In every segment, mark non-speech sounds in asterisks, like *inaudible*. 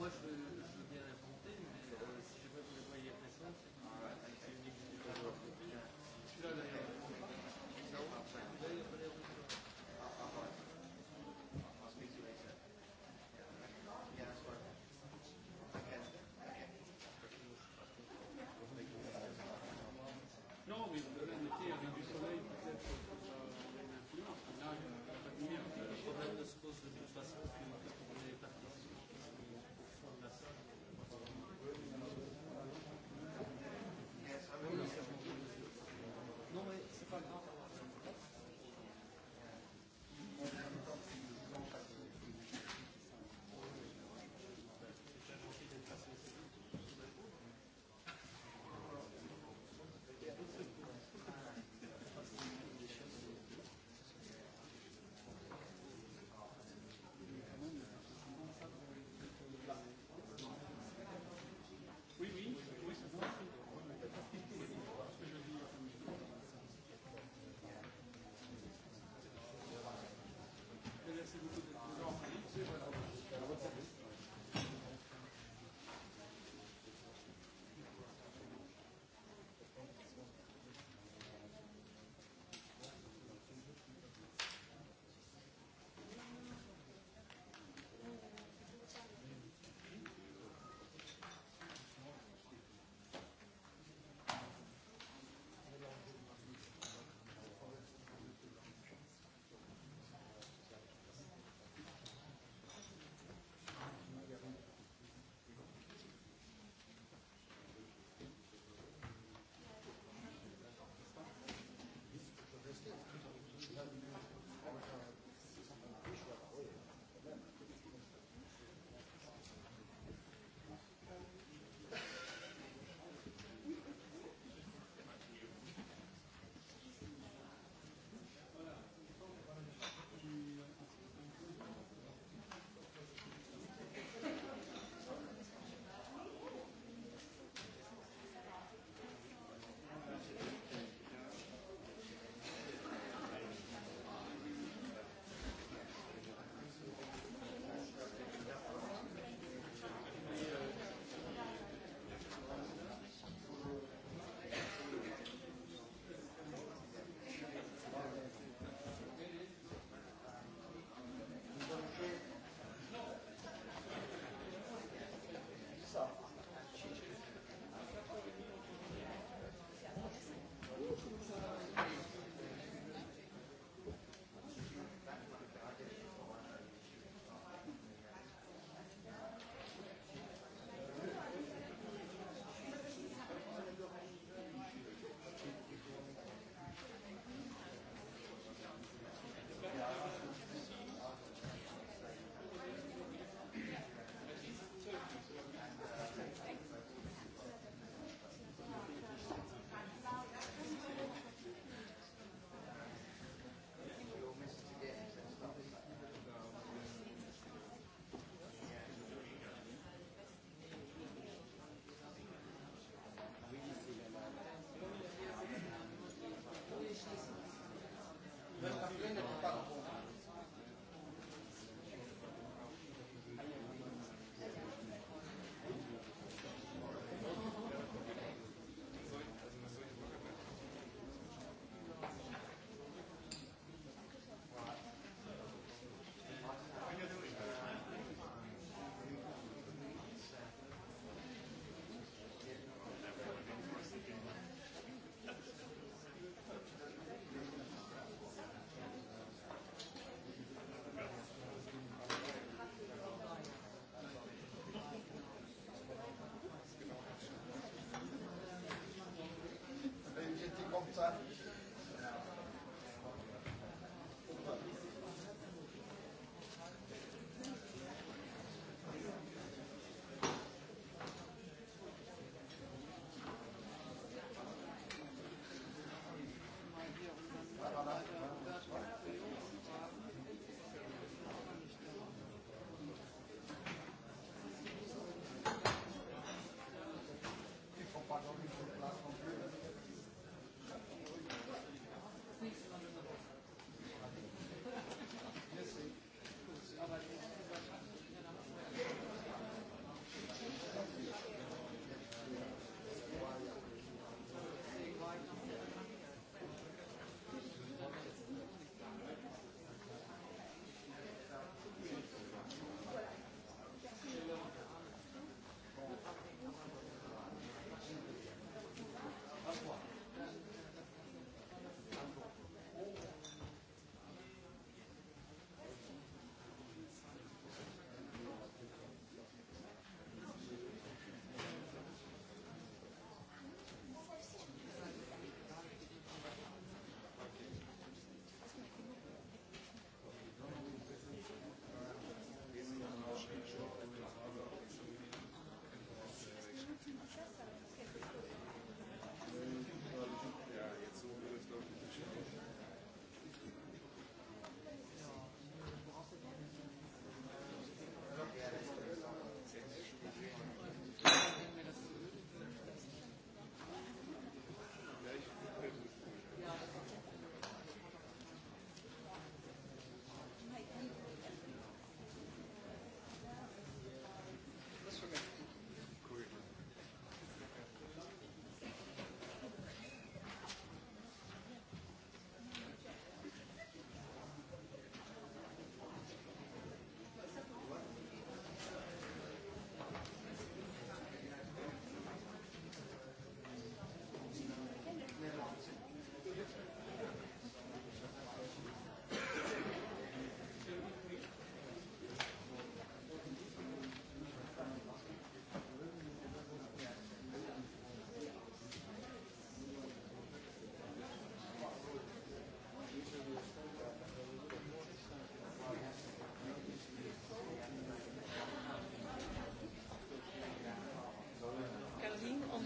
Moi, je veux So I think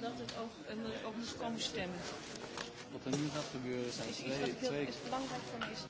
dat het ook, en dat ik ook moest komen stemmen. Wat er nu gaat gebeuren zijn twee... Het belangrijk voor mij is...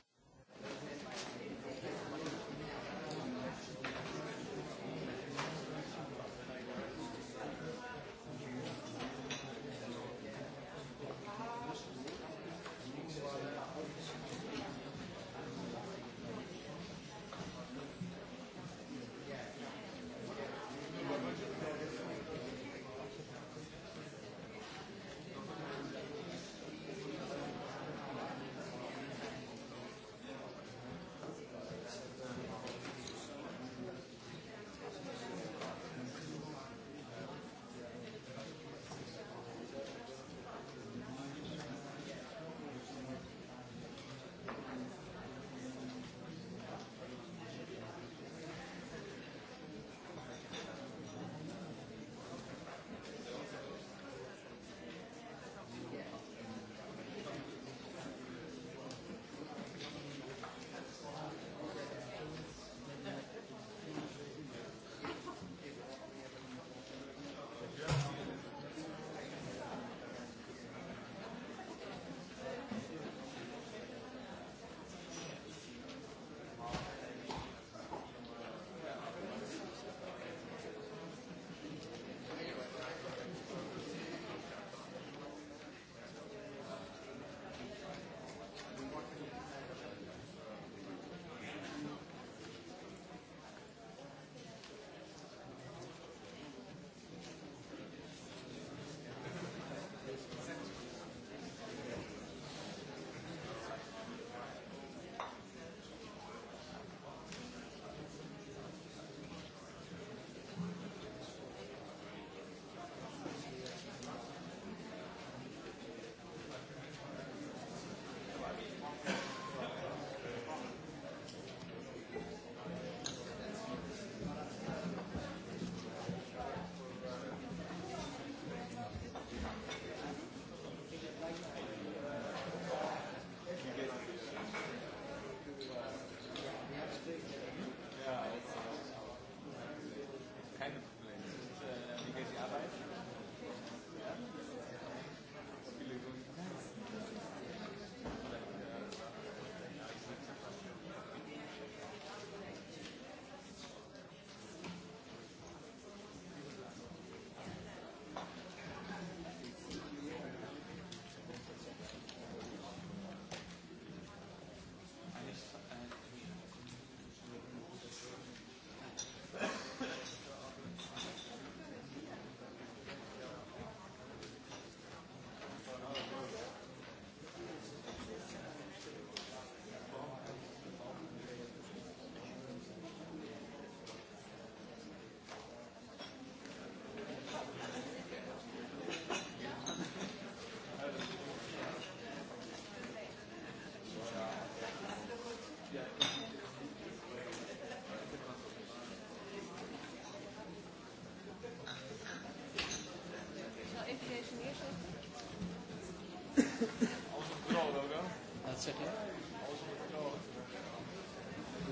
opzetten?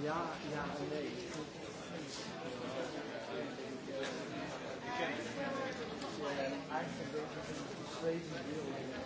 Ja, ja en nee. Ik ken het. Eigenlijk een beetje een tweede wereld.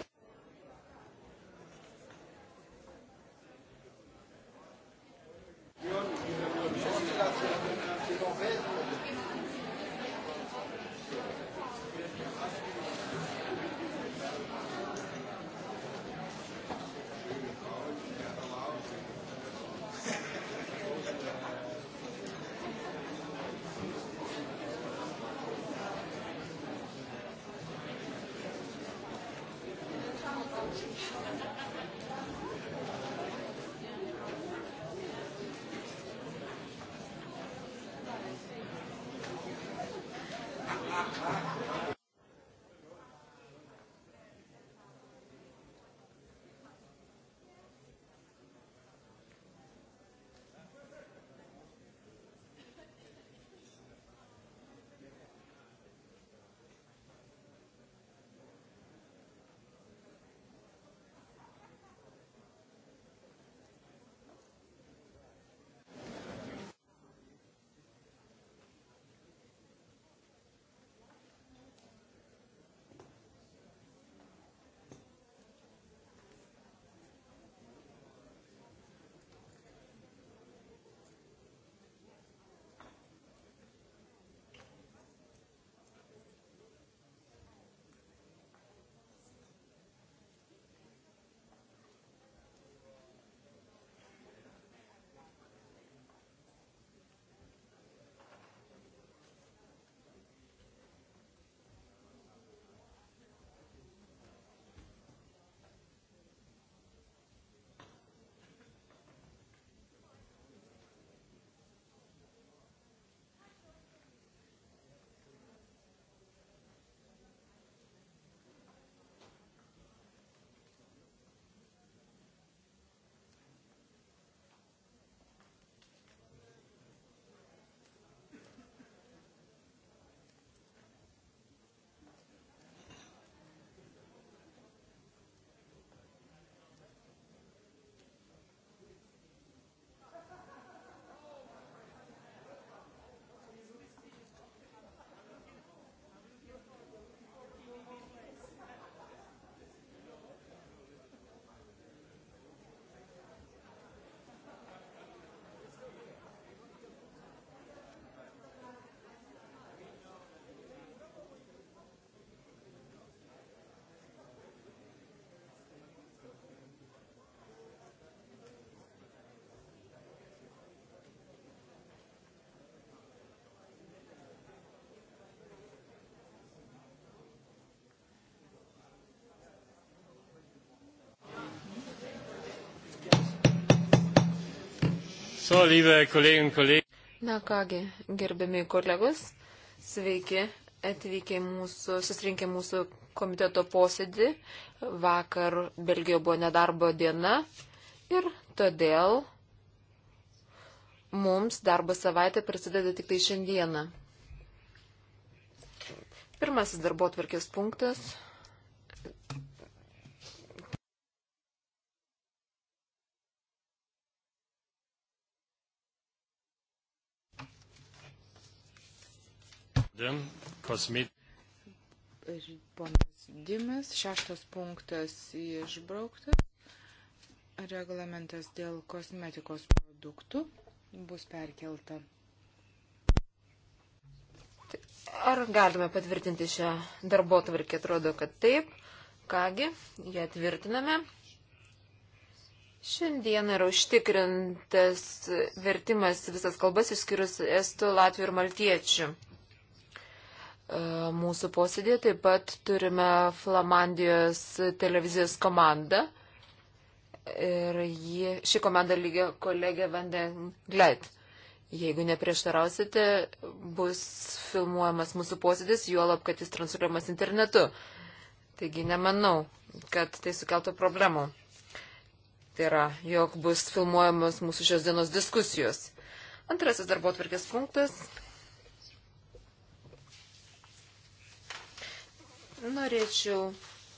So, liebe Kolleginnen und Kollegen. Na kągi, gerbiami kolegos, sveiki atvykę mūsų, susirinkę mūsų komiteto posėdį. Vakar Belgijoje buvo nedarbo diena ir todėl mums darbo savaitė prasideda tik tai šiandieną. Pirmasis darbo tvarkės punktas Dim, kosmet. Ponas Dimas, šeštas punktas išbrauktas. Reglamentas dėl kosmetikos produktų bus perkelta. Tai ar galime patvirtinti šią darbo tvarkį? Atrodo, kad taip. Kągi, ją tvirtiname. Šiandien yra užtikrintas vertimas visas kalbas išskyrus estų, latvių ir maltiečių mūsų posėdėje. Taip pat turime Flamandijos televizijos komandą. Ir jie, ši komanda lygia kolegė Vanden Gleit. Jeigu neprieštarausite, bus filmuojamas mūsų posėdis, juolab, kad jis transliuojamas internetu. Taigi nemanau, kad tai sukeltų problemų. Tai yra, jog bus filmuojamos mūsų šios dienos diskusijos. Antrasis darbo atvarkės punktas Norėčiau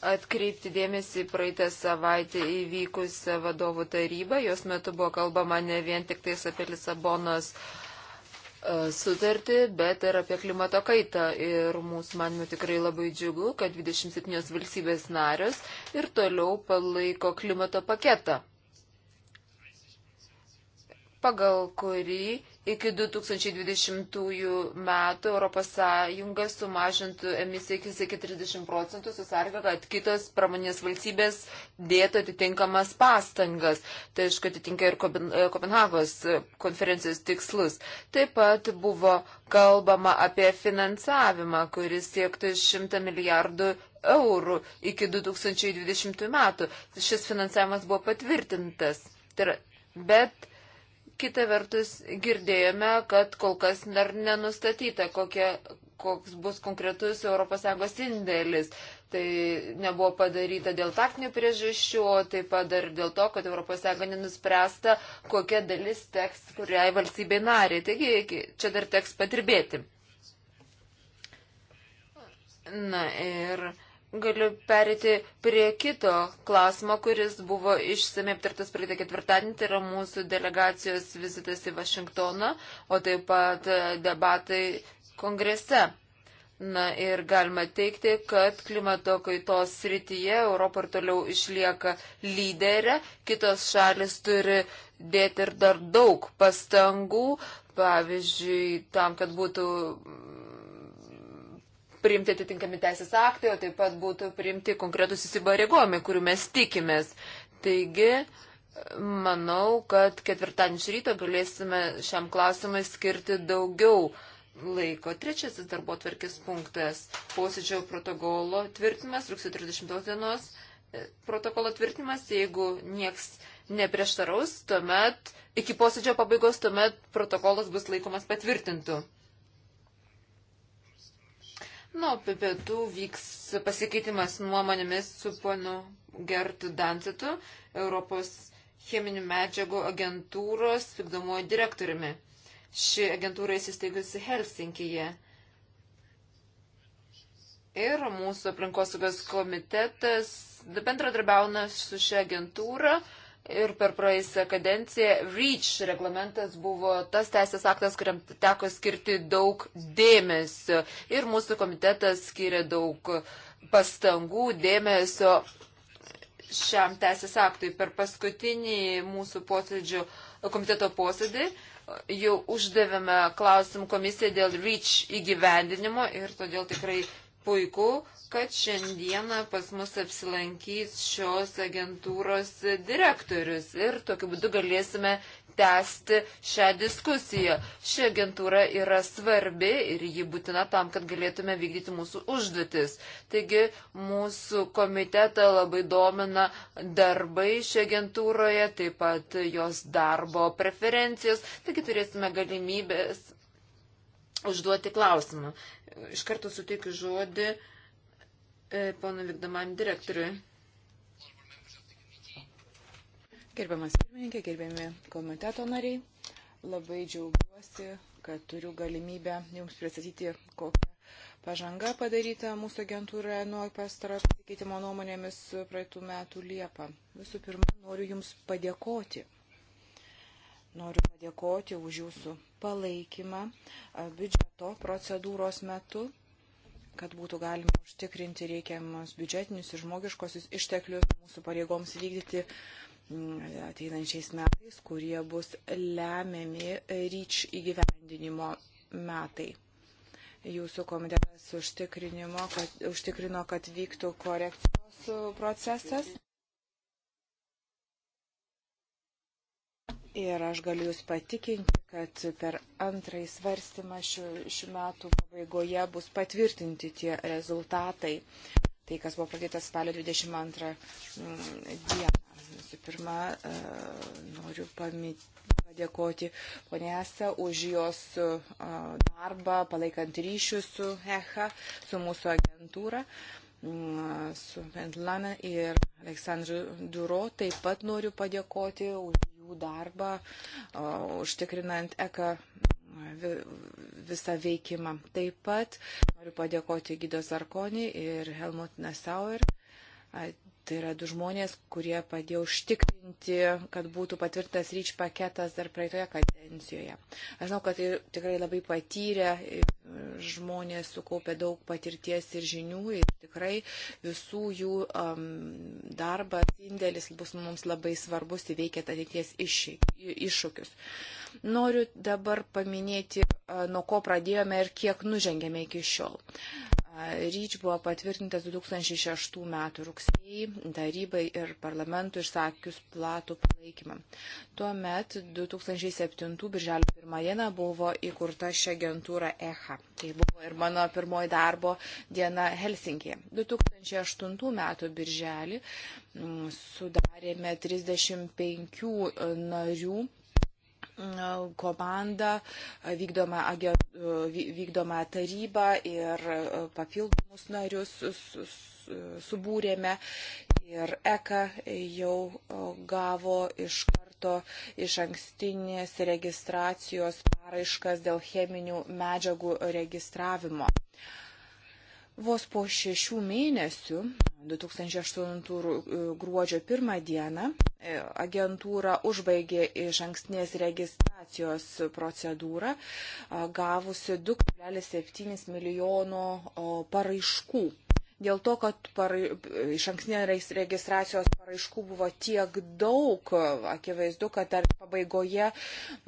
atkreipti dėmesį praeitą savaitę įvykusią vadovų tarybą. Jos metu buvo kalbama ne vien tik tais apie Lisabonos e, sutartį, bet ir apie klimato kaitą. Ir mūsų manimi tikrai labai džiugu, kad 27 valstybės narios ir toliau palaiko klimato paketą, pagal kurį iki 2020 metų ES sumažintų emisiją iki 30 procentų, susarga, kad kitos pramonės valstybės dėtų atitinkamas pastangas. Tai aišku, atitinka ir e, Kopenhagos e, konferencijos tikslus. Taip pat buvo kalbama apie finansavimą, kuris siektų 100 milijardų eurų iki 2020 metų. Šis finansavimas buvo patvirtintas. Tai yra, bet kita vertus girdėjome, kad kol kas dar nenustatyta, kokia, koks bus konkretus ES indėlis. Tai nebuvo padaryta dėl taktinių priežasčių, o taip pat dar dėl to, kad ES nenuspręsta, kokia dalis teks kuriai valstybei nariai. Taigi čia dar teks padirbėti. Na ir Galiu perėti prie kito klausimo, kuris buvo išsamei aptartas praeitą ketvirtadienį, tai yra mūsų delegacijos vizitas į Vašingtoną, o taip pat e, debatai kongrese. Na ir galima teikti, kad klimato kaitos srityje Europa ir toliau išlieka lyderė, kitos šalis turi dėti ir dar daug pastangų, pavyzdžiui, tam, kad būtų priimti atitinkami teisės aktai, o taip pat būtų priimti konkretus įsibaregojimai, kurių mes tikimės. Taigi, manau, kad ketvirtadienį iš ryto galėsime šiam klausimui skirti daugiau laiko. Trečiasis darbo tvarkės punktas - posėdžio protokolo tvirtinimas, rugsėjo 30 dienos e, protokolo tvirtinimas, jeigu nieks neprieštaraus, tuomet iki posėdžio pabaigos tuomet protokolas bus laikomas patvirtintų. Nu, apie pietų vyks pasikeitimas nuomonėmis su ponu Gertu Dancitu, Europos cheminių medžiagų agentūros vykdomuoju direktoriumi. Ši agentūra įsisteigusi Helsinkyje. Ir mūsų aplinkosaugos komitetas bendradarbiauna su šia agentūra Ir per praeisą kadenciją REACH reglamentas buvo tas teisės aktas, kuriam teko skirti daug dėmesio. Ir mūsų komitetas skiria daug pastangų, dėmesio šiam teisės aktui. Per paskutinį mūsų posėdžių, komiteto posėdį jau uždavėme klausimų komisiją dėl REACH įgyvendinimo ir todėl tikrai puiku, kad šiandieną pas mus apsilankys šios agentūros direktorius ir tokiu būdu galėsime tęsti šią diskusiją. Ši agentūra yra svarbi ir ji būtina tam, kad galėtume vykdyti mūsų užduotis. Taigi mūsų komitetą labai domina darbai šioje agentūroje, taip pat jos darbo preferencijos. Taigi turėsime galimybės užduoti klausimą iš karto suteikiu žodį e, pono vykdomam direktoriui. Gerbiamas pirmininkė, gerbiami komiteto nariai, labai džiaugiuosi, kad turiu galimybę jums pristatyti, kokią pažangą padaryta mūsų agentūroje nuo pastaro pasikeitimo nuomonėmis praeitų metų Liepą. Visų pirma, noriu jums padėkoti Noriu padėkoti už jūsų palaikymą biudžeto procedūros metu, kad būtų galima užtikrinti reikiamus biudžetinius ir žmogiškosius išteklius mūsų pareigoms vykdyti ateinančiais metais, kurie bus lemiami ryč įgyvendinimo metai. Jūsų komitetas užtikrino, kad vyktų korekcijos procesas Ir aš galiu Jūs patikinti, kad per antrąjį svarstymą šių, šių metų pabaigoje bus patvirtinti tie rezultatai. Tai, kas buvo pradėtas spalio 22 mm, dieną. Visų pirma, e, noriu padėkoti ponėse už jos e, darbą, palaikant ryšius su EHA, su mūsų agentūra mm, su Vendlana ir Aleksandru Duro. Taip pat noriu padėkoti už jų darbą, užtikrinant eka visą veikimą. Taip pat noriu padėkoti Gido Zarkonį ir Helmut Nassauer. Tai yra du žmonės, kurie padėjo užtikrinti, kad būtų patvirtas ryč paketas dar praeitoje kadencijoje. Aš žinau, kad tai tikrai labai patyrę žmonės sukaupė daug patirties ir žinių ir tikrai visų jų um, darbas, indėlis bus mums labai svarbus įveikėt ateities iššūkius. Noriu dabar paminėti, nuo ko pradėjome ir kiek nužengėme iki šiol. Ryč buvo patvirtintas 2006 metų rugsėjai tarybai ir parlamentų išsakius platų palaikymą. Tuomet 2007 birželio 1 diena buvo įkurta ši agentūra EHA. Tai buvo ir mano pirmoji darbo diena Helsinkėje. 2008 metų birželį mm, sudarėme 35 narių komandą, vykdomą, vykdomą tarybą ir papildomus narius subūrėme. Ir ECA jau gavo iš karto iš ankstinės registracijos paraiškas dėl cheminių medžiagų registravimo. Vos po šešių mėnesių 2008 e, gruodžio 1 dieną e, agentūra užbaigė iš ankstinės registracijos procedūrą, gavusi 2,7 milijono paraiškų dėl to, kad par, iš ankstinės registracijos paraiškų buvo tiek daug, akivaizdu, kad dar pabaigoje m,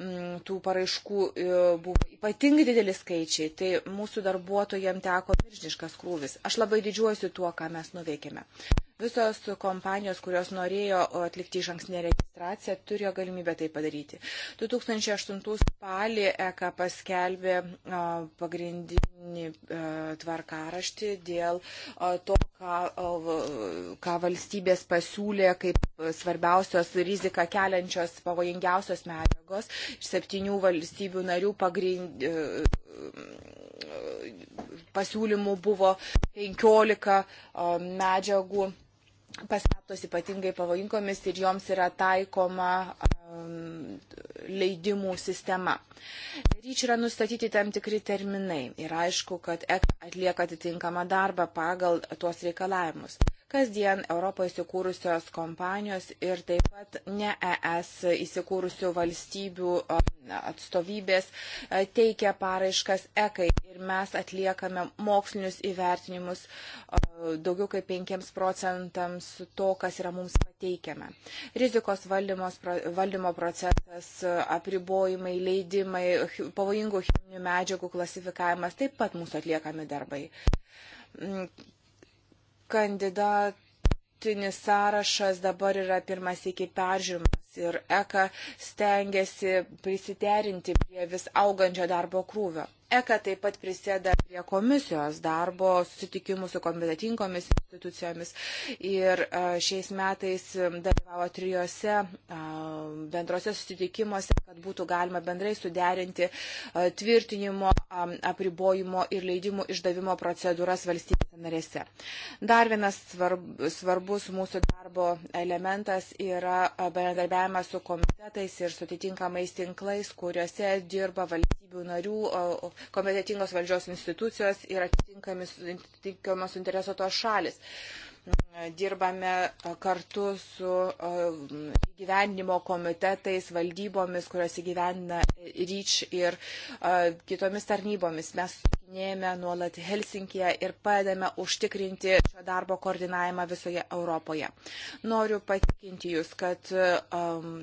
mm, tų paraiškų e, buvo ypatingai dideli skaičiai, tai mūsų darbuotojams teko milžiniškas krūvis. Aš labai didžiuojuosi tuo, ką mes nuveikėme. Visos kompanijos, kurios norėjo atlikti išankstinę registraciją, turėjo galimybę tai padaryti. 2008 spalį ECA paskelbė pagrindinį tvarkaraštį dėl to, ką, ką valstybės pasiūlė kaip svarbiausios riziką keliančios pavojingiausios medžiagos iš septynių valstybių narių pagrindinių pasiūlymų buvo 15 medžiagų paslėptos ypatingai pavojingomis ir joms yra taikoma um, leidimų sistema. Ryč yra nustatyti tam tikri terminai ir aišku, kad EK atlieka atitinkamą darbą pagal tuos reikalavimus kasdien Europoje įsikūrusios kompanijos ir taip pat ne ES įsikūrusių valstybių atstovybės e, teikia paraiškas EKAI ir mes atliekame mokslinius įvertinimus daugiau kaip 5 procentams to, kas yra mums pateikiama. Rizikos valdymos, valdymo procesas, apribojimai, leidimai, pavojingų cheminių medžiagų klasifikavimas taip pat mūsų atliekami darbai mm, kandidatinis sąrašas dabar yra pirmas iki peržiūrimas ir ECA stengiasi prisiderinti prie vis augančio darbo krūvio. ECA taip pat prisėda prie komisijos darbo, susitikimų su kompetitingomis institucijomis. Ir šiais metais dalyvavo trijose bendrose susitikimuose, kad būtų galima bendrai suderinti tvirtinimo, apribojimo ir leidimų išdavimo procedūras valstybėse narėse. Dar vienas svarbus mūsų darbo elementas yra bendradarbiavimas su komitetais ir su atitinkamais tinklais, kuriuose dirba valstybių narių kompetitingos valdžios institucijos institucijos ir atitinkamos intereso tos šalis. Dirbame kartu su e, įgyvendimo komitetais, valdybomis, kurios įgyvendina REACH ir e, kitomis tarnybomis. Mes nėjame nuolat Helsinkije ir padedame užtikrinti šio darbo koordinavimą visoje Europoje. Noriu patikinti Jūs, kad um,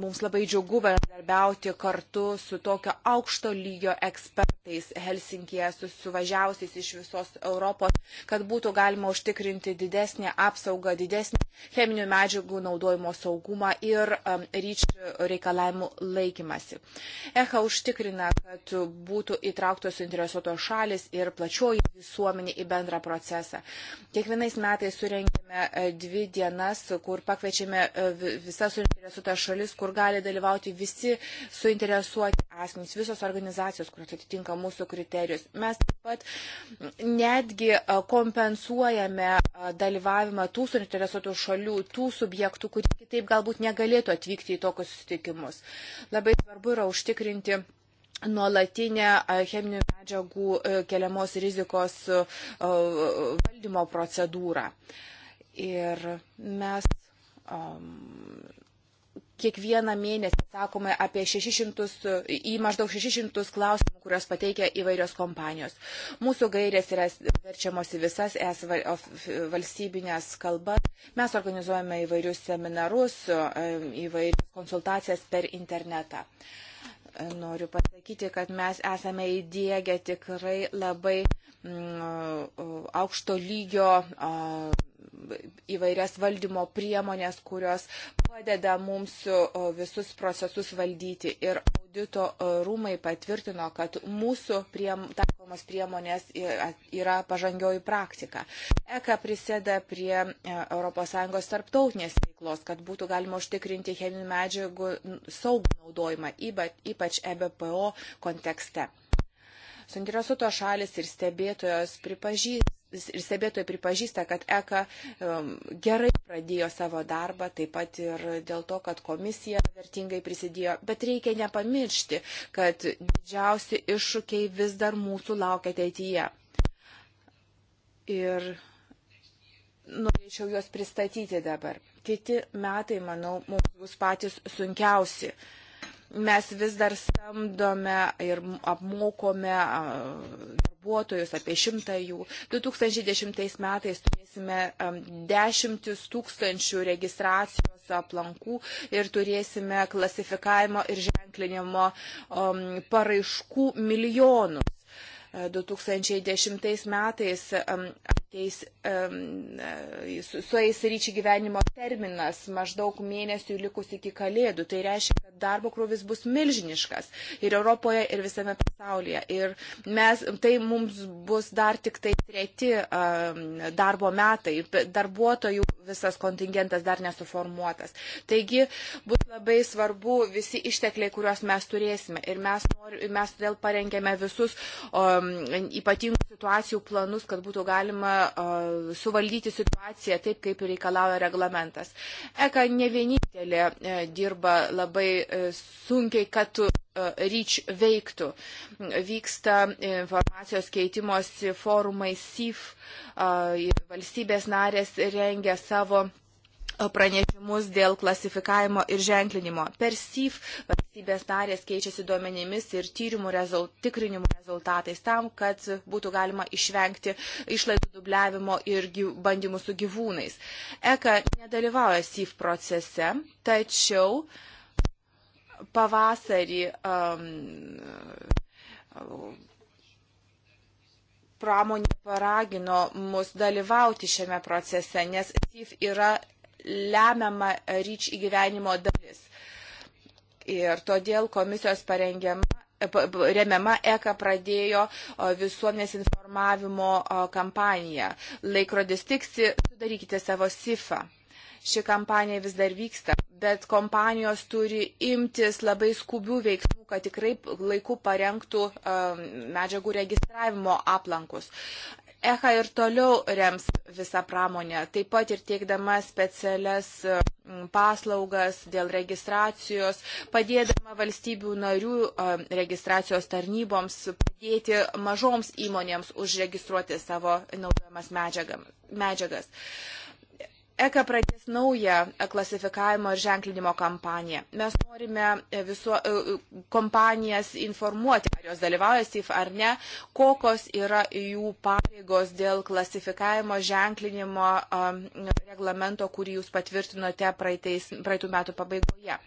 mums labai džiugu bendarbiauti kartu su tokio aukšto lygio ekspertais Helsinkije, su suvažiausiais iš visos Europos, kad būtų galima užtikrinti didesnį apsaugą, didesnį cheminių medžiagų naudojimo saugumą ir um, ryčių reikalavimų laikymasi. EHA užtikrina, kad būtų įtrauktos suinteresuotos šalis ir plačioji visuomenė į bendrą procesą. Kiekvienais metais surenkime e, dvi dienas, kur pakviečiame e, visas suinteresuotas šalis, kur gali dalyvauti visi suinteresuoti asmenys, visos organizacijos, kurios atitinka mūsų kriterijus. Mes taip pat netgi e, kompensuojame dalyvavimą tų suinteresuotų šalių, tų subjektų, kurie kitaip galbūt negalėtų atvykti į tokius susitikimus. Labai svarbu yra užtikrinti nuolatinę cheminių medžiagų e, keliamos rizikos e, e, valdymo procedūrą. Ir mes kiekvieną mėnesį atsakome apie 600, į maždaug 600 klausimų, kurios pateikia įvairios kompanijos. Mūsų gairės yra verčiamos į visas es valstybinės kalbas. Mes organizuojame įvairius seminarus, įvairias konsultacijas per internetą. Uh, Noriu pasakyti, kad mes esame įdėgę tikrai labai mm, aukšto lygio įvairias valdymo priemonės, kurios padeda mums visus procesus valdyti. Ir audito e, rūmai patvirtino, kad mūsų priem, taikomos priemonės yra pažangioji praktika. ECA prisėda prie e, ES tarptautinės veiklos, kad būtų galima užtikrinti cheminių medžiagų saugų naudojimą, ypač EBPO kontekste. Suinteresuotos šalis ir stebėtojos pripažįsta ir stebėtojai pripažįsta, kad ECA um, gerai pradėjo savo darbą, taip pat ir dėl to, kad komisija vertingai prisidėjo. Bet reikia nepamiršti, kad didžiausi iššūkiai vis dar mūsų laukia ateityje. Ir norėčiau juos pristatyti dabar. Kiti metai, manau, mums bus patys sunkiausi. Uh, mes vis dar samdome ir apmokome darbuotojus, apie šimtą jų. 2010 metais turėsime dešimtis tūkstančių registracijos aplankų ir turėsime klasifikavimo ir ženklinimo paraiškų milijonus. 2010 metais teis, um, sueis ryčių gyvenimo terminas maždaug mėnesių likus iki kalėdų. Tai reiškia, kad darbo krūvis bus milžiniškas ir Europoje, ir visame pasaulyje. Ir mes, tai mums bus dar tik tai treti um, darbo metai. Darbuotojų visas kontingentas dar nesuformuotas. Taigi bus labai svarbu visi ištekliai, kuriuos mes turėsime. Ir mes, nor, mes todėl parengėme visus um, ypatingų situacijų planus, kad būtų galima suvaldyti situaciją taip, kaip reikalauja reglamentas. ECA ne vienintelė e, dirba labai e, sunkiai, kad e, REACH veiktų. Vyksta informacijos keitimosi forumai SIF, valstybės narės rengia savo pranešimus dėl klasifikavimo ir ženklinimo. Per SIF valstybės narės keičiasi duomenimis ir tyrimų rezult, tikrinimų rezultatais tam, kad būtų galima išvengti išlaidų dubliavimo ir gyv, bandymų su gyvūnais. ECA e nedalyvauja SIF procese, tačiau pavasarį um, pramonė paragino mus dalyvauti šiame procese, nes SIF yra lemiama ryč įgyvenimo dalis. Ir todėl komisijos parengiama e, remiama ECA pradėjo visuomenės informavimo kampaniją. Laikrodis tiksi, sudarykite savo SIFą. Ši kampanija vis dar vyksta, bet kompanijos turi imtis labai skubių veiksmų, kad tikrai laiku parengtų e, medžiagų registravimo aplankus. EHA ir toliau rems visą pramonę, taip pat ir teikdama specialias mm, paslaugas dėl registracijos, padėdama valstybių narių registracijos tarnyboms padėti mažoms įmonėms užregistruoti savo naudojamas medžiagas. ECA pradės naują e, klasifikavimo ir ženklinimo kampaniją. Mes norime e, viso, e, kompanijas informuoti, ar jos dalyvauja SIF ar ne, kokios yra jų pareigos dėl klasifikavimo ženklinimo um, reglamento, kurį jūs patvirtinote praeitais, praeitų metų pabaigoje.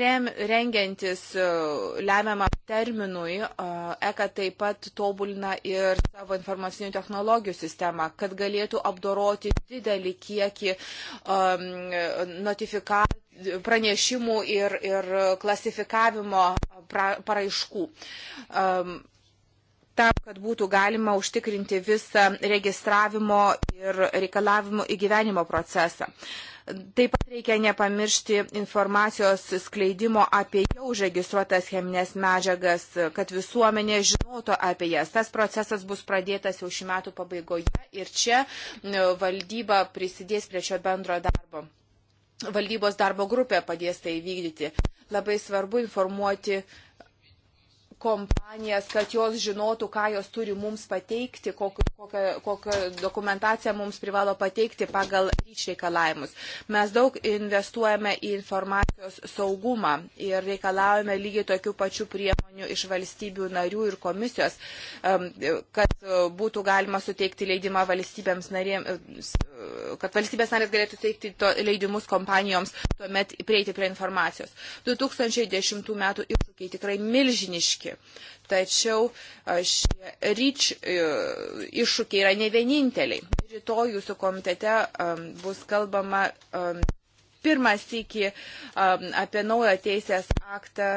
Rem, rengiantis uh, lemiamam terminui, uh, ECA taip pat tobulina ir savo informacinių technologijų sistemą, kad galėtų apdoroti didelį kiekį um, notifikacijų pranešimų ir, ir klasifikavimo pra, paraiškų. Um, tam, kad būtų galima užtikrinti visą registravimo ir reikalavimo įgyvenimo procesą. Uh, Taip pat reikia nepamiršti informacijos skleidimo apie jau užregistruotas cheminės medžiagas, kad visuomenė žinotų apie jas. Tas procesas bus pradėtas jau šių metų pabaigoje ir čia e, valdyba prisidės prie šio bendro darbo. Valdybos darbo grupė padės tai vykdyti. Labai svarbu informuoti uh, kompanijas, kad jos žinotų, ką jos turi mums pateikti, kokią, kokią dokumentaciją mums privalo pateikti pagal ryč reikalavimus. Mes daug investuojame į informacijos saugumą ir reikalaujame lygiai tokių pačių priemonių iš valstybių narių ir komisijos, kad e, būtų galima suteikti leidimą valstybėms narėms, e, e, kad valstybės narės galėtų teikti leidimus kompanijoms tuomet prieiti prie informacijos. 2010 metų iššūkiai tikrai milžiniški iššūkį. Tačiau šie ryč e, iššūkiai yra ne vieninteliai. Rytoj jūsų komitete bus kalbama pirmas iki apie naują teisės aktą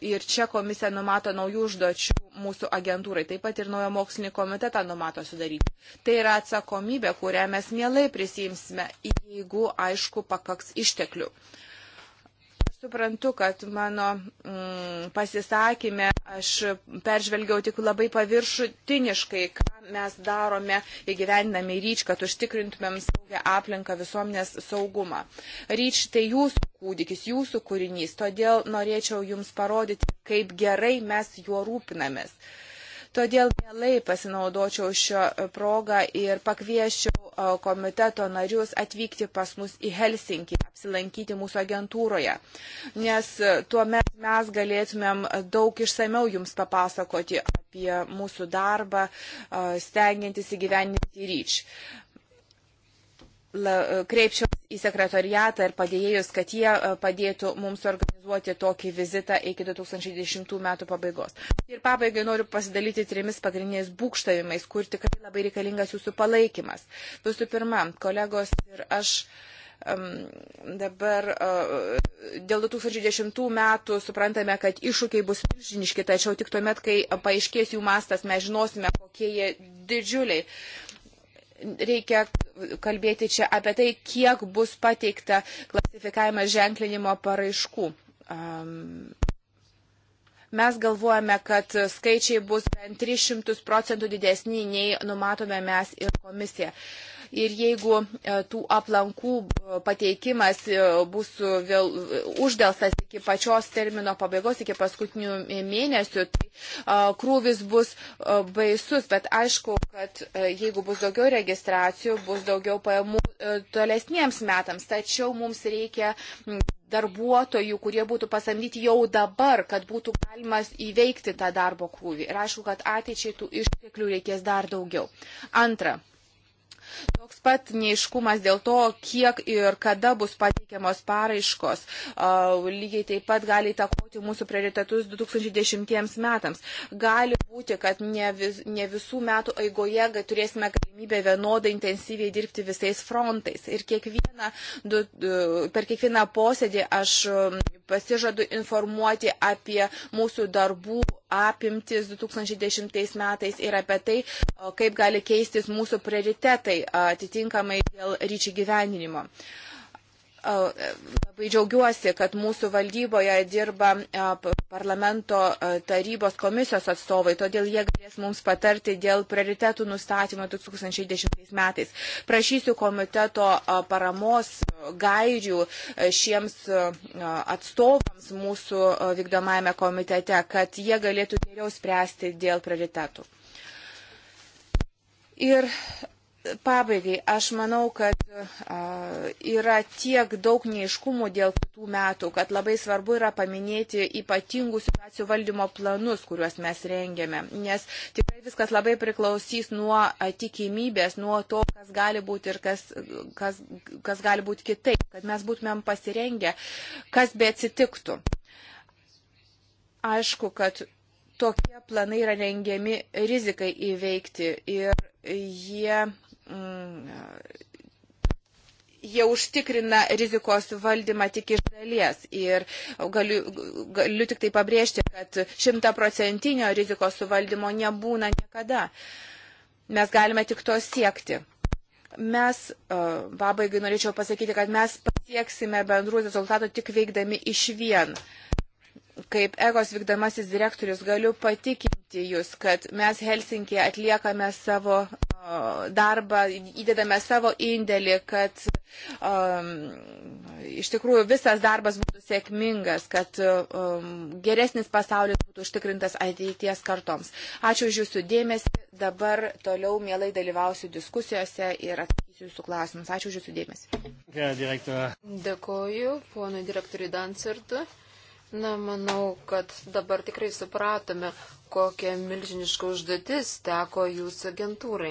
ir čia komisija numato naujų užduočių mūsų agentūrai. Taip pat ir naują mokslinį komitetą numato sudaryti. Tai yra atsakomybė, kurią mes mielai prisimsime, jeigu aišku pakaks išteklių. Suprantu, kad mano mm, pasisakymė aš peržvelgiau tik labai paviršutiniškai, ką mes darome įgyvendinami ryč, kad užtikrintumėm saugę aplinką visuomenės saugumą. Ryč tai jūsų kūdikis, jūsų kūrinys, todėl norėčiau jums parodyti, kaip gerai mes juo rūpinamės. Uh, Todėl mielai pasinaudočiau šio progą ir pakvieščiau komiteto narius atvykti pas mus į Helsinkį, apsilankyti mūsų agentūroje, nes tuomet mes galėtumėm daug išsameu jums papasakoti apie mūsų darbą, stengiantis įgyveninti ryč. Kreipčiau į sekretariatą ir padėjėjus, kad jie e, padėtų mums organizuoti tokį vizitą iki 2010 metų pabaigos. Ir pabaigai noriu pasidalyti trimis pagrindiniais būkštavimais, kur tikrai labai reikalingas jūsų palaikymas. Visų pirma, kolegos ir aš dabar e, dėl 2010 metų suprantame, kad iššūkiai bus milžiniški, tačiau tik tuomet, kai paaiškės jų mastas, mes žinosime, kokie jie didžiuliai reikia kalbėti čia apie tai, kiek bus pateikta klasifikavimo ženklinimo paraiškų. Um, mes galvojame, kad skaičiai bus bent 300 procentų didesni, nei numatome mes ir komisija. Uh, Ir jeigu e, tų aplankų e, pateikimas e, bus vėl uždelstas iki pačios termino pabaigos, iki paskutinių mėnesių, tai krūvis bus baisus. Bet aišku, kad jeigu bus daugiau registracijų, bus daugiau pajamų tolesniems metams. Tačiau mums reikia darbuotojų, kurie būtų pasamdyti jau dabar, kad būtų galima įveikti tą darbo krūvį. Ir aišku, kad ateičiai tų išteklių reikės dar daugiau. Antra, Toks pat neiškumas dėl to, kiek ir kada bus pateikiamos paraiškos. Lygiai taip pat gali įtakoti mūsų prioritetus 2010 metams. Gali būti, kad ne, vis, ne visų metų eigoje turėsime galimybę vienodai intensyviai dirbti visais frontais. Ir kiekvieną, du, per kiekvieną posėdį aš pasižadu informuoti apie mūsų darbų apimtis 2010 metais ir apie tai, kaip gali keistis mūsų prioritetai atitinkamai dėl ryčių gyveninimo. Uh, Labai džiaugiuosi, kad mūsų valdyboje dirba parlamento tarybos komisijos atstovai, todėl jie galės mums patarti dėl prioritetų nustatymo 2010 metais. Prašysiu komiteto paramos gairių šiems atstovams mūsų vykdomajame komitete, kad jie galėtų geriau spręsti dėl prioritetų. Ir Pabaigai, aš manau, kad a, yra tiek daug neiškumų dėl kitų metų, kad labai svarbu yra paminėti ypatingų situacijų valdymo planus, kuriuos mes rengiame, nes tikrai viskas labai priklausys nuo tikimybės, nuo to, kas gali būti ir kas, kas, kas gali būti kitaip, kad mes būtumėm pasirengę, kas be atsitiktų. Aišku, kad tokie planai yra rengiami rizikai įveikti ir jie Mm, jie užtikrina rizikos valdymą tik iš dalies. Ir galiu, galiu tik tai pabrėžti, kad šimtaprocentinio rizikos suvaldymo nebūna niekada. Mes galime tik to siekti. Mes, pabaigai norėčiau pasakyti, kad mes pasieksime bendrų rezultatų tik veikdami iš vien. Kaip EGOS vykdamasis direktorius galiu patikinti patikinti Jūs, kad mes Helsinkėje atliekame savo darbą, įdedame savo indėlį, kad um, iš tikrųjų visas darbas būtų sėkmingas, kad um, geresnis pasaulis būtų užtikrintas ateities kartoms. Ačiū už Jūsų dėmesį. Dabar toliau mielai dalyvausiu diskusijose ir atsakysiu Jūsų klausimus. Ačiū už Jūsų dėmesį. Dėkoju, ponui direktoriui Dancertui. Na, manau, kad dabar tikrai supratome, kokia milžiniška užduotis teko jūsų agentūrai.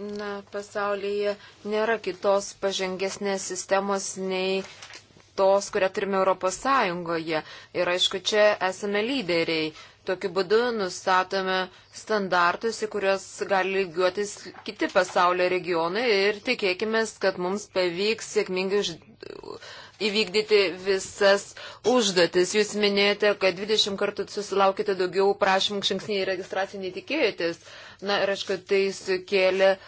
Na, pasaulyje nėra kitos pažengesnės sistemos nei tos, kurią turime Europos Sąjungoje. Ir aišku, čia esame lyderiai. Tokiu būdu nustatome standartus, į kuriuos gali lygiuotis kiti pasaulio regionai ir tikėkime, kad mums pavyks sėkmingai įvykdyti visas užduotis. Jūs minėjote, kad 20 kartų susilaukite daugiau prašymų žingsniai į registraciją netikėjotės. Na ir aišku, tai sukėlė e,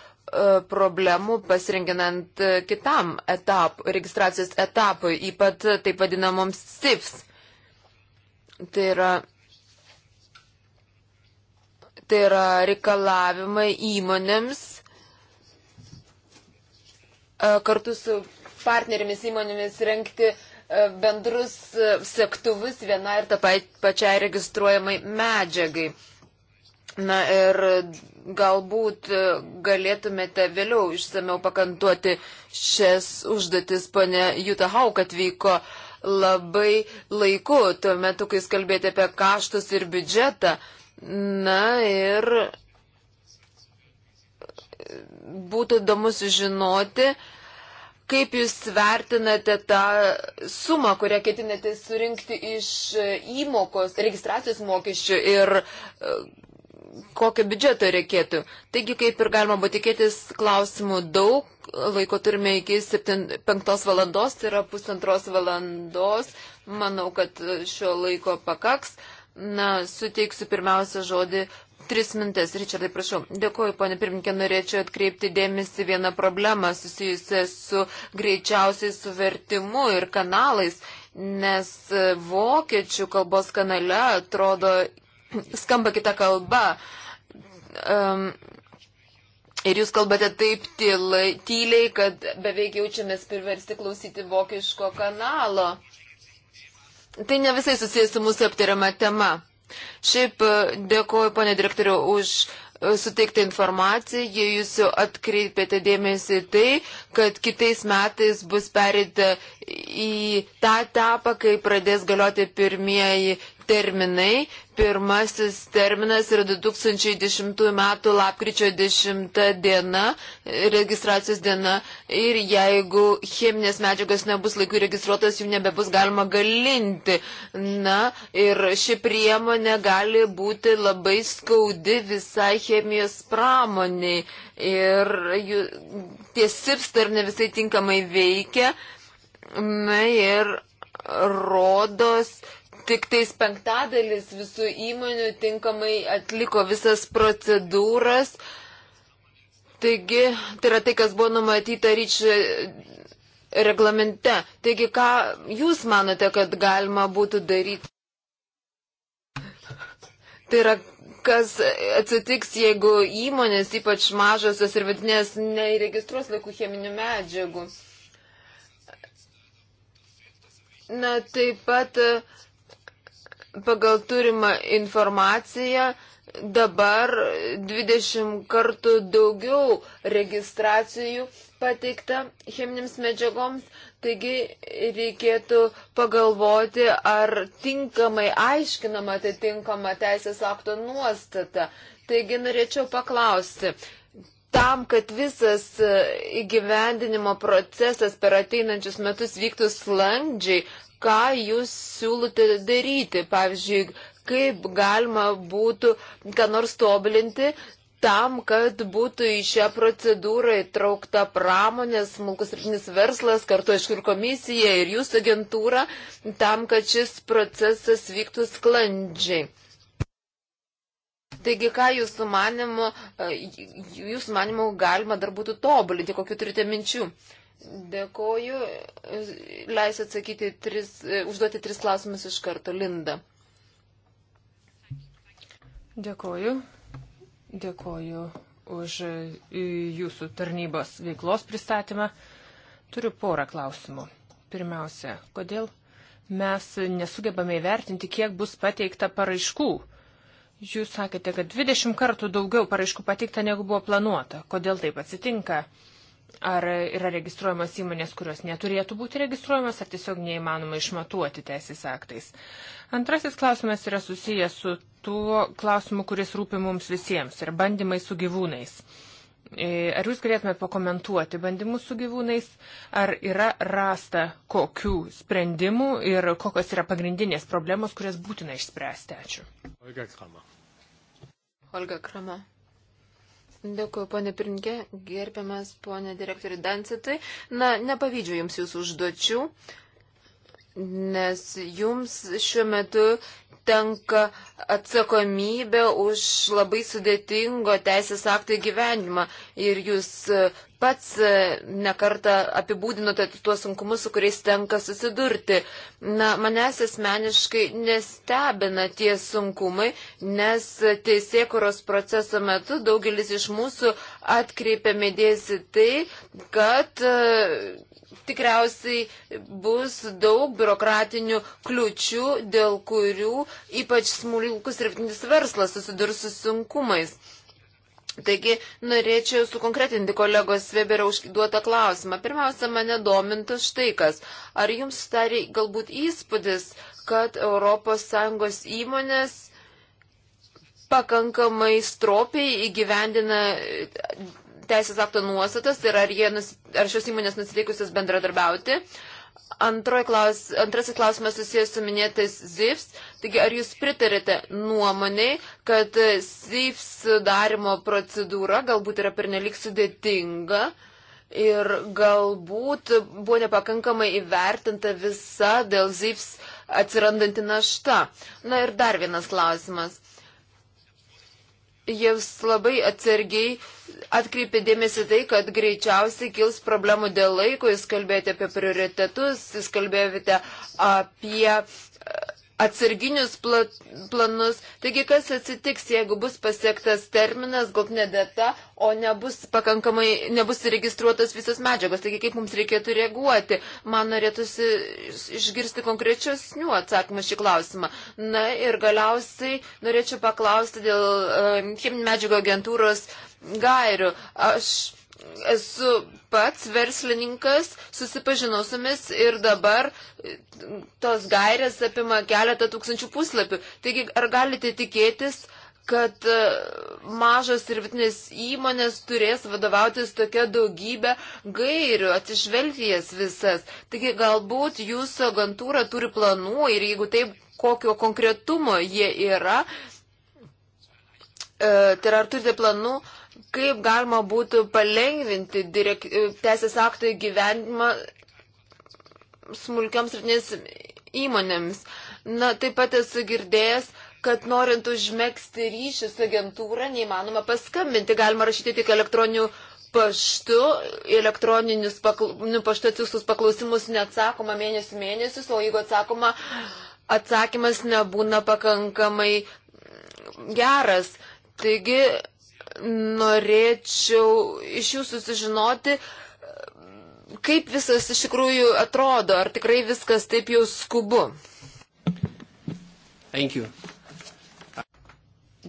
problemų pasirenginant e, kitam etap, registracijos etapui, ypat taip vadinamoms SIFS. Tai yra tai yra reikalavimai įmonėms e, kartu su partnerėmis įmonėmis renkti e, bendrus e, sektuvus vienai ir tą pačiai registruojamai medžiagai. Na ir galbūt galėtumėte vėliau išsameu pakantuoti šias užduotis, ponė Juta Hau, kad vyko labai laiku, tuo metu, kai skalbėte apie kaštus ir biudžetą. Uh, Na ir būtų įdomu sužinoti, kaip jūs vertinate tą sumą, kurią ketinate surinkti iš įmokos, registracijos mokesčių ir e, kokio biudžeto reikėtų. Taigi, kaip ir galima buvo tikėtis, klausimų daug, laiko turime iki 5 valandos, tai yra pusantros valandos, manau, kad e, šio laiko pakaks. Na, suteiksiu pirmiausia žodį Tris mintis, Richardai, prašau. Dėkuoju, ponė pirmininkė, norėčiau atkreipti dėmesį vieną problemą susijusią su greičiausiai su vertimu ir kanalais, nes vokiečių kalbos kanale atrodo skamba kita kalba. Um, ir jūs kalbate taip tylai, tyliai, kad beveik jaučiamės priversti klausyti vokiško kanalo tai ne visai susijęs su mūsų aptariama tema. Šiaip e, dėkoju, ponė direktoriu, už e, suteikti informaciją, jei jūs atkreipėte dėmesį tai, kad kitais metais bus perėta į tą etapą, kai pradės galioti pirmieji terminai. Pirmasis terminas yra 2010 m. lapkričio 10 diena, registracijos diena. Ir jeigu cheminės medžiagos nebus laiku registruotas, jų nebebus galima galinti. Na, ir ši priemonė gali būti labai skaudi visai chemijos pramoniai. Ir jų, tie sipstar ne visai tinkamai veikia. Na ir rodos tik tais penktadalis visų įmonių tinkamai atliko visas procedūras. Taigi, tai yra tai, kas buvo numatyta ryč e, reglamente. Taigi, ką jūs manote, kad galima būtų daryti? Tai yra, kas atsitiks, jeigu įmonės, ypač mažosios ir vidinės, neįregistruos laikų cheminių medžiagų. Na, taip pat uh, pagal turimą informaciją dabar 20 kartų daugiau registracijų pateikta cheminėms medžiagoms, taigi reikėtų pagalvoti, ar tinkamai aiškinama atitinkama teisės akto nuostata. Taigi norėčiau paklausti, tam, kad visas įgyvendinimo procesas per ateinančius metus vyktų slandžiai, ką jūs siūlote daryti. Pavyzdžiui, kaip galima būtų ką nors tobulinti tam, kad būtų į šią procedūrą įtraukta pramonės, smulkus rytinis verslas, kartu aišku ir komisija, ir jūsų agentūra, tam, kad šis procesas vyktų sklandžiai. Taigi, ką jūsų manimu, e, jūsų manimu galima dar būtų tobulinti, kokiu turite minčių? Uh, Dėkoju. Leisiu atsakyti tris, e, užduoti tris klausimus iš karto. Linda. Dėkoju. Dėkoju už e, jūsų tarnybos veiklos pristatymą. Turiu porą klausimų. Pirmiausia, kodėl mes nesugebame įvertinti, kiek bus pateikta paraiškų? Jūs sakėte, kad 20 kartų daugiau paraiškų pateikta, negu buvo planuota. Kodėl taip atsitinka? Ar yra registruojamos įmonės, kurios neturėtų būti registruojamos, ar tiesiog neįmanoma išmatuoti teisės aktais. Antrasis klausimas yra susijęs su tuo klausimu, kuris rūpi mums visiems - ir bandymai su gyvūnais. E, ar jūs galėtumėte pakomentuoti bandymus su gyvūnais, ar yra rasta kokių sprendimų ir kokios yra pagrindinės problemos, kurias būtina išspręsti? Ačiū. Olga Krama. Olga Krama. Dėkuoju, ponė Pirinkė, gerbiamas ponė direktorių Dancitai. Na, nepavydžiu jums jūsų užduočių, nes jums šiuo metu tenka atsakomybė už labai sudėtingo teisės aktai gyvenimą ir jūs pats e, nekartą apibūdinote tuos sunkumus, su kuriais tenka susidurti. Na, manęs asmeniškai nestebina tie sunkumai, nes teisėkuros proceso metu daugelis iš mūsų atkreipėme dėsi tai, kad e, tikriausiai bus daug biurokratinių kliučių, dėl kurių ypač smulkus ir vidinis verslas susidurs su sunkumais. Taigi norėčiau sukonkretinti kolegos Weberio užduotą klausimą. Pirmiausia, mane domintų štai kas. Ar jums tarė galbūt įspūdis, kad ES įmonės pakankamai stropiai įgyvendina e, teisės akto nuostatas ir ar, jie, ar šios įmonės nusiteikusios bendradarbiauti? Uh, Klaus, antrasis klausimas susijęs su minėtais ZIFS. Taigi, ar jūs pritarite nuomoniai, kad ZIFS sudarimo procedūra galbūt yra pernelik sudėtinga ir galbūt buvo nepakankamai įvertinta visa dėl ZIFS atsirandanti našta? Na ir dar vienas klausimas jiems labai atsargiai atkreipė dėmesį tai, kad greičiausiai kils problemų dėl laiko, jūs kalbėjote apie prioritetus, jūs kalbėjote apie atsarginius pla planus. Taigi, kas atsitiks, jeigu bus pasiektas terminas, galtinė data, o nebus pakankamai, nebus registruotos visos medžiagos. Taigi, kaip mums reikėtų reaguoti? Man norėtųsi išgirsti konkrečiosnių atsakymų šį klausimą. Na ir galiausiai norėčiau paklausti dėl uh, cheminių medžiagų agentūros gairių. Aš esu pats verslininkas, susipažinau su jumis ir dabar tos gairės apima keletą tūkstančių puslapių. Taigi, ar galite tikėtis, kad e, mažos ir vidinės įmonės turės vadovautis tokia daugybė gairių, atsižvelgti jas visas. Taigi, galbūt jūsų agentūra turi planų ir jeigu taip, kokio konkretumo jie yra, e, tai yra, ar turite planų, uh, kaip galima būtų palengvinti direkt, teisės aktų įgyvendimą smulkioms rytinės įmonėms. Na, taip pat esu girdėjęs, kad norint užmėgsti ryšį su agentūra, neįmanoma paskambinti, galima rašyti tik elektroniniu paštu, elektroninius pakla... paštu atsiųstus paklausimus neatsakoma mėnesių mėnesius, o jeigu atsakoma, atsakymas nebūna pakankamai geras. Taigi norėčiau iš jūsų sužinoti, kaip viskas iš tikrųjų atrodo, ar tikrai viskas taip jau skubu. Thank you.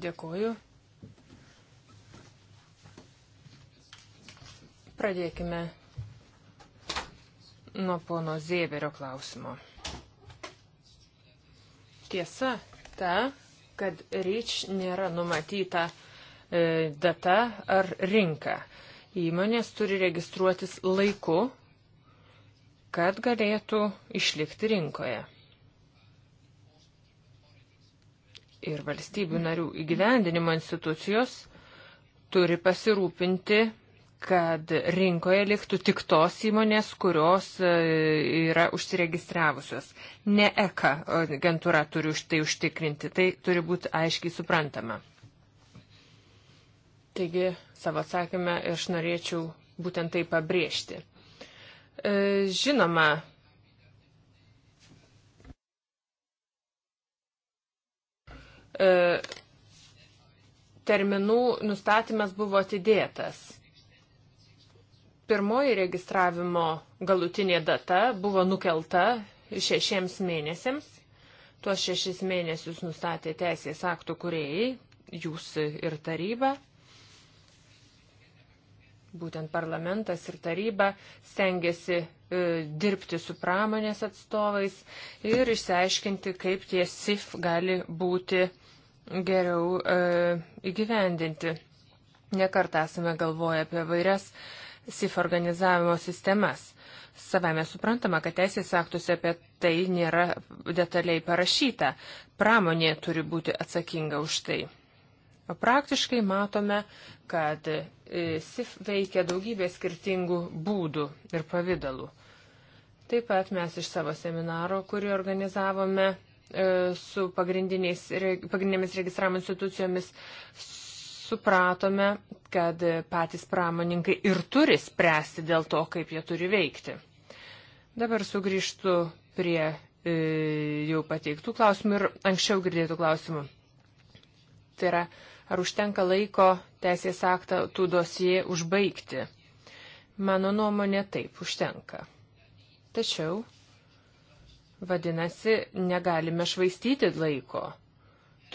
Dėkoju. Pradėkime nuo pono Zėverio klausimo. Tiesa ta, kad ryč nėra numatyta E, data ar rinka. Įmonės turi registruotis laiku, kad galėtų išlikti rinkoje. Ir valstybių narių įgyvendinimo institucijos turi pasirūpinti kad rinkoje liktų tik tos įmonės, kurios e, yra užsiregistravusios. Ne ECA agentūra turi už tai užtikrinti, tai turi būti aiškiai suprantama. Taigi savo atsakymę aš norėčiau būtent tai pabrėžti. E, žinoma, e, terminų nustatymas buvo atidėtas. Pirmoji registravimo galutinė data buvo nukelta šešiems mėnesiams. Tuos šešis mėnesius nustatė teisės aktų kuriejai, jūs ir taryba. Būtent parlamentas ir taryba stengiasi e, dirbti su pramonės atstovais ir išsiaiškinti, kaip tie SIF gali būti geriau e, įgyvendinti. Nekartą esame galvoję apie vairias SIF organizavimo sistemas. Savame suprantama, kad teisės aktuose apie tai nėra detaliai parašyta. Pramonė turi būti atsakinga už tai. Praktiškai matome, kad e, SIF veikia daugybė skirtingų būdų ir pavydalų. Taip pat mes iš savo seminaro, kurį organizavome e, su pagrindinėmis registravimo institucijomis, supratome, kad patys pramoninkai ir turi spręsti dėl to, kaip jie turi veikti. Dabar sugrįžtu prie e, jau pateiktų klausimų ir anksčiau girdėtų klausimų. Tai yra, e, Ar užtenka laiko teisės aktą tų dosijai užbaigti? Mano nuomonė taip užtenka. Tačiau, vadinasi, negalime švaistyti laiko.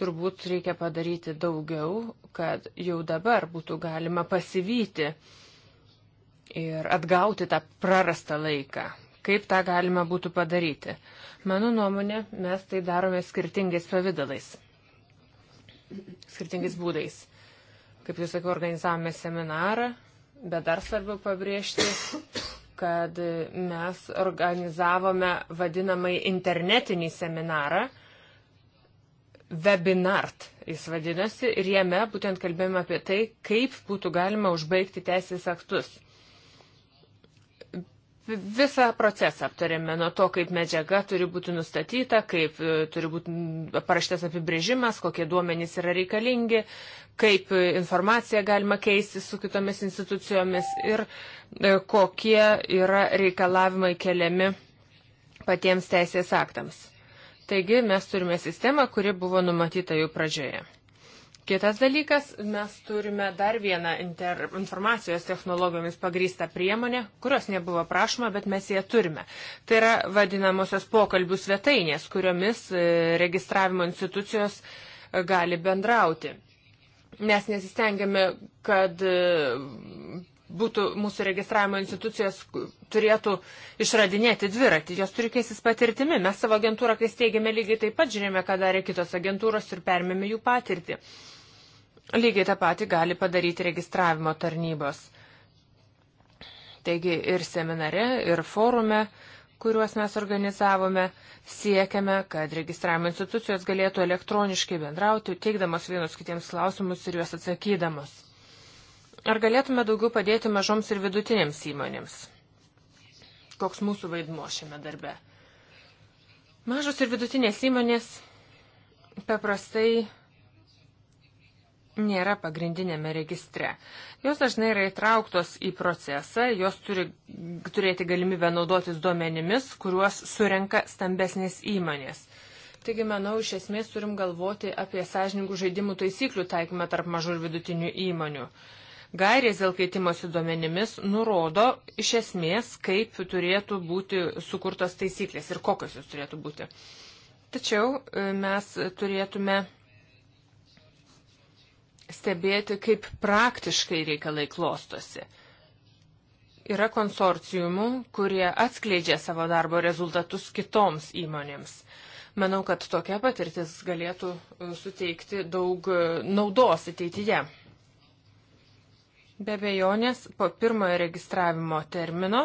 Turbūt reikia padaryti daugiau, kad jau dabar būtų galima pasivyti ir atgauti tą prarastą laiką. Kaip tą galima būtų padaryti? Mano nuomonė, mes tai darome skirtingais pavydalais skirtingais būdais. Kaip jūs sakiau, organizavome seminarą, bet dar svarbiau pabrėžti, kad mes organizavome vadinamai internetinį seminarą, webinart jis vadinasi, ir jame būtent kalbėjome apie tai, kaip būtų galima užbaigti teisės aktus. Visą procesą aptarėme nuo to, kaip medžiaga turi būti nustatyta, kaip e, turi būti paraštas apibrėžimas, kokie duomenys yra reikalingi, kaip e, informaciją galima keisti su kitomis institucijomis ir e, kokie yra reikalavimai keliami patiems teisės aktams. Taigi mes turime sistemą, kuri buvo numatyta jau pradžioje. Kitas dalykas, mes turime dar vieną inter, informacijos technologijomis pagrįstą priemonę, kurios nebuvo prašoma, bet mes ją turime. Tai yra vadinamosios pokalbių svetainės, kuriomis e, registravimo institucijos e, gali bendrauti. Mes nesistengiame, kad e, būtų mūsų registravimo institucijos turėtų išradinėti dviratį, jos turi keistis patirtimi. Mes savo agentūrą, kai steigėme lygiai taip pat, žiūrėjome, ką darė kitos agentūros ir permėme jų patirtį. Uh, Lygiai tą patį gali padaryti registravimo tarnybos. Taigi ir seminare, ir forume, kuriuos mes organizavome, siekiame, kad registravimo institucijos galėtų elektroniškai bendrauti, teikdamos vienus kitiems klausimus ir juos atsakydamos. Ar galėtume daugiau padėti mažoms ir vidutinėms įmonėms? Koks mūsų vaidmuo šiame darbe? Mažos ir vidutinės įmonės paprastai nėra pagrindinėme registre. Jos dažnai yra įtrauktos į procesą, jos turi turėti galimybę naudotis duomenimis, kuriuos surenka stambesnės įmonės. Taigi, manau, iš esmės turim galvoti apie sąžininkų žaidimų taisyklių taikymą tarp mažų ir vidutinių įmonių. Gairės dėl keitimosi duomenimis nurodo iš esmės, kaip turėtų būti sukurtos taisyklės ir kokios jos turėtų būti. Tačiau e, mes turėtume stebėti, kaip praktiškai reikalai klostosi. Yra konsorciumų, kurie atskleidžia savo darbo rezultatus kitoms įmonėms. Manau, kad tokia patirtis galėtų e, suteikti daug e, naudos ateityje. Be bejonės, po pirmojo registravimo termino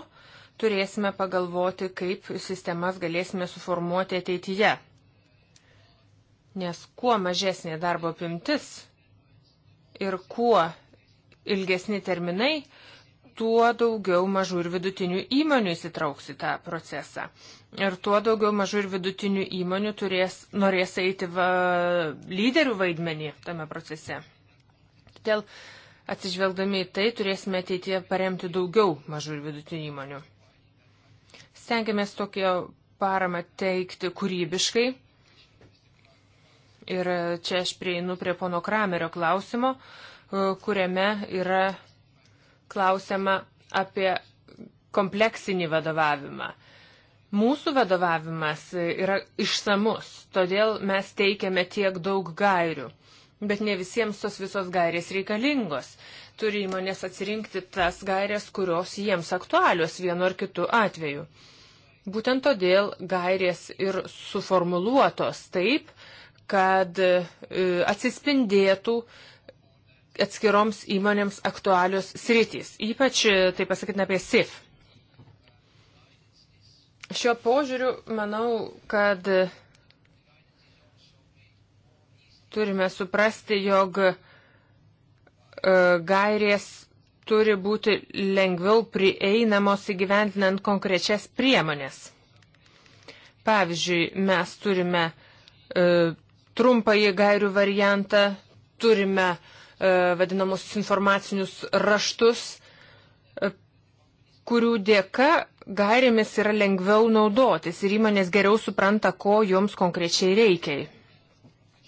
turėsime pagalvoti, kaip sistemas galėsime suformuoti ateityje. Nes kuo mažesnė darbo pimtis, ir kuo ilgesni terminai, tuo daugiau mažų ir vidutinių įmonių įsitrauks į tą procesą. Ir tuo daugiau mažų ir vidutinių įmonių turės, norės eiti va, lyderių vaidmenį tame procese. Todėl atsižvelgdami į tai turėsime ateityje paremti daugiau mažų ir vidutinių įmonių. Stengiamės tokią paramą teikti kūrybiškai, Ir čia aš prieinu prie pono Kramerio klausimo, e, kuriame yra klausima apie kompleksinį vadovavimą. Mūsų vadovavimas yra išsamus, todėl mes teikiame tiek daug gairių. Bet ne visiems tos visos gairės reikalingos. Turi įmonės atsirinkti tas gairės, kurios jiems aktualios vienu ar kitu atveju. Būtent todėl gairės ir suformuluotos taip, kad e, atsispindėtų atskiroms įmonėms aktualios sritys. Ypač e, tai pasakytume apie SIF. Šiuo požiūriu manau, kad e, turime suprasti, jog gairės turi būti lengviau prieinamos įgyventinant konkrečias priemonės. Pavyzdžiui, mes turime e, trumpąjį gairių variantą, turime e, vadinamosius informacinius raštus, e, kurių dėka gairėmis yra lengviau naudotis ir įmonės geriau supranta, ko joms konkrečiai reikia.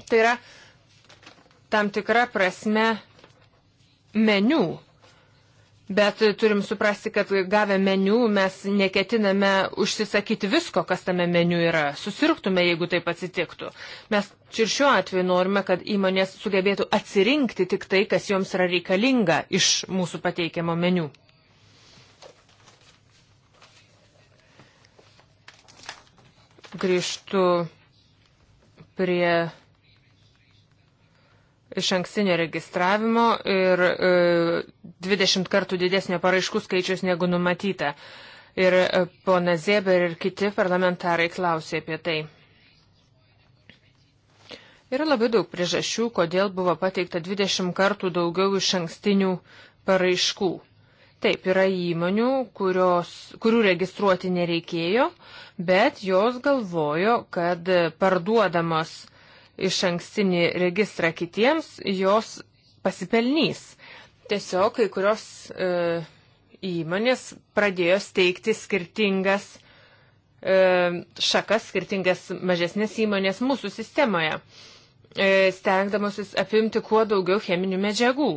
Tai yra tam tikra prasme meniu Bet turim suprasti, kad gavę meniu mes neketiname užsisakyti visko, kas tame meniu yra. Susirgtume, jeigu taip atsitiktų. Mes ir šiuo atveju norime, kad įmonės sugebėtų atsirinkti tik tai, kas joms yra reikalinga iš mūsų pateikiamo meniu. Grįžtu prie iš anksinio registravimo ir e, 20 kartų didesnio paraiškų skaičius negu numatyta. Ir e, pona Zeber ir kiti parlamentarai klausė apie tai. Yra labai daug priežasčių, kodėl buvo pateikta 20 kartų daugiau iš ankstinių paraiškų. Taip, yra įmonių, kurios, kurių registruoti nereikėjo, bet jos galvojo, kad parduodamos iš ankstinį registrą kitiems, jos pasipelnys. Tiesiog kai kurios e, įmonės pradėjo steigti skirtingas e, šakas, skirtingas mažesnės įmonės mūsų sistemoje, e, stengdamasis apimti kuo daugiau cheminių medžiagų.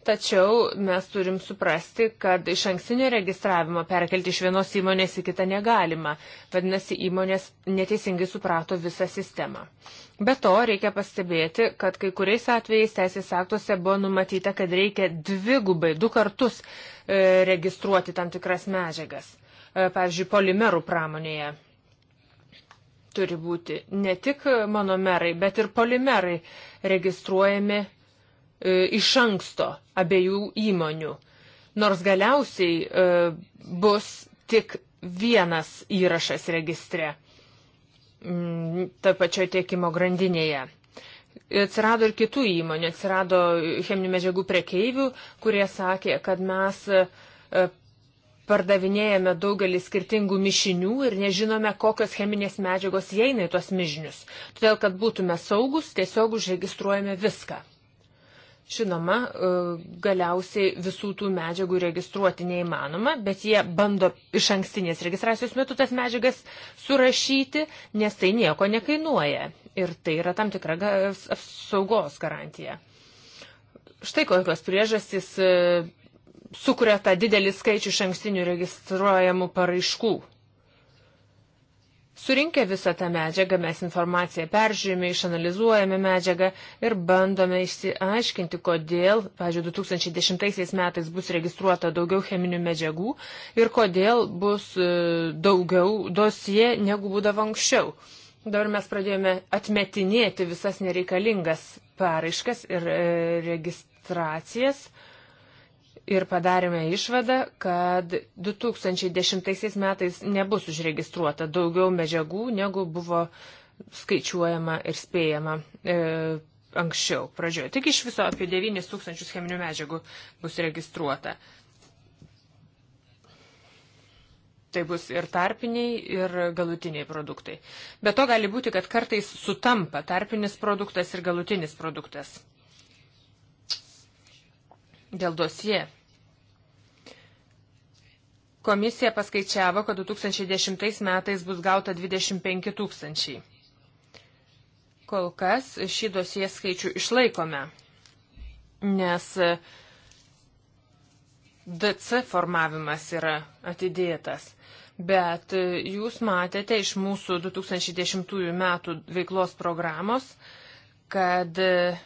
Tačiau mes turim suprasti, kad iš anksinio registravimo perkelti iš vienos įmonės į kitą negalima. Vadinasi, įmonės neteisingai suprato visą sistemą. Be to, reikia pastebėti, kad kai kuriais atvejais teisės aktuose buvo numatyta, kad reikia dvi gubai, du kartus e, registruoti tam tikras medžiagas. E, pavyzdžiui, polimerų pramonėje turi būti ne tik monomerai, bet ir polimerai registruojami E, iš anksto abiejų įmonių, nors galiausiai e, bus tik vienas įrašas registre, mm, ta pačioje tiekimo grandinėje. Atsirado ir kitų įmonių, atsirado cheminių medžiagų prekeivių, kurie sakė, kad mes e, pardavinėjame daugelį skirtingų mišinių ir nežinome, kokios cheminės medžiagos įeina į tuos mišinius. Todėl, kad būtume saugus, tiesiog užregistruojame viską. Žinoma, e, galiausiai visų tų medžiagų registruoti neįmanoma, bet jie bando iš ankstinės registracijos metu tas medžiagas surašyti, nes tai nieko nekainuoja. Ir tai yra tam tikra apsaugos garantija. Štai kokios priežastys e, sukuria tą didelį skaičių iš ankstinių registruojamų paraiškų. Surinkę visą tą medžiagą, mes informaciją peržiūrime, išanalizuojame medžiagą ir bandome išsiaiškinti, kodėl, pavyzdžiui, 2010 metais bus registruota daugiau cheminių medžiagų ir kodėl bus e, daugiau dosie negu būdavo anksčiau. Dabar mes pradėjome atmetinėti visas nereikalingas paraiškas ir e, registracijas ir padarėme išvadą, kad 2010 metais nebus užregistruota daugiau medžiagų, negu buvo skaičiuojama ir spėjama e, anksčiau pradžioje. Tik iš viso apie 9 tūkstančius cheminių medžiagų bus registruota. Tai bus ir tarpiniai, ir galutiniai produktai. Be to gali būti, kad kartais sutampa tarpinis produktas ir galutinis produktas dėl dosie. Komisija paskaičiavo, kad 2010 metais bus gauta 25 tūkstančiai. Kol kas šį dosiją skaičių išlaikome, nes DC formavimas yra atidėtas. Bet jūs matėte iš mūsų 2010 metų veiklos programos, kad e,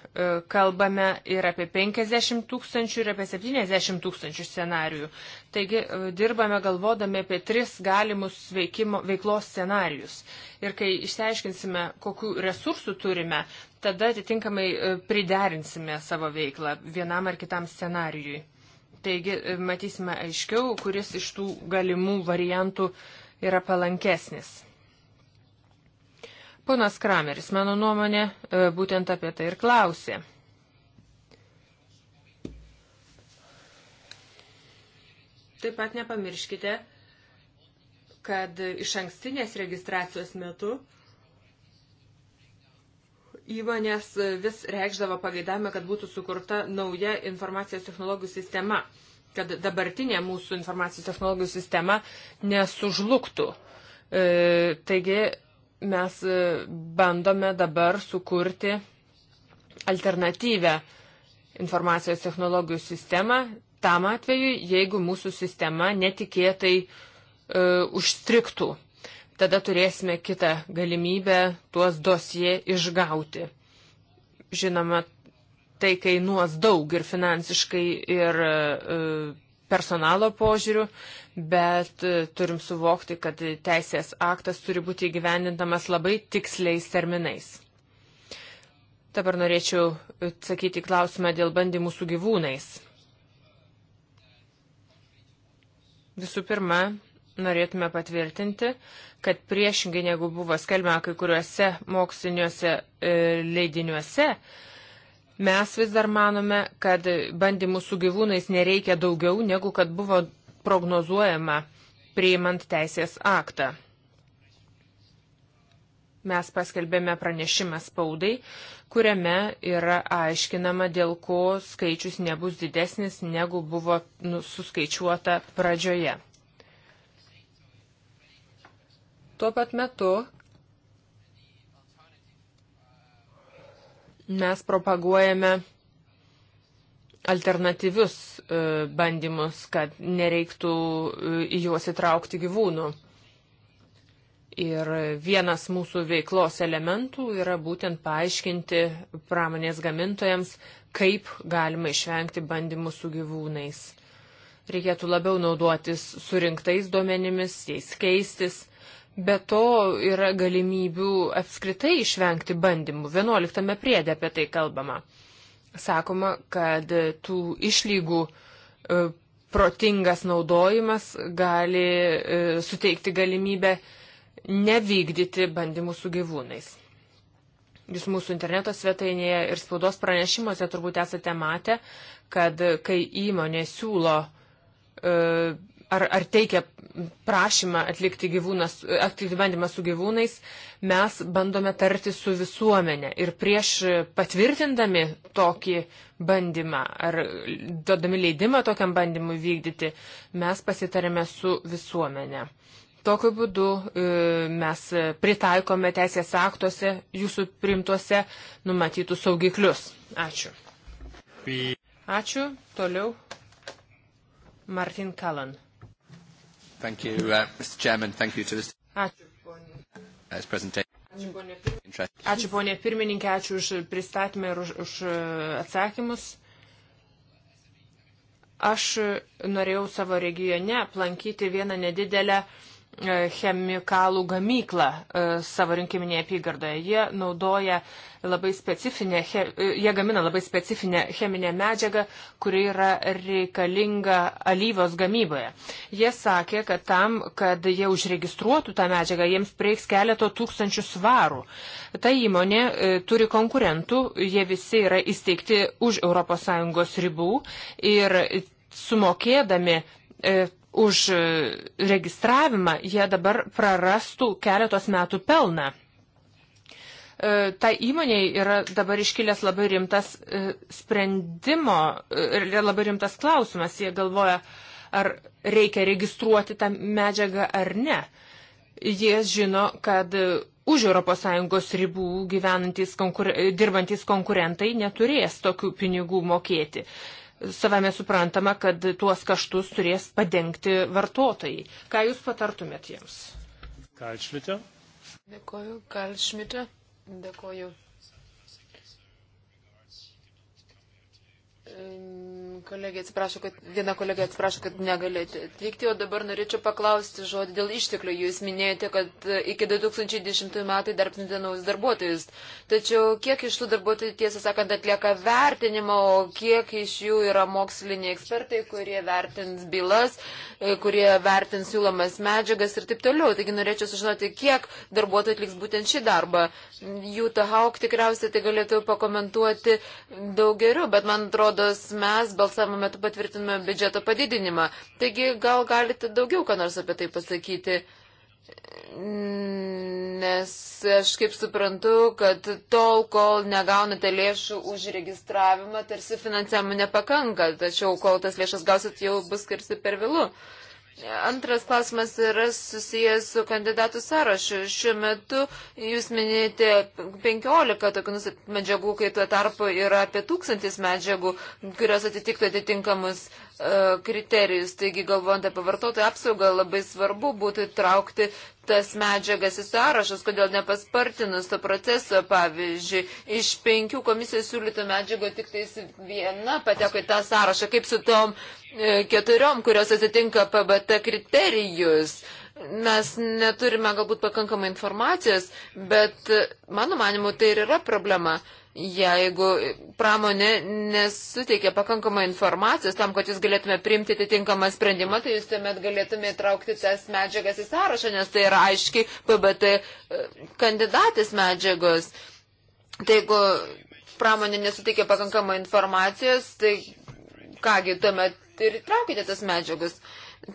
kalbame ir apie 50 tūkstančių, ir apie 70 tūkstančių scenarijų. Taigi e, dirbame galvodami apie tris galimus veikimo, veiklos scenarius. Ir kai išsiaiškinsime, kokiu resursu turime, tada atitinkamai e, priderinsime savo veiklą vienam ar kitam scenarijui. Taigi matysime aiškiau, kuris iš tų galimų variantų yra palankesnis. Ponas Krameris, mano nuomonė, e, būtent apie tai ir klausė. Taip pat nepamirškite, kad iš ankstinės registracijos metu įmonės vis reikšdavo pageidavimą, kad būtų sukurta nauja informacijos technologijų sistema, kad dabartinė mūsų informacijos technologijų sistema nesužlugtų. E, taigi mes e, bandome dabar sukurti alternatyvę informacijos technologijų sistemą tam atveju, jeigu mūsų sistema netikėtai e, užstriktų. Tada turėsime kitą galimybę tuos dosie išgauti. Žinoma, tai kainuos daug ir finansiškai, ir e, personalo požiūrių, bet e, turim suvokti, kad teisės aktas turi būti įgyvendintamas labai tiksliais terminais. Dabar norėčiau e, atsakyti klausimą dėl bandymų su gyvūnais. Visų pirma, norėtume patvirtinti, kad priešingai negu buvo skelbiama kai kuriuose moksliniuose e, leidiniuose, e, Mes vis dar manome, kad bandymų su gyvūnais nereikia daugiau, negu kad buvo prognozuojama priimant teisės aktą. Mes paskelbėme pranešimą spaudai, kuriame yra aiškinama, dėl ko skaičius nebus didesnis, negu buvo nu, suskaičiuota pradžioje. Tuo pat metu mes propaguojame alternatyvius e, bandymus, kad nereiktų e, į juos įtraukti gyvūnų. Ir vienas mūsų veiklos elementų yra būtent paaiškinti pramonės gamintojams, kaip galima išvengti bandymų su gyvūnais. Reikėtų labiau naudotis surinktais duomenimis, jais keistis Be to yra galimybių apskritai išvengti bandymų. 11 priedė apie tai kalbama. Sakoma, kad tų išlygų e, protingas naudojimas gali e, suteikti galimybę nevykdyti bandymų su gyvūnais. Jūs mūsų interneto svetainėje ir spaudos pranešimuose turbūt esate matę, kad kai įmonė siūlo e, ar, ar teikia prašymą atlikti, gyvūnas, atlikti bandymą su gyvūnais, mes bandome tarti su visuomenė. Ir prieš patvirtindami tokį bandymą ar duodami leidimą tokiam bandymui vykdyti, mes pasitarėme su visuomenė. Tokiu būdu e, mes pritaikome teisės aktuose jūsų primtuose numatytų saugiklius. Ačiū. Ačiū. Toliau. Martin Callan. Thank you, uh, Mr. Chairman. Thank you to this. Ačiū, uh, ponė. Ačiū, ponė pirmininkė, ačiū už pristatymą ir už, už uh, atsakymus. Aš norėjau savo regione aplankyti vieną nedidelę uh, E, chemikalų gamyklą e, savo rinkiminėje apygardoje. Jie naudoja labai specifinę, e, jie gamina labai specifinę cheminę medžiagą, kuri yra reikalinga alyvos gamyboje. Jie sakė, kad tam, kad jie užregistruotų tą medžiagą, jiems prieiks keleto tūkstančių svarų. Ta įmonė turi konkurentų, jie visi yra įsteigti už ES ribų ir sumokėdami už e, registravimą, jie dabar prarastų keletos metų pelną. E, Ta įmonė yra dabar iškilęs labai rimtas e, sprendimo ir labai rimtas klausimas. Jie galvoja, ar reikia registruoti tą medžiagą ar ne. Jie žino, kad už ES ribų gyvenantys, konkur dirbantis konkurentai neturės tokių pinigų mokėti savame suprantama, kad tuos kaštus turės padengti vartotojai. Ką Jūs patartumėt jiems? Kalšmitė. Dėkoju, Kalšmitė. Dėkoju Kolegė atsiprašo, kad viena kolegė atsiprašo, kad negalėjote atvykti, o dabar norėčiau paklausti žodį dėl išteklių. Jūs minėjote, kad e, iki 2010 metai darbsite naujus darbuotojus. Tačiau kiek iš tų darbuotojų, tiesą sakant, atlieka vertinimą, o kiek iš jų yra moksliniai ekspertai, kurie vertins bylas, e, kurie vertins siūlomas medžiagas ir taip toliau. Taigi norėčiau sužinoti, kiek darbuotojų atliks būtent šį darbą. Jų Tahauk tikriausiai tai galėtų pakomentuoti daug geriau, bet man atrodo, nuostatos mes balsavimo metu patvirtinome biudžeto padidinimą. Taigi gal galite daugiau ką nors apie tai pasakyti? Nes aš kaip suprantu, kad tol, kol negaunate lėšų už registravimą, tarsi finansavimo nepakanka, tačiau kol tas lėšas gausit, jau bus skirsi per vėlų. Uh, Antras klausimas yra susijęs su kandidatų sąrašu. Šiuo metu jūs minėjote 15 tokių medžiagų, kai tuo tarpu yra apie tūkstantis medžiagų, kurios atitiktų atitinkamus uh, kriterijus. Taigi, galvojant apie vartotojų apsaugą, labai svarbu būtų traukti tas medžiagas į sąrašus, kodėl nepaspartinus to proceso, pavyzdžiui, iš penkių komisijos siūlytų medžiagų tik tais viena pateko į tą sąrašą, kaip su tom e, keturiom, kurios atitinka PBT kriterijus. Mes neturime galbūt pakankamai informacijos, bet e, mano manimu tai ir yra problema. E, jeigu pramonė nesuteikia pakankamai informacijos tam, kad jūs galėtume priimti atitinkamą sprendimą, tai jūs tuomet galėtume įtraukti tas medžiagas į sąrašą, nes tai yra aiškiai PBT e, kandidatės medžiagos. Tai jeigu pramonė nesuteikia pakankamai informacijos, tai kągi tuomet ir įtraukite tas medžiagas.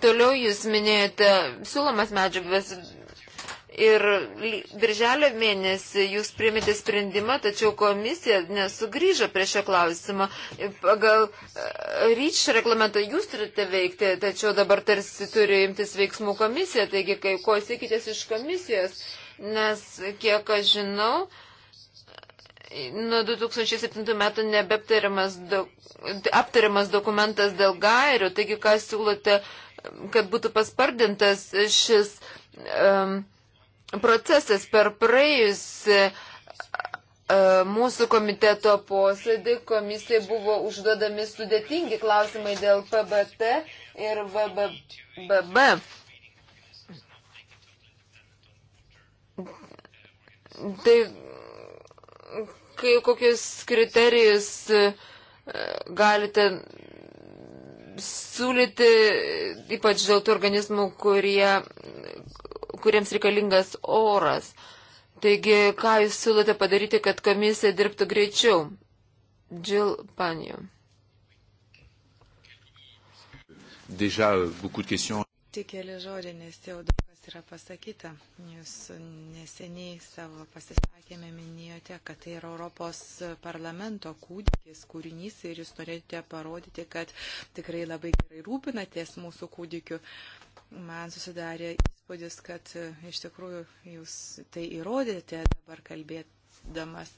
Toliau jūs minėjote siūlomas medžiagas Ir birželio mėnesį jūs priemėte sprendimą, tačiau komisija nesugrįžo prie šio klausimo. Pagal e, ryč reglamentą jūs turite veikti, tačiau dabar tarsi turi imtis veiksmų komisija, taigi kai, ko sėkitės iš komisijos, nes kiek aš žinau, nuo 2007 metų nebeaptariamas do, aptariamas dokumentas dėl gairių, taigi ką siūlote, kad būtų paspardintas šis. Um, procesas per praėjus e, e, mūsų komiteto posėdį komisijai buvo užduodami sudėtingi klausimai dėl PBT ir VBB. Tai kai, kokius kriterijus e, galite siūlyti, ypač dėl tų organizmų, kurie kuriems reikalingas oras. Taigi, ką jūs siūlote padaryti, kad komisija dirbtų greičiau? Džil Panijų. Déjà, beaucoup de questions. Tik keli žodžiai, nes jau daug kas yra pasakyta. Jūs neseniai savo pasisakėme minėjote, kad tai yra Europos parlamento kūdikis kūrinys ir jūs norėjote parodyti, kad tikrai labai gerai rūpinatės mūsų kūdikiu man susidarė įspūdis, kad e, iš tikrųjų jūs tai įrodėte dabar kalbėdamas.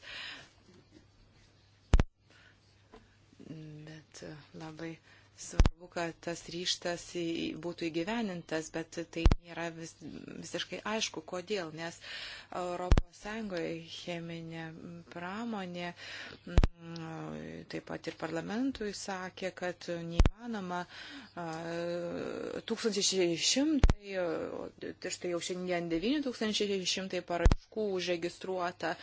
Bet e, labai Svarbu, kad tas ryštas būtų įgyvenintas, bet tai nėra vis, visiškai aišku, kodėl, nes ES cheminė pramonė, mm, taip pat ir parlamentui sakė, kad neįmanoma 1600, tai štai jau šiandien 9600 paraiškų užregistruota,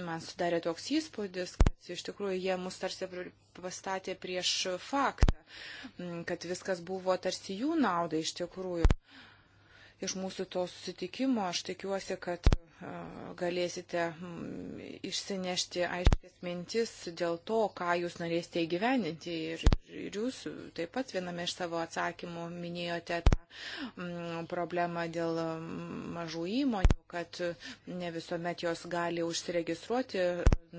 man sudarė toks įspūdis, kad iš tikrųjų jie mus tarsi pastatė prieš faktą kad viskas buvo tarsi jų naudai iš tikrųjų. Iš mūsų to susitikimo aš tikiuosi, kad galėsite išsinešti aiškės mintis dėl to, ką jūs norėsite įgyveninti. Ir, ir jūs taip pat viename iš savo atsakymų minėjote tą problemą dėl mažų įmonių, kad ne visuomet jos gali užsiregistruoti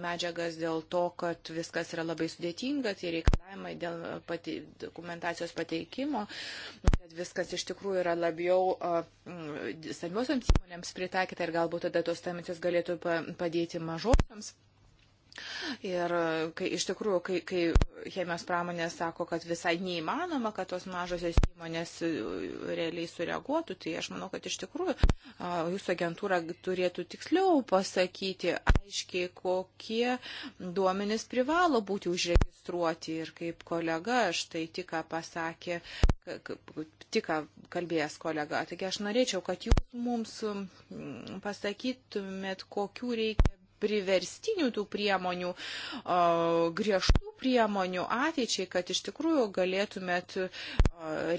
medžiagas dėl to, kad viskas yra labai sudėtinga, tie reikalavimai dėl pati, dokumentacijos pateikimo, kad viskas iš tikrųjų yra labiau stambiosiams įmonėms pritaikyta ir galbūt tada tos stambiosios galėtų padėti mažosiams. Ir e, kai iš tikrųjų, kai, kai chemijos pramonė sako, kad visai neįmanoma, kad tos mažosios įmonės e, realiai sureaguotų, tai aš manau, kad iš tikrųjų jūsų agentūra turėtų tiksliau pasakyti aiškiai, kokie duomenys privalo būti užregistruoti. Ir kaip kolega, štai tik pasakė, tik kalbėjęs kolega. Taigi aš norėčiau, kad jūs mums pasakytumėt, kokių reikia priverstinių tų priemonių, griežtų priemonių ateičiai, kad iš tikrųjų galėtumėt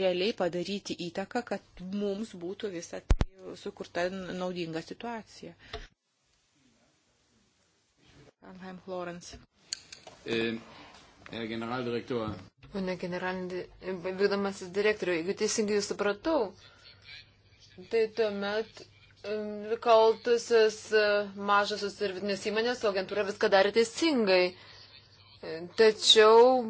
realiai padaryti įtaką, kad mums būtų visą tai sukurta naudinga situacija. Anheim Florence. E, e, generaldirektor. Pone generalinį, vykdomasis e, direktorių, jeigu teisingai supratau, tai tuomet kaltusios mažosios ir vidinės įmonės, o agentūra viską darė teisingai. Tačiau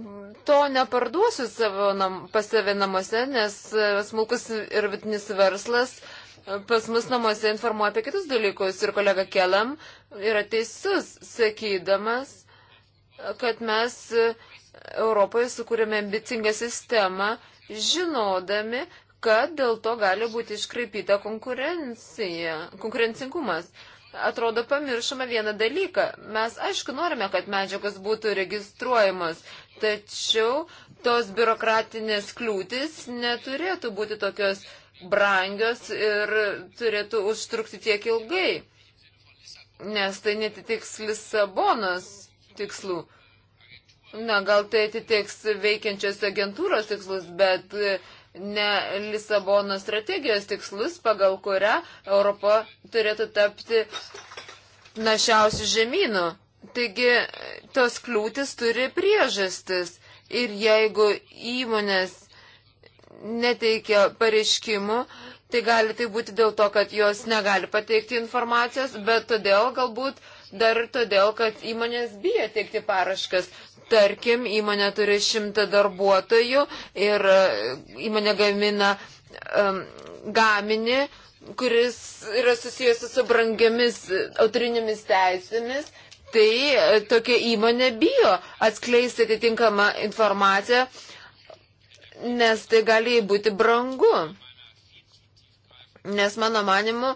to neparduosiu savo nam, pas save namuose, nes e, smulkus ir vidinis verslas e, pas mus namuose informuoja apie kitus dalykus. Ir kolega Kelam yra teisus, sakydamas, kad mes e, Europoje sukūrėme ambicingą sistemą, žinodami, kad dėl to gali būti iškraipyta konkurencija, konkurencingumas. Atrodo, pamiršome vieną dalyką. Mes, aišku, norime, kad medžiagos būtų registruojamos, tačiau tos biurokratinės kliūtis neturėtų būti tokios brangios ir turėtų užtrukti tiek ilgai, nes tai netitiks Lisabonos tikslų. Na, gal tai atitiks veikiančios agentūros tikslus, bet ne Lisabono strategijos tikslus, pagal kurią Europa turėtų tapti našiausių žemynų. Taigi tos kliūtis turi priežastis. Ir jeigu įmonės neteikia pareiškimų, tai gali tai būti dėl to, kad jos negali pateikti informacijos, bet todėl galbūt uh, dar ir todėl, kad įmonės bijo teikti paraškas. Tarkim, įmonė turi šimtą darbuotojų ir e, įmonė gamina um, gaminį, kuris yra susijęs su brangiamis e, autorinėmis teisėmis tai e, tokia įmonė bijo atskleisti atitinkamą informaciją, nes tai gali būti brangu. Nes mano manimu,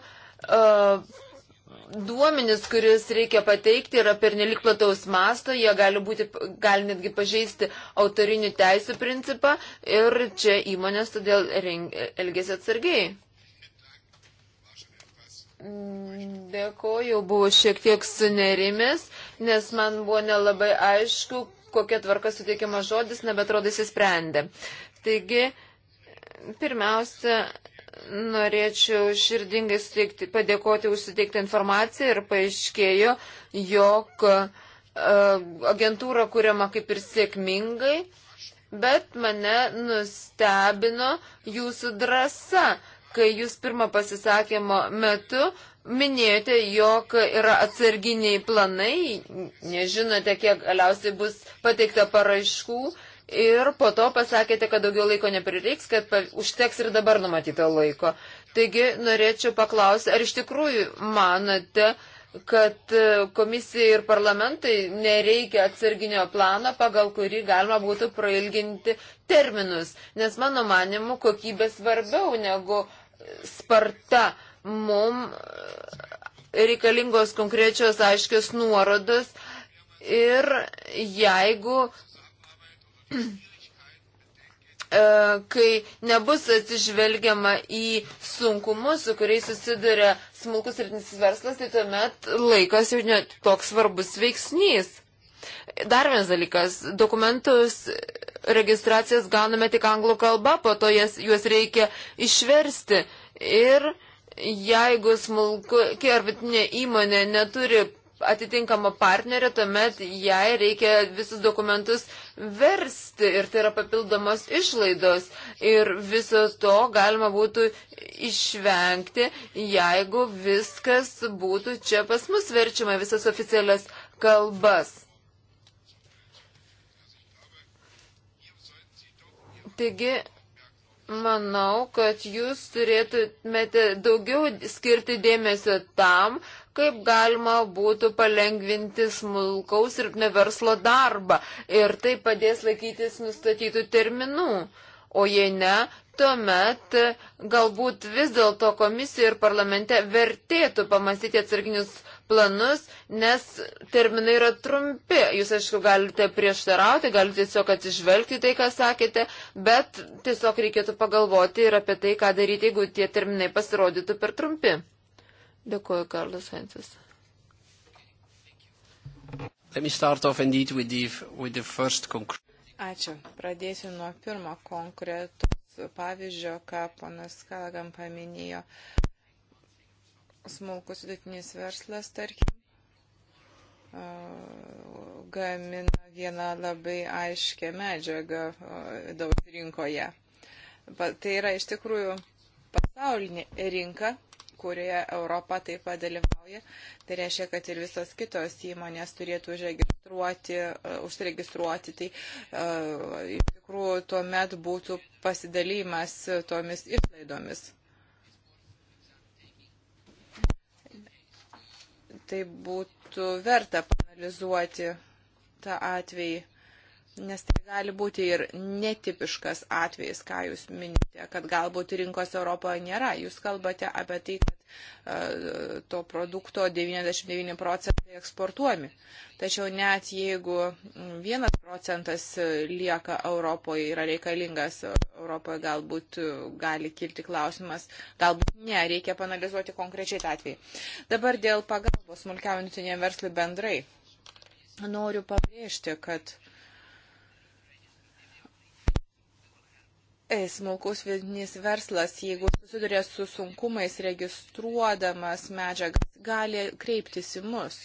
duomenis, kuris reikia pateikti, yra pernelik plataus masto, jie gali, būti, gali netgi pažeisti autorinių teisų principą ir čia įmonės todėl elgėsi atsargiai. Dėkoju, buvau šiek tiek sunerimis, nes man buvo nelabai aišku, kokia tvarka suteikiama žodis, nebetrodo įsisprendė. Taigi, pirmiausia, norėčiau širdingai suteikti, padėkoti už suteiktą informaciją ir paaiškėjo, jog e, agentūra kuriama kaip ir sėkmingai, bet mane nustebino jūsų drąsa, kai jūs pirmą pasisakymo metu minėjote, jog yra atsarginiai planai, nežinote, kiek galiausiai bus pateikta paraiškų ir po to pasakėte, kad daugiau laiko neprireiks, kad užteks ir dabar numatyto laiko. Taigi norėčiau paklausti, ar iš tikrųjų manote, kad e, komisijai ir parlamentai nereikia atsarginio plano, pagal kurį galima būtų prailginti terminus, nes mano manimu kokybė svarbiau negu sparta. Mums e, reikalingos konkrečios aiškios nuorodos ir jeigu E, kai nebus atsižvelgiama į sunkumus, su kuriais susiduria smulkus ir verslas, tai tuomet laikas jau net toks svarbus veiksnys. Dar vienas dalykas. Dokumentus registracijas gauname tik anglų kalba, po to jas, juos reikia išversti. Ir jeigu smulku, ar vidutinė įmonė neturi atitinkama partnerė, tuomet jai reikia visus dokumentus versti ir tai yra papildomos išlaidos. Ir viso to galima būtų išvengti, jeigu viskas būtų čia pas mus verčiama, visas oficialias kalbas. Taigi, manau, kad jūs turėtumėte daugiau skirti dėmesio tam, kaip galima būtų palengvinti smulkaus ir neverslo darbą ir tai padės laikytis nustatytų terminų. O jei ne, tuomet galbūt vis dėlto komisija ir parlamente vertėtų pamastyti atsarginius planus, nes terminai yra trumpi. Jūs, aišku, galite prieštarauti, galite tiesiog atsižvelgti tai, ką sakėte, bet tiesiog reikėtų pagalvoti ir apie tai, ką daryti, jeigu tie terminai pasirodytų per trumpi. Dėkuoju, Karlas Hentis. Ačiū. Pradėsiu nuo pirmo konkretus pavyzdžio, ką ponas Kalagam paminėjo. Smulkus vidutinis verslas, tarkim, gamina vieną labai aiškę medžiagą daug rinkoje. Tai yra iš tikrųjų pasaulinė rinka, kurioje Europa taip pat dalyvauja. Tai reiškia, kad ir visos kitos įmonės turėtų užregistruoti, e, užsiregistruoti. Tai e, iš tikrųjų tuo met būtų pasidalymas tomis išlaidomis. Tai būtų verta panalizuoti tą atvejį. Nes tai gali būti ir netipiškas atvejis, ką jūs minite, kad galbūt rinkos Europoje nėra. Jūs kalbate apie tai, kad e, to produkto 99 procentai eksportuojami. Tačiau net jeigu 1 procentas e, lieka Europoje, yra reikalingas e, Europoje, galbūt gali kilti klausimas, galbūt ne, reikia panalizuoti konkrečiai tą atvejį. Dabar dėl pagalbos smulkiaujantiniam verslui bendrai. Noriu pabrėžti, kad uh, E, smulkus vidinis verslas, jeigu susiduria su sunkumais registruodamas medžiagas, gali kreiptis į mus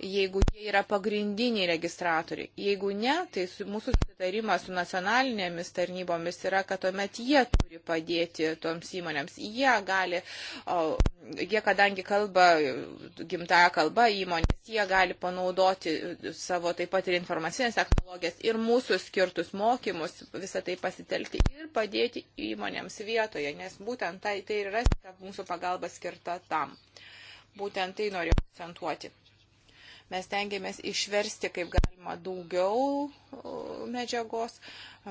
jeigu jie yra pagrindiniai registratoriai. Jeigu ne, tai mūsų susitarimas su nacionalinėmis tarnybomis yra, kad tuomet jie turi padėti toms įmonėms. Jie gali, o, jie kadangi kalba gimtaja kalba įmonės, jie gali panaudoti savo taip pat ir informacinės technologijas ir mūsų skirtus mokymus, visą tai pasitelkti ir padėti įmonėms vietoje, nes būtent tai, tai ir yra mūsų pagalba skirta tam. Būtent tai noriu akcentuoti. Mes tengiamės išversti kaip galima daugiau medžiagos.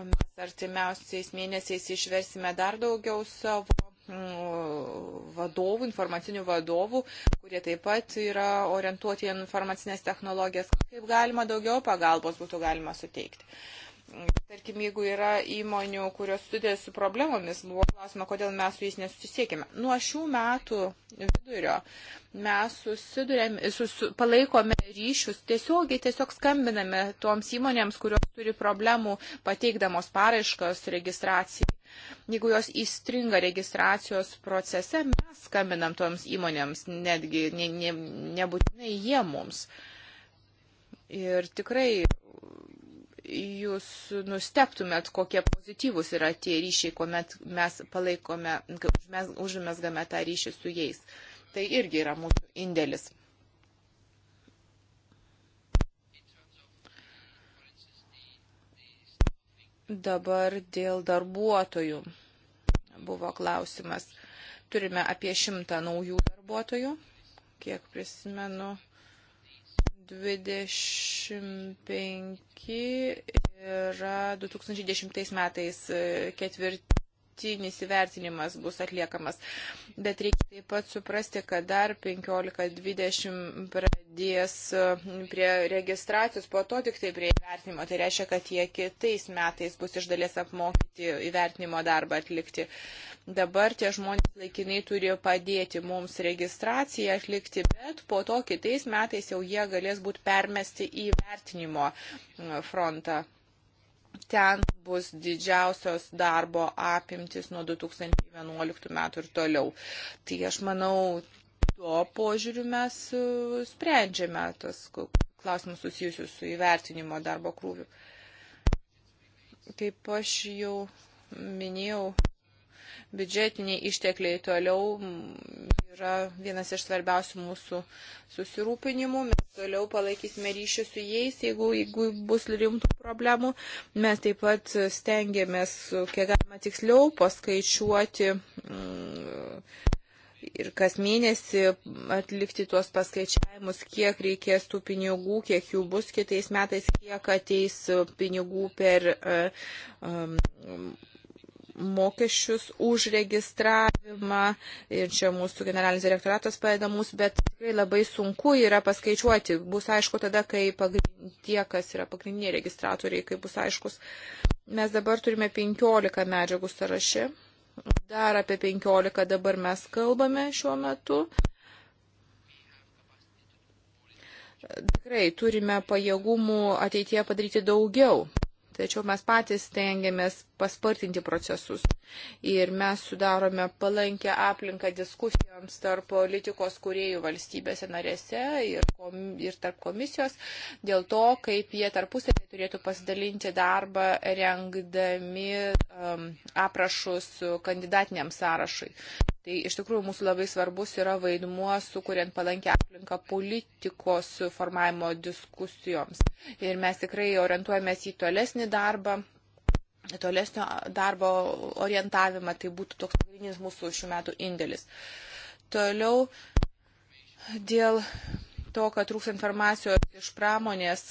Mes artimiausiais mėnesiais išversime dar daugiau savo vadovų, informacinių vadovų, kurie taip pat yra orientuoti į informacinės technologijas, kaip galima daugiau pagalbos būtų galima suteikti. Tarkim, jeigu yra įmonių, kurios studija su problemomis, buvo klausima, kodėl mes su jais nesusisiekime. Nuo šių metų vidurio mes sus, palaikome ryšius, tiesiogiai tiesiog skambiname toms įmonėms, kurios turi problemų pateikdamos paraiškas registracijai. Jeigu jos įstringa registracijos procese, mes skambinam toms įmonėms, netgi ne, ne, nebūtinai jie mums. Ir tikrai jūs nusteptumėt, kokie pozityvūs yra tie ryšiai, kuomet mes palaikome, mes užmesgame tą ryšį su jais. Tai irgi yra mūsų indėlis. Dabar dėl darbuotojų buvo klausimas. Turime apie šimtą naujų darbuotojų, kiek prisimenu, 25 yra 2010 metais e, ketvirti galutinis įvertinimas bus atliekamas. Bet reikia taip pat suprasti, kad dar 15-20 pradės e, prie registracijos, po to tik tai prie įvertinimo. Tai reiškia, kad jie kitais metais bus iš dalies apmokyti įvertinimo darbą atlikti. Dabar tie žmonės laikinai turi padėti mums registraciją atlikti, bet po to kitais metais jau jie galės būti permesti į vertinimo frontą. Ten bus didžiausios darbo apimtis nuo 2011 metų ir toliau. Tai aš manau, tuo požiūriu mes e, sprendžiame tas klausimus susijusius su įvertinimo darbo krūviu. Kaip aš jau minėjau, biudžetiniai ištekliai toliau mm, yra vienas iš svarbiausių mūsų susirūpinimų. Mes toliau palaikysime ryšį su jais, jeigu, jeigu bus rimtų problemų. Mes taip pat stengiamės, kiek galima tiksliau, paskaičiuoti. Mm, ir kas mėnesį atlikti tuos paskaičiavimus, kiek reikės tų pinigų, kiek jų bus kitais metais, kiek ateis pinigų per um, mokesčius už registravimą ir čia mūsų generalinis direktoratas padeda mums, bet tikrai labai sunku yra paskaičiuoti. Bus aišku tada, kai tie, kas yra pagrindiniai registratoriai, kai bus aiškus. Mes dabar turime 15 medžiagų sąraše. Dar apie 15 dabar mes kalbame šiuo metu. Tikrai turime pajėgumų ateityje padaryti daugiau tačiau mes patys tengiamės paspartinti procesus. Ir mes sudarome palankę aplinką diskusijoms tarp politikos kuriejų valstybėse narėse ir, kom, ir tarp komisijos dėl to, kaip jie tarpusavį turėtų pasidalinti darbą rengdami um, aprašus kandidatiniam sąrašui. Tai iš tikrųjų mūsų labai svarbus yra vaidmuo, sukuriant palankę aplinką politikos formavimo diskusijoms. Ir mes tikrai orientuojamės į tolesnį darbą, tolesnio darbo orientavimą. Tai būtų toks pagrindinis mūsų šių metų indėlis. Toliau dėl to, kad trūks informacijos iš pramonės.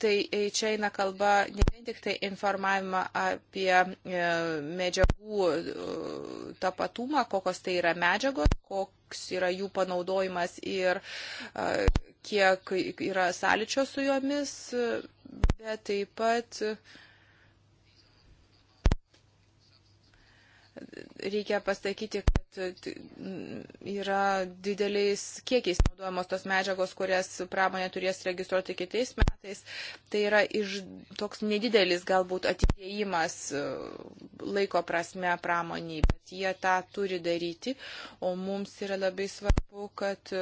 Tai čia eina kalba ne vien tik tai informavimą apie e, medžiagų e, tapatumą, kokios tai yra medžiagos, koks yra jų panaudojimas ir e, kiek yra sąlyčio su jomis, bet taip pat reikia pasakyti, kad yra dideliais kiekiais naudojamos tos medžiagos, kurias pramonė turės registruoti kitais metais. Tai yra iš toks nedidelis galbūt atidėjimas laiko prasme pramoniai, bet jie tą turi daryti, o mums yra labai svarbu, kad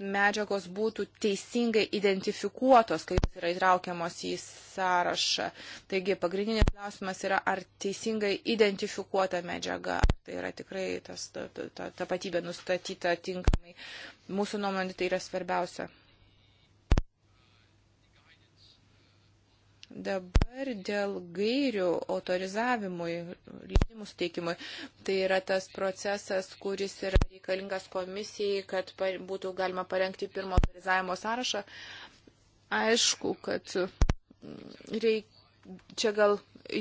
medžiagos būtų teisingai identifikuotos, kaip yra įtraukiamos į sąrašą. Taigi pagrindinis klausimas yra, ar teisingai identifikuota medžiaga, tai yra tikrai tas, ta, ta, ta tapatybė nustatyta tinkamai. Mūsų nuomonė tai yra svarbiausia. Dabar dėl gairių autorizavimui, leidimų suteikimui, tai yra tas procesas, kuris yra reikalingas komisijai, kad būtų galima parengti pirmo autorizavimo sąrašą. Aišku, kad reikia čia gal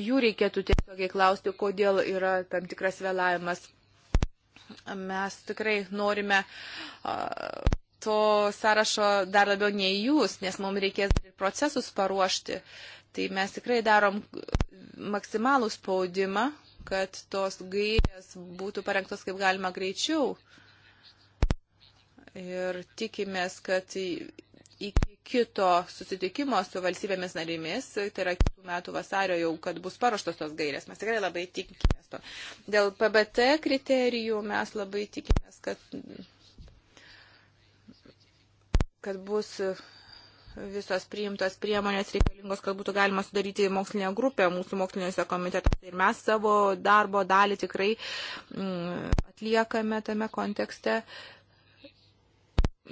jų reikėtų tiesiogiai klausti, kodėl yra tam tikras vėlavimas. Mes tikrai norime to sąrašo dar labiau nei jūs, nes mums reikės ir procesus paruošti. Uh, Tai mes tikrai darom maksimalų spaudimą, kad tos gairės būtų parengtos kaip galima greičiau. Ir tikimės, kad iki kito susitikimo su valstybėmis narimis, tai yra kitų metų vasario jau, kad bus paruoštos tos gairės. Mes tikrai labai tikimės to. Dėl PBT kriterijų mes labai tikimės, kad, kad bus visos priimtos priemonės reikalingos, kad būtų galima sudaryti mokslinę grupę mūsų moksliniuose komitetuose. Ir mes savo darbo dalį tikrai mm, atliekame tame kontekste.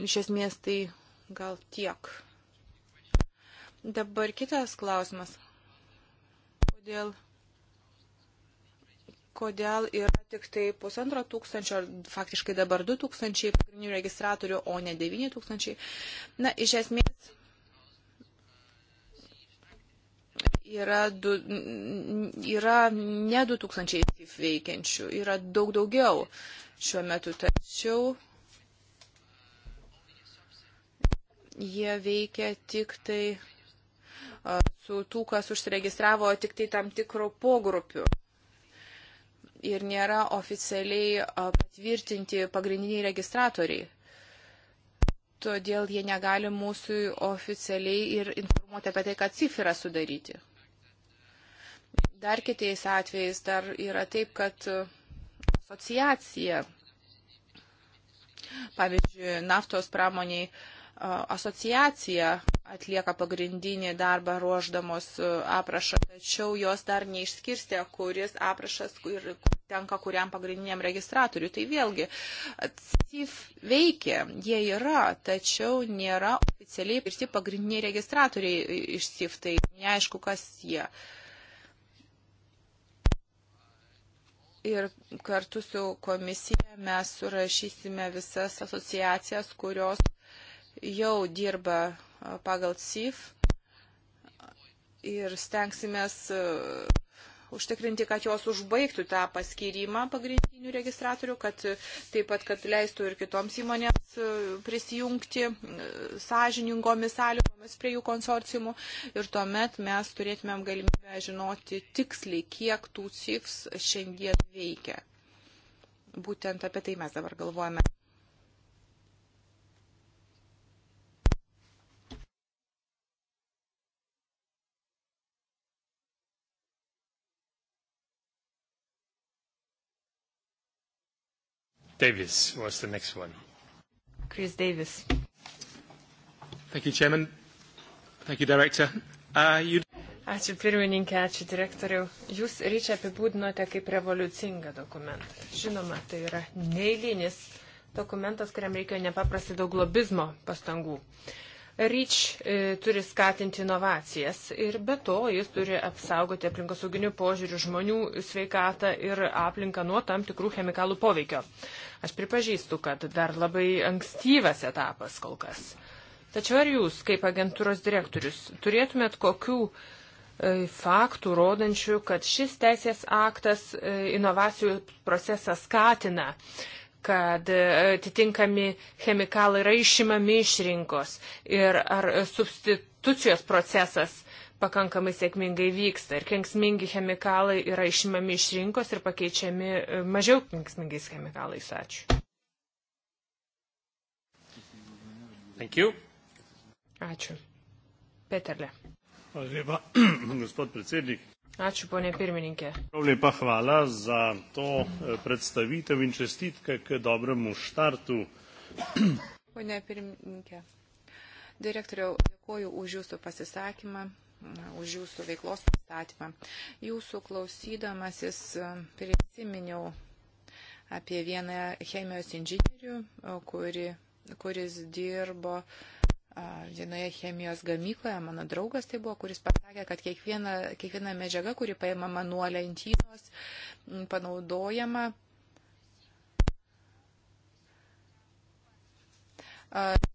Iš esmės tai gal tiek. Dabar kitas klausimas. Kodėl kodėl yra tik tai pusantro tūkstančio, faktiškai dabar du tūkstančiai pagrindinių registratorių, o ne devyni tūkstančiai. Na, iš esmės Yra, du, yra ne 2000 aktyv veikiančių, yra daug daugiau šiuo metu, tačiau jie veikia tik tai su tų, kas užsiregistravo tik tai tam tikrų pogrupių. Ir nėra oficialiai patvirtinti pagrindiniai registratoriai. Todėl jie negali mūsų oficialiai ir informuoti apie tai, kad cifra sudaryti. Dar kitais atvejais dar yra taip, kad e, asociacija, pavyzdžiui, naftos pramoniai e, asociacija atlieka pagrindinį darbą ruoždamos e, aprašą, tačiau jos dar neišskirstė, kuris aprašas kur, tenka kuriam pagrindiniam registratoriui. Tai vėlgi, CIF veikia, jie yra, tačiau nėra oficialiai pirti pagrindiniai registratoriai iš CIF, tai neaišku, kas jie. Uh, Ir kartu su komisija mes surašysime visas asociacijas, kurios jau dirba pagal CIF ir stengsimės užtikrinti, kad jos užbaigtų tą paskyrimą pagrindinį įmonių registratorių, kad e, taip pat, kad leistų ir kitoms įmonėms e, prisijungti e, sąžiningomis sąlygomis prie jų konsorciumų. Ir tuomet mes turėtumėm galimybę žinoti tiksliai, kiek tų CIFS šiandien veikia. Būtent apie tai mes dabar galvojame. Davis was the next one. Chris Davis. Thank you, Chairman. Thank you, Director. Uh, you... Ačiū pirmininkė, ačiū direktoriau. Jūs ryčią apibūdinote kaip revoliucingą dokumentą. Žinoma, tai yra neįlynis dokumentas, kuriam reikėjo nepaprastai daug lobizmo pastangų. Uh, REACH e, turi skatinti inovacijas ir be to jis turi apsaugoti aplinkosauginių požiūrių žmonių sveikatą ir aplinką nuo tam tikrų chemikalų poveikio. Aš pripažįstu, kad dar labai ankstyvas etapas kol kas. Tačiau ar jūs, kaip agentūros direktorius, turėtumėt kokių e, faktų rodančių, kad šis teisės aktas e, inovacijų procesą skatina, kad e, atitinkami chemikalai yra išimami iš rinkos ir ar substitucijos procesas pakankamai sėkmingai vyksta ir kenksmingi chemikalai yra išimami iš rinkos ir pakeičiami e, mažiau kenksmingais chemikalais. Ačiū. Thank you. Ačiū. Peterle. Hvala lepa, *clears throat* gospod predsednik. Ačiū, ponė pirmininkė. Lepa hvala za to e, predstavitev in čestitke k dobremu štartu. *clears throat* Ponė pirmininkė. Direktoriau, dėkoju už jūsų pasisakymą už jūsų veiklos pristatymą. Jūsų klausydamasis e, prisiminiau apie vieną chemijos inžinierių, e, kuri, kuris dirbo uh, vienoje chemijos gamykloje mano draugas tai buvo, kuris pasakė, kad kiekviena, kiekviena medžiaga, kuri paimama nuo lentynos, panaudojama.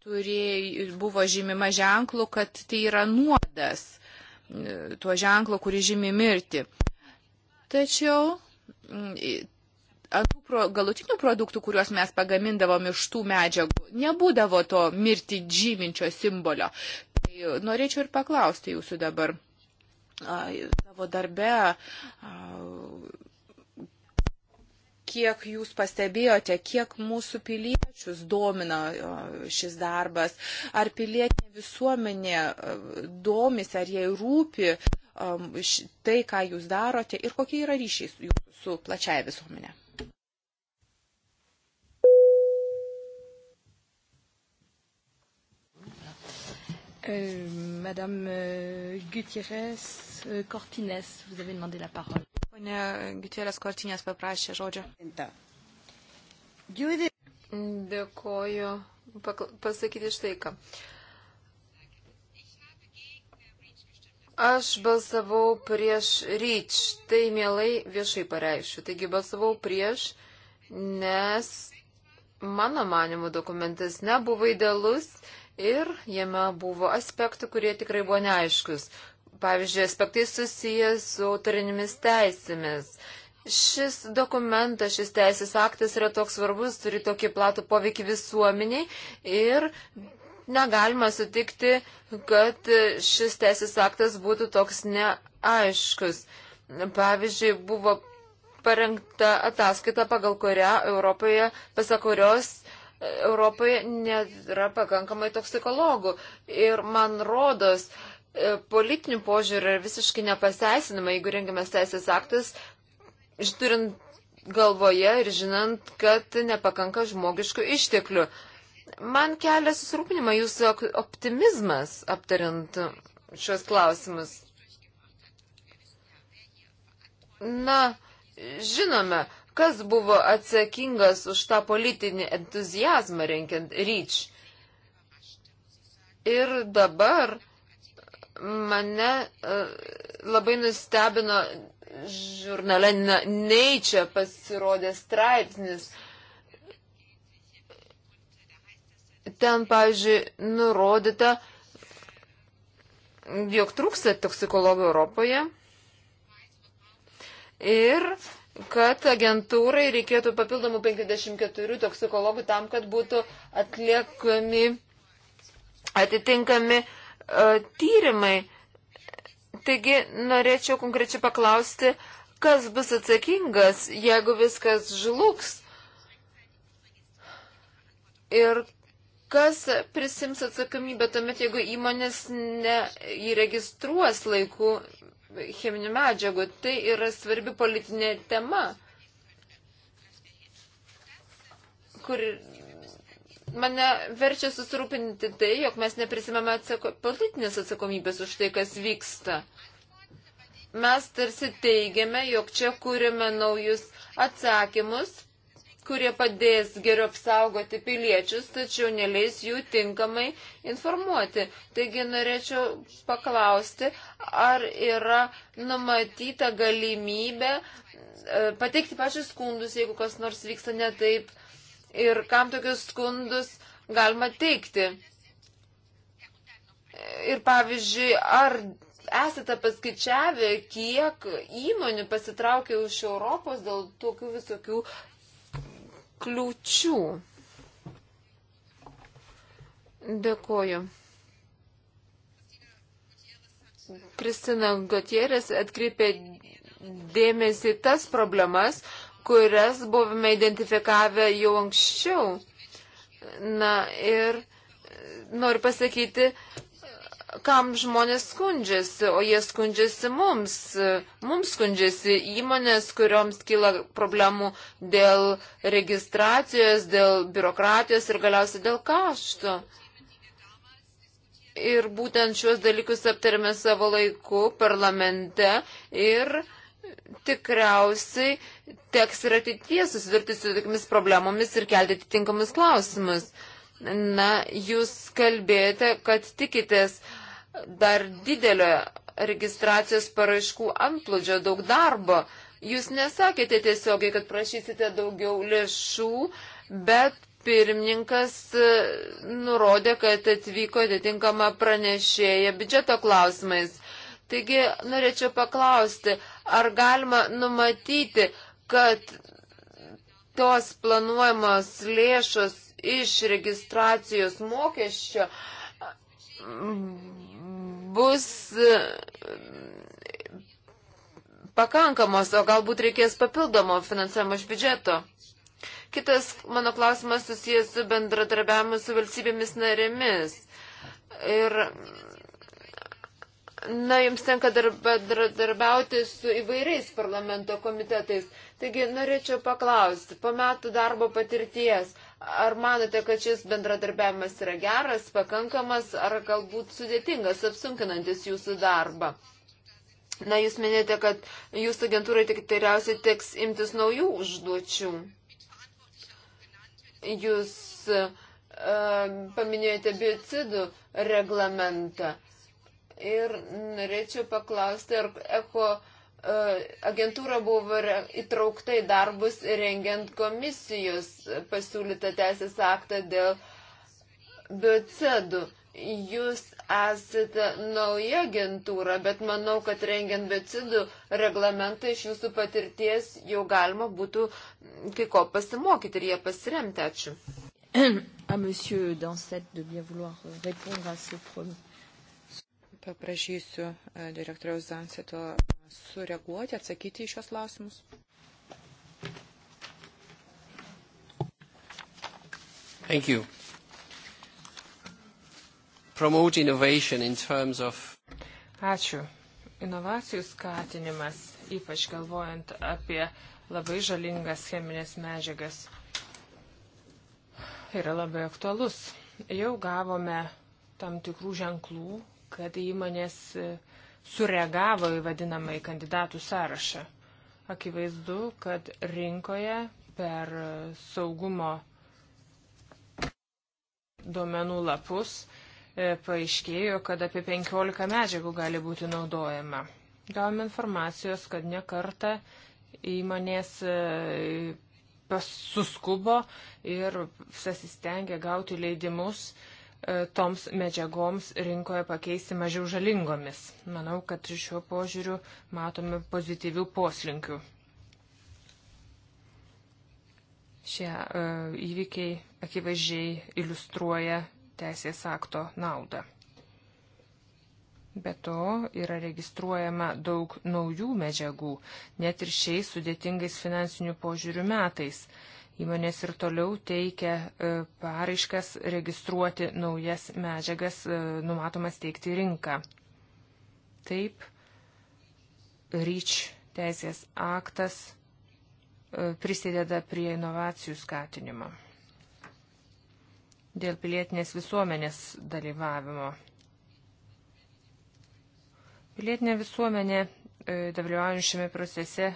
Turėjai, buvo žymima ženklu, kad tai yra nuodas, tuo ženklu, kuri žymi mirti. Tačiau ant pro, galutinių produktų, kuriuos mes pagamindavom iš tų medžiagų, nebūdavo to mirti žyminčio simbolio. Tai norėčiau ir paklausti jūsų dabar savo darbe. A, kiek jūs pastebėjote, kiek mūsų piliečius domina šis darbas, ar pilietinė visuomenė domis, ar jai rūpi tai, ką jūs darote ir kokie yra ryšiai su, su plačiaja visuomenė. Euh, Madame euh, Gutierrez euh, Cortines, vous avez demandé la parole. Pone Gutierrez Cortines paprašė žodžio. Dėkoju pasakyti štai ką. Aš balsavau prieš ryč, tai mielai viešai pareiškiu. Taigi balsavau prieš, nes mano manimo dokumentas nebuvo idealus ir jame buvo aspektų, kurie tikrai buvo neaiškus. Pavyzdžiui, aspektai susijęs su autorinėmis teisėmis. Šis dokumentas, šis teisės aktas yra toks svarbus, turi tokį platų poveikį visuomeniai ir negalima sutikti, kad šis teisės aktas būtų toks neaiškus. Pavyzdžiui, buvo parengta ataskaita, pagal kurią Europoje, pasak kurios Europoje nėra pakankamai toksikologų. Ir man rodos, e, politinių požiūrį yra visiškai nepaseisinama, jeigu rengiamas teisės aktas, turint galvoje ir žinant, kad nepakanka žmogiškų išteklių. Man kelia susirūpinimą jūsų optimizmas aptariant šios klausimus. Na, žinome, kas buvo atsakingas už tą politinį entuzijazmą renkiant ryč. Ir dabar mane e, labai nustebino žurnale Neičia pasirodė straipsnis. Ten, pavyzdžiui, nurodyta, jog trūksta toksikologų Europoje. Ir kad agentūrai reikėtų papildomų 54 toksikologų tam, kad būtų atliekami atitinkami uh, tyrimai. Taigi norėčiau konkrečiai paklausti, kas bus atsakingas, jeigu viskas žlugs ir kas prisims atsakomybę tuomet, jeigu įmonės neįregistruos laiku cheminių medžiagų. Tai yra svarbi politinė tema, kur mane verčia susirūpinti tai, jog mes neprisimame atsako, politinės atsakomybės už tai, kas vyksta. Mes tarsi teigiame, jog čia kūrime naujus atsakymus, kurie padės geriau apsaugoti piliečius, tačiau neleis jų tinkamai informuoti. Taigi norėčiau paklausti, ar yra numatyta galimybė e, pateikti pačius skundus, jeigu kas nors vyksta ne taip, ir kam tokius skundus galima teikti. Ir pavyzdžiui, ar esate paskaičiavę, kiek įmonių pasitraukė už Europos dėl tokių visokių kliūčių. Dėkoju. Kristina Gutierrez atkreipė dėmesį tas problemas, kurias buvome identifikavę jau anksčiau. Na ir noriu pasakyti, kam žmonės skundžiasi, o jie skundžiasi mums. Mums skundžiasi įmonės, kurioms kyla problemų dėl registracijos, dėl biurokratijos ir galiausiai dėl kašto. Ir būtent šiuos dalykus aptarėme savo laiku parlamente ir tikriausiai teks ir ateities susidurti su tokiamis problemomis ir kelti atitinkamus klausimus. Na, jūs kalbėjote, kad tikitės uh, dar didelio registracijos paraiškų antplūdžio, daug darbo. Jūs nesakėte tiesiogiai, kad prašysite daugiau lėšų, bet pirmininkas e, nurodė, kad atvyko atitinkama pranešėja biudžeto klausimais. Taigi norėčiau paklausti, ar galima numatyti, kad tos planuojamos lėšos iš registracijos mokesčio bus e, pakankamos, o galbūt reikės papildomo finansavimo iš biudžeto. Kitas mano klausimas susijęs su bendradarbiavimu su valstybėmis narėmis. Ir, na, jums tenka bendradarbiauti su įvairiais parlamento komitetais. Taigi, norėčiau paklausti, po metų darbo patirties, Ar manote, kad šis bendradarbiavimas yra geras, pakankamas, ar galbūt sudėtingas, apsunkinantis jūsų darbą? Na, jūs minėjote, kad jūsų agentūrai tik tikriausiai teks imtis naujų užduočių. Jūs e, paminėjote biocidų reglamentą. Ir norėčiau paklausti, ar eko E, agentūra buvo įtraukta į darbus rengiant komisijos pasiūlytą teisės aktą dėl biocidų. Jūs esate nauja agentūra, bet manau, kad rengiant biocidų reglamentą iš jūsų patirties jau galima būtų kai ko pasimokyti ir jie pasiremti. Ačiū. A, *clears throat* monsieur Danset, de bien vouloir répondre à ce problème. Paprašysiu eh, direktoriaus Danseto sureaguoti, atsakyti į šios klausimus? Thank you. Promote innovation in terms of. Ačiū. Inovacijų skatinimas, ypač galvojant apie labai žalingas cheminės medžiagas, yra labai aktualus. Jau gavome tam tikrų ženklų, kad įmonės uh, sureagavo į vadinamąjį kandidatų sąrašą. Akivaizdu, kad rinkoje per saugumo duomenų lapus e, paaiškėjo, kad apie 15 medžiagų gali būti naudojama. Gavom informacijos, kad nekarta įmonės e, suskubo ir sasistengė gauti leidimus E, toms medžiagoms rinkoje pakeisti mažiau žalingomis. Manau, kad šiuo požiūriu matome pozityvių poslinkių. Šie uh, įvykiai akivaizdžiai iliustruoja teisės akto naudą. Be to yra registruojama daug naujų medžiagų, net ir šiais sudėtingais finansinių požiūrių metais. Uh, Įmonės ir toliau teikia e, paraiškas registruoti naujas medžiagas, e, numatomas teikti rinką. Taip, REACH teisės aktas e, prisideda prie inovacijų skatinimo. Dėl pilietinės visuomenės dalyvavimo. Pilietinė visuomenė dalyvauja šiame procese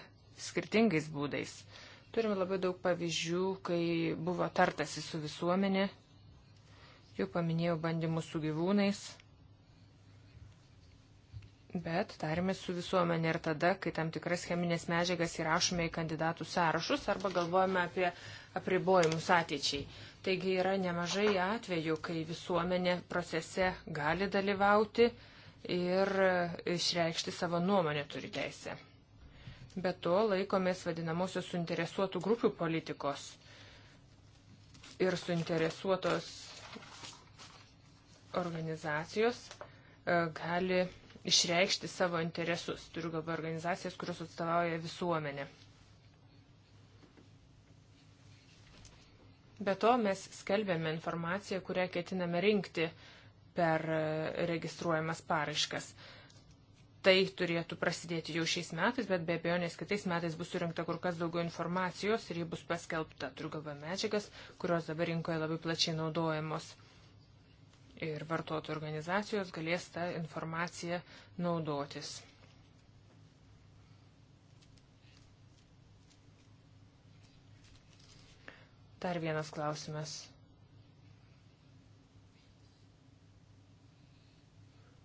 skirtingais būdais. Turime labai daug pavyzdžių, kai buvo tartasi su visuomenė. Jau paminėjau bandymus su gyvūnais. Bet tarėmės su visuomenė ir tada, kai tam tikras cheminės medžiagas įrašome į kandidatų sąrašus arba galvojame apie apribojimus ateičiai. Taigi yra nemažai atvejų, kai visuomenė procese gali dalyvauti ir išreikšti savo nuomonę turi teisę. Be to laikomės vadinamosios suinteresuotų grupių politikos. Ir suinteresuotos organizacijos e, gali išreikšti savo interesus. Turiu galvoje organizacijas, kurios atstovauja visuomenę. Be to mes skelbėme informaciją, kurią ketiname rinkti per e, registruojamas paraiškas tai turėtų prasidėti jau šiais metais, bet be abejo, nes kitais metais bus surinkta kur kas daugiau informacijos ir ji bus paskelbta, turiu galvą medžiagas, kurios dabar rinkoje labai plačiai naudojamos. Ir vartotojų organizacijos galės tą informaciją naudotis. Dar vienas klausimas.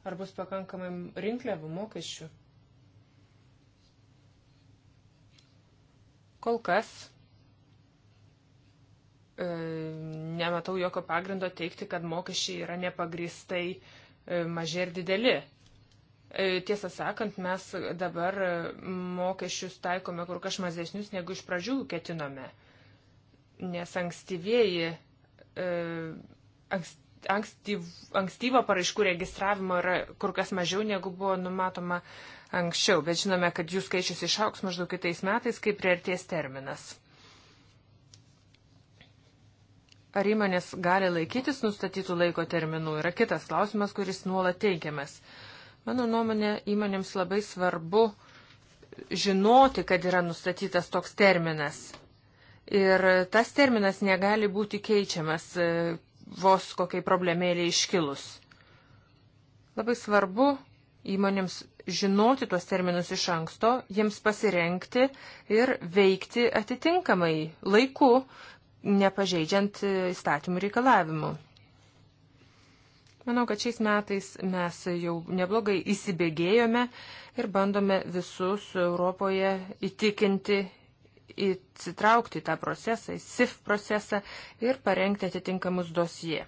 Ar bus pakankamai rinkliavų mokesčių? Kol kas e, nematau jokio pagrindo teikti, kad mokesčiai yra nepagristai e, maži ir dideli. E, tiesą sakant, mes dabar e, mokesčius taikome kur kas mažesnius negu iš pradžių ketinome, nes ankstyvieji, e, ankst, ankstyv, ankstyvo paraiškų registravimo yra kur kas mažiau negu buvo numatoma anksčiau, bet žinome, kad jų skaičius išauks maždaug kitais metais, kai prieartės terminas. Ar įmonės gali laikytis nustatytų laiko terminų yra kitas klausimas, kuris nuolat teikiamas. Mano nuomonė, įmonėms labai svarbu žinoti, kad yra nustatytas toks terminas. Ir tas terminas negali būti keičiamas vos kokiai problemėlė iškilus. Labai svarbu įmonėms žinoti tuos terminus iš anksto, jiems pasirenkti ir veikti atitinkamai laiku, nepažeidžiant įstatymų reikalavimų. Manau, kad šiais metais mes jau neblogai įsibėgėjome ir bandome visus Europoje įtikinti įsitraukti į tą procesą, į SIF procesą ir parengti atitinkamus dosie.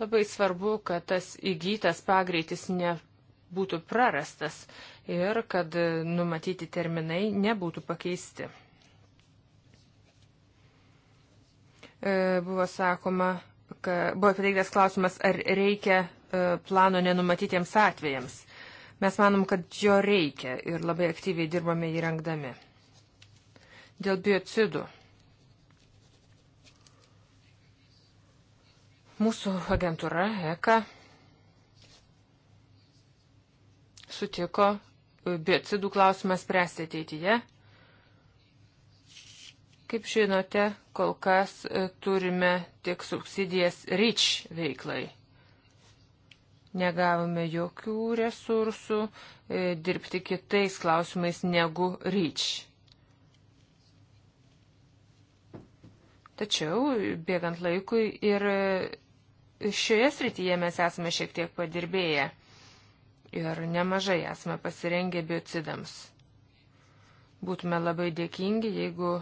Labai svarbu, kad tas įgytas pagreitis nebūtų prarastas ir kad numatyti terminai nebūtų pakeisti. E, buvo sakoma, buvo pateiktas klausimas, ar reikia e, plano nenumatytiems atvejams. Mes manom, kad jo reikia ir labai aktyviai dirbame įrengdami. Dėl biocidų. Mūsų agentūra ECA sutiko biocidų klausimą spręsti ateityje. Kaip žinote, kol kas e, turime tik subsidijas REACH veiklai negavome jokių resursų e, dirbti kitais klausimais negu REACH. Tačiau, bėgant laikui, ir e, šioje srityje mes esame šiek tiek padirbėję ir nemažai esame pasirengę biocidams. Būtume labai dėkingi, jeigu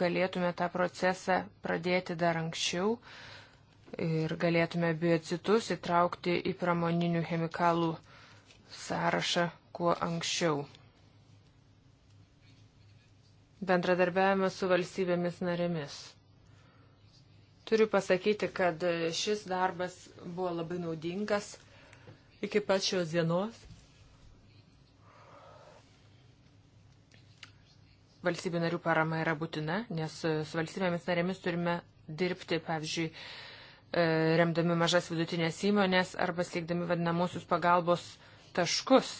galėtume tą procesą pradėti dar anksčiau, ir galėtume biocitus įtraukti į pramoninių chemikalų sąrašą kuo anksčiau. Bendradarbiavimas su valstybėmis narėmis. Turiu pasakyti, kad šis darbas buvo labai naudingas iki pat šios dienos. Valstybių narių parama yra būtina, nes su valstybėmis narėmis turime dirbti, pavyzdžiui, E, remdami mažas vidutinės įmonės arba steigdami vadinamosius pagalbos taškus.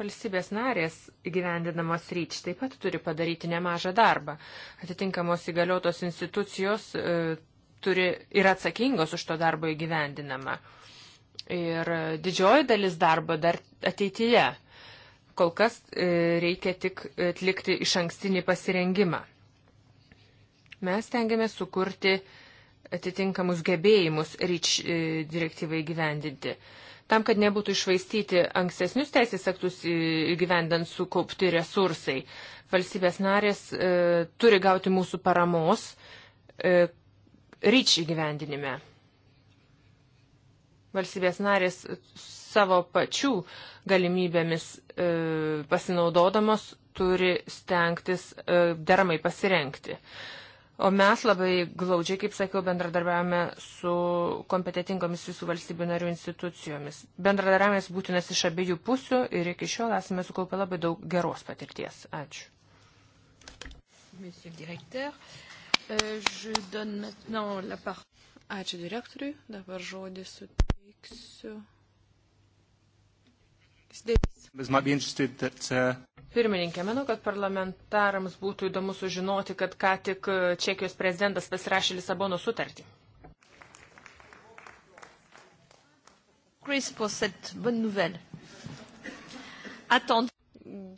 Valstybės narės įgyvendinamos ryč taip pat turi padaryti nemažą darbą. Atitinkamos įgaliotos institucijos e, turi, yra atsakingos už to darbo įgyvendinamą. Ir didžioji dalis darbo dar ateityje. Kol kas e, reikia tik atlikti iš ankstinį pasirengimą. Mes tengiamės sukurti atitinkamus gebėjimus ryč e, direktyvai gyvendinti. Tam, kad nebūtų išvaistyti ankstesnius teisės aktus įgyvendant e, sukaupti resursai, valstybės narės e, turi gauti mūsų paramos e, ryč įgyvendinime. Valstybės narės savo pačių galimybėmis e, pasinaudodamos turi stengtis e, deramai pasirenkti. E, O mes labai glaudžiai, kaip sakiau, bendradarbiavame su kompetitingomis visų valstybių narių institucijomis. Bendradarbiavimas būtinas iš abiejų pusių ir iki šiol esame sukaupę labai daug geros patirties. Ačiū. Euh, Ačiū direktoriui. Dabar žodį suteiksiu. That, uh... Pirmininkė, manau, kad parlamentarams būtų įdomu sužinoti, kad ką tik e, Čekijos prezidentas pasirašė Lisabono sutartį.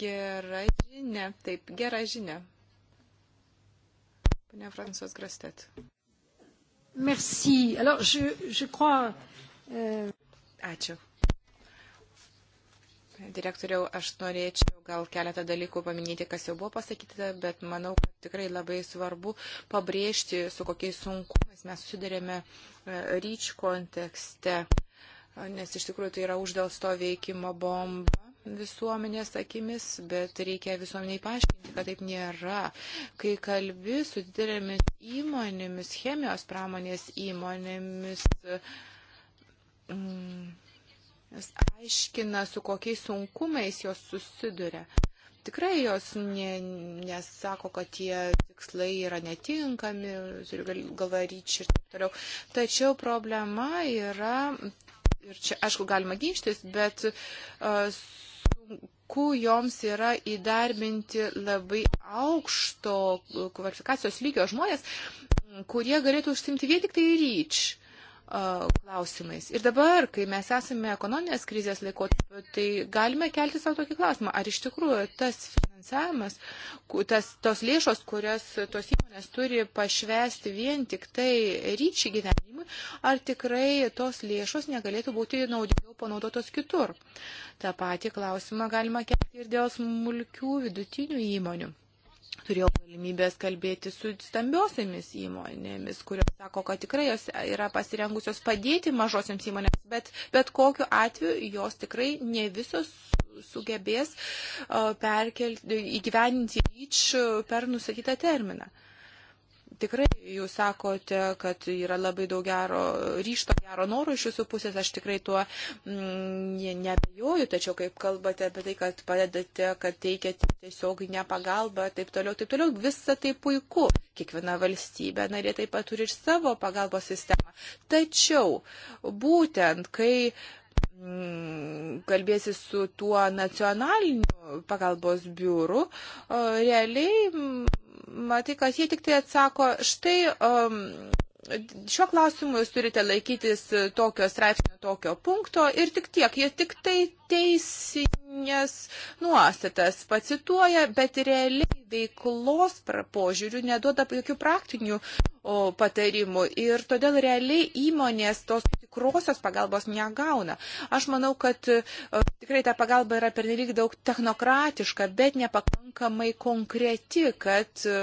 Gera žinia, taip, gera žinia. Pane Fransos Grastet. Merci. Alors, je, je crois. Euh... Ačiū. Direktoriau, aš norėčiau gal keletą dalykų paminėti, kas jau buvo pasakyta, bet manau, kad tikrai labai svarbu pabrėžti, su kokiais sunkumais mes susidurėme e, ryč kontekste, nes iš tikrųjų tai yra uždėlsto veikimo bomba visuomenės akimis, bet reikia visuomeniai paaiškinti, kad taip nėra. Kai kalbi su didelėmis įmonėmis, chemijos pramonės įmonėmis, mm, Jis aiškina, su kokiais sunkumais jos susiduria. Tikrai jos ne, nesako, kad tie tikslai yra netinkami, galvaryčiai ir taip toliau. Tačiau problema yra, ir čia aišku galima ginčtis, bet uh, sunku joms yra įdarbinti labai aukšto kvalifikacijos lygio žmonės, kurie galėtų užsimti vien tik tai ryč klausimais. Ir dabar, kai mes esame ekonominės krizės laikotarpiu, tai galime kelti savo tokį klausimą, ar iš tikrųjų tas finansavimas, tas, tos lėšos, kurias tos įmonės turi pašvesti vien tik tai ryčiai gyvenimui, ar tikrai tos lėšos negalėtų būti naudingiau panaudotos kitur. Ta pati klausimą galima kelti ir dėl smulkių vidutinių įmonių turėjau galimybės kalbėti su stambiosiamis įmonėmis, kurios sako, kad tikrai jos yra pasirengusios padėti mažosiams įmonėms, bet, bet kokiu atveju jos tikrai ne visos sugebės uh, perkelti, įgyveninti ryč uh, per nusakytą terminą. Tikrai jūs sakote, kad yra labai daug gero ryšto, gero noro iš jūsų pusės, aš tikrai tuo mm, nebejoju, tačiau kaip kalbate apie tai, kad padedate, kad teikiate tiesiog nepagalbą, taip toliau, taip toliau, visa tai puiku. Kiekviena valstybė narė taip pat turi ir savo pagalbos sistemą. Tačiau būtent, kai uh, Mm, kalbėsi su tuo nacionaliniu pagalbos biuru, realiai mm, matai, kad jie tik tai atsako, štai um, šiuo klausimu jūs turite laikytis tokio straipsnio, tokio punkto ir tik tiek, jie tik tai teisė nuostatas pacituoja, bet realiai veiklos požiūrių neduoda jokių praktinių patarimų ir todėl realiai įmonės tos tikrosios pagalbos negauna. Aš manau, kad e, tikrai ta pagalba yra pernelyg daug technokratiška, bet nepakankamai konkreti, kad e,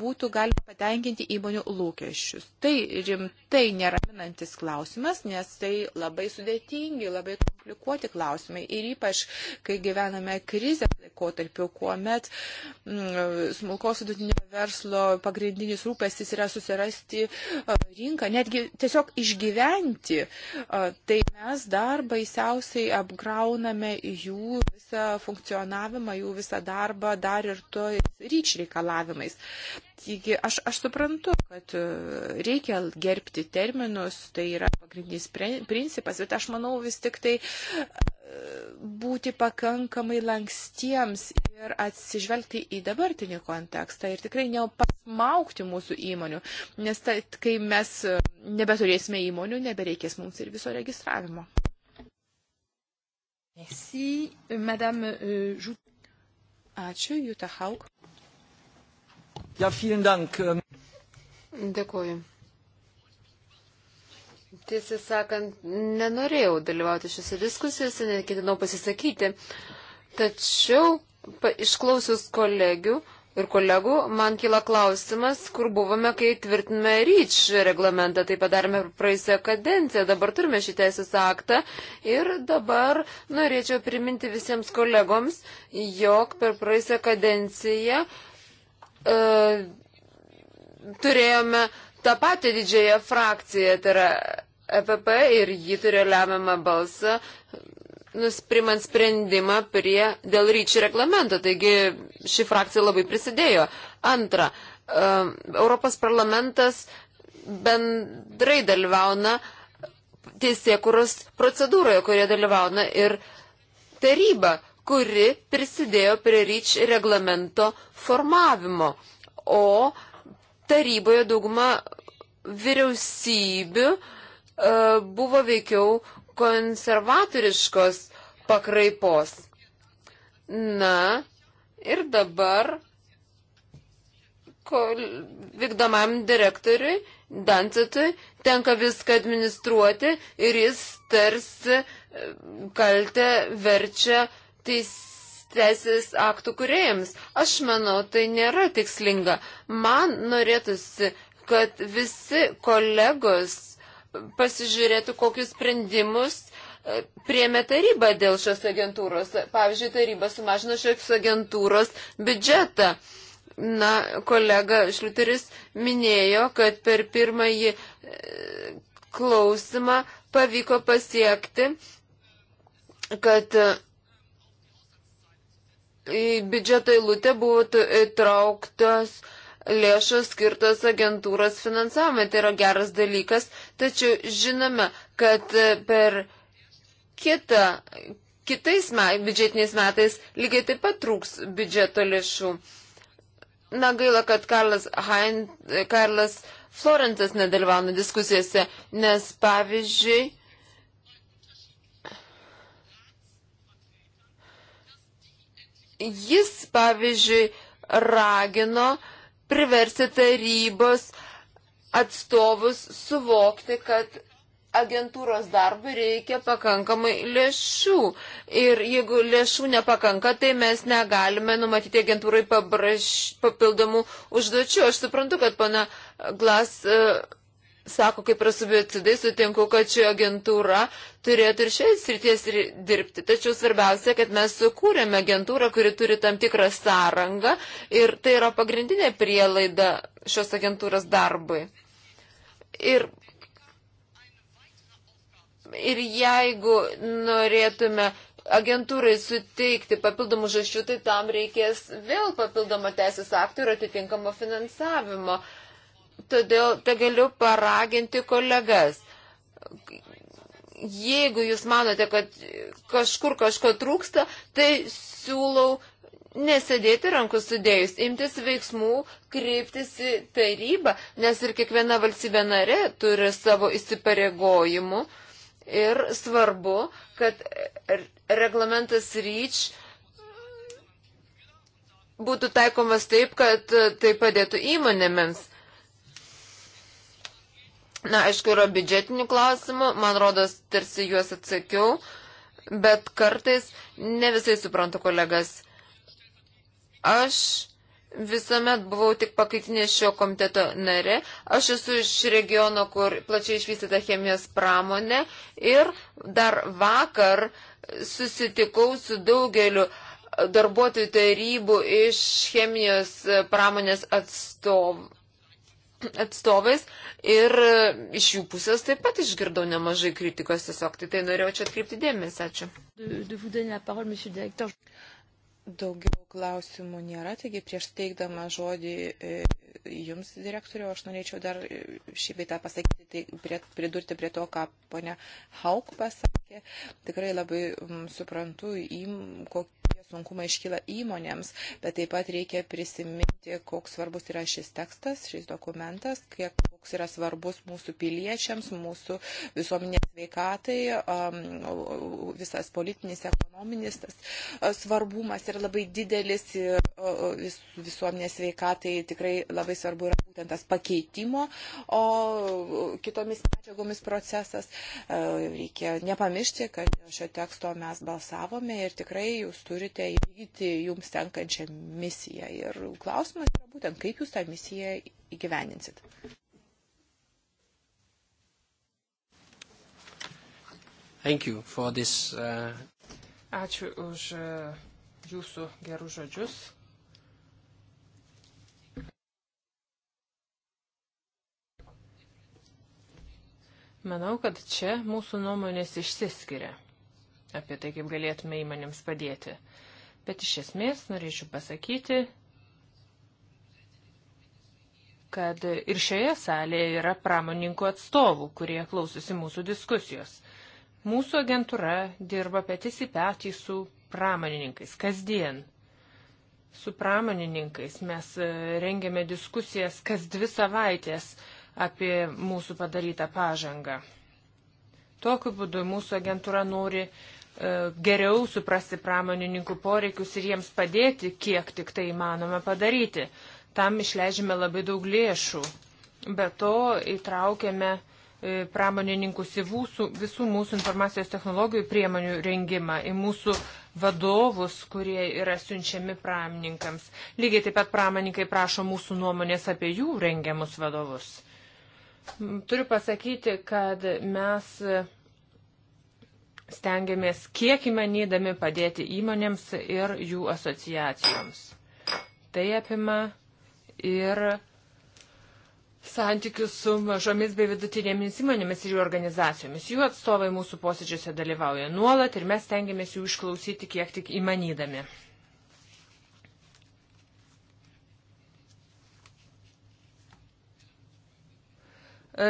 būtų galima patenkinti įmonių lūkesčius. Tai rimtai neraminantis klausimas, nes tai labai sudėtingi, labai komplikuoti komplikuoti klausimai ir ypač, kai gyvename krizės laikotarpiu, kuomet mm, smulkos vidutinio verslo pagrindinis rūpestis yra susirasti rinką, netgi tiesiog išgyventi, tai mes dar baisiausiai apgrauname jų visą funkcionavimą, jų visą darbą dar ir to ryč reikalavimais. Taigi aš, aš suprantu, kad e, reikia gerbti terminus, tai yra pagrindinis principas, bet aš manau vis tik tai e, būti pakankamai lankstiems ir atsižvelgti į dabartinį kontekstą ir tikrai nepasmaukti mūsų įmonių, nes tai, kai mes e, nebeturėsime įmonių, nebereikės mums ir viso registravimo. Merci, madame, euh, Ačiū, Jutta Haug. Ja, vielen Dank. Ähm. Dėkuoju. Tiesą sakant, nenorėjau dalyvauti šiuose diskusijose, neketinau pasisakyti. Tačiau pa, išklausius kolegių ir kolegų, man kyla klausimas, kur buvome, kai tvirtiname ryč reglamentą. Tai padarėme praeisę kadenciją, dabar turime šį teisės aktą ir dabar norėčiau priminti visiems kolegoms, jog per praeisę kadenciją uh, e, turėjome tą patį didžiąją frakciją, tai yra EPP ir ji turėjo lemiamą balsą, nusprimant sprendimą prie dėl ryčių reglamento. Taigi ši frakcija labai prisidėjo. Antra, e, Europos parlamentas bendrai dalyvauna teisėkuros procedūroje, kurie dalyvauna ir taryba kuri prisidėjo prie ryč reglamento formavimo, o taryboje dauguma vyriausybių e, buvo veikiau konservatoriškos pakraipos. Na ir dabar kol, vykdomam direktoriui Dancetui tenka viską administruoti ir jis tarsi e, kaltę verčia teisės aktų kuriejams. Aš manau, tai nėra tikslinga. Man norėtųsi, kad visi kolegos pasižiūrėtų, kokius sprendimus e, priemė taryba dėl šios agentūros. Pavyzdžiui, taryba sumažino šios agentūros biudžetą. Na, kolega Šliuteris minėjo, kad per pirmąjį e, klausimą pavyko pasiekti, kad e, biudžeto eilutę buvo įtrauktas lėšos skirtos agentūros finansavimui. Tai yra geras dalykas, tačiau žinome, kad e, per kitą, kitais me, biudžetiniais metais lygiai taip pat trūks biudžeto lėšų. Na gaila, kad Karlas, Hein, Karlas Florentas nedalyvauna diskusijose, nes pavyzdžiui, Jis, pavyzdžiui, ragino priversti tarybos atstovus suvokti, kad agentūros darbui reikia pakankamai lėšų. Ir jeigu lėšų nepakanka, tai mes negalime numatyti agentūrai pabraš, papildomų užduočių. Aš suprantu, kad pana Glas uh, sako, kaip yra su biocidai, sutinku, kad ši agentūra turėtų ir šiais srities dirbti. Tačiau svarbiausia, kad mes sukūrėme agentūrą, kuri turi tam tikrą sąrangą ir tai yra pagrindinė prielaida šios agentūros darbui. Ir Ir jeigu norėtume agentūrai suteikti papildomų žašių, tai tam reikės vėl papildomo teisės aktų ir atitinkamo finansavimo. Uh, todėl te galiu paraginti kolegas. Jeigu jūs manote, kad kažkur kažko trūksta, tai siūlau nesėdėti rankų sudėjus, imtis veiksmų, kreiptis į tarybą, nes ir kiekviena valstybė narė turi savo įsipareigojimų ir svarbu, kad reglamentas ryč būtų taikomas taip, kad tai padėtų įmonėms. Na, aišku, yra biudžetinių klausimų, man rodos, tarsi juos atsakiau, bet kartais ne visai suprantu kolegas. Aš visuomet buvau tik pakaitinė šio komiteto narė. Aš esu iš regiono, kur plačiai išvystyta chemijos pramonė ir dar vakar susitikau su daugeliu darbuotojų tarybų iš chemijos pramonės atstovų atstovais ir iš jų pusės taip pat išgirdau nemažai kritikos tiesiog, tai tai norėjau čia atkreipti dėmesį. Ačiū. De, de parole, Daugiau klausimų nėra, taigi prieš teikdama žodį e, jums, direktoriu, aš norėčiau dar e, šį beitą pasakyti, tai prie, pridurti prie to, ką ponia Hauk pasakė. Tikrai labai m, suprantu, im, kokie sunkumai iškyla įmonėms, bet taip pat reikia prisiminti, koks svarbus yra šis tekstas, šis dokumentas, kiek, koks yra svarbus mūsų piliečiams, mūsų visuomenės veikatai, visas politinis, ekonominis tas svarbumas yra labai didelis vis, visuomenės veikatai, tikrai labai svarbu yra būtent tas pakeitimo, o kitomis medžiagomis procesas. Reikia nepamiršti, kad šio teksto mes balsavome ir tikrai jūs turite turite įvykdyti jums tenkančią misiją. Ir klausimas yra būtent, kaip jūs tą misiją įgyveninsit. This, uh... Ačiū už uh, jūsų gerus žodžius. Manau, kad čia mūsų nuomonės išsiskiria apie tai, kaip galėtume įmonėms padėti. Bet iš esmės norėčiau pasakyti, kad ir šioje salėje yra pramoninkų atstovų, kurie klausosi mūsų diskusijos. Mūsų agentūra dirba petis į petį su pramonininkais kasdien. Su pramonininkais mes e, rengiame diskusijas kas dvi savaitės apie mūsų padarytą pažangą. Tokiu būdu mūsų agentūra nori uh, E, geriau suprasti pramonininkų poreikius ir jiems padėti, kiek tik tai įmanoma padaryti. Tam išleidžiame labai daug lėšų. Be to įtraukėme e, pramonininkus į visų, visų mūsų informacijos technologijų priemonių rengimą, į mūsų vadovus, kurie yra siunčiami pramoninkams. Lygiai taip pat pramoninkai prašo mūsų nuomonės apie jų rengiamus vadovus. Turiu pasakyti, kad mes stengiamės kiek įmanydami padėti įmonėms ir jų asociacijoms. Tai apima ir santykius su mažomis bei vidutinėmis įmonėmis ir jų organizacijomis. Jų atstovai mūsų posėdžiuose dalyvauja nuolat ir mes stengiamės jų išklausyti kiek tik įmanydami.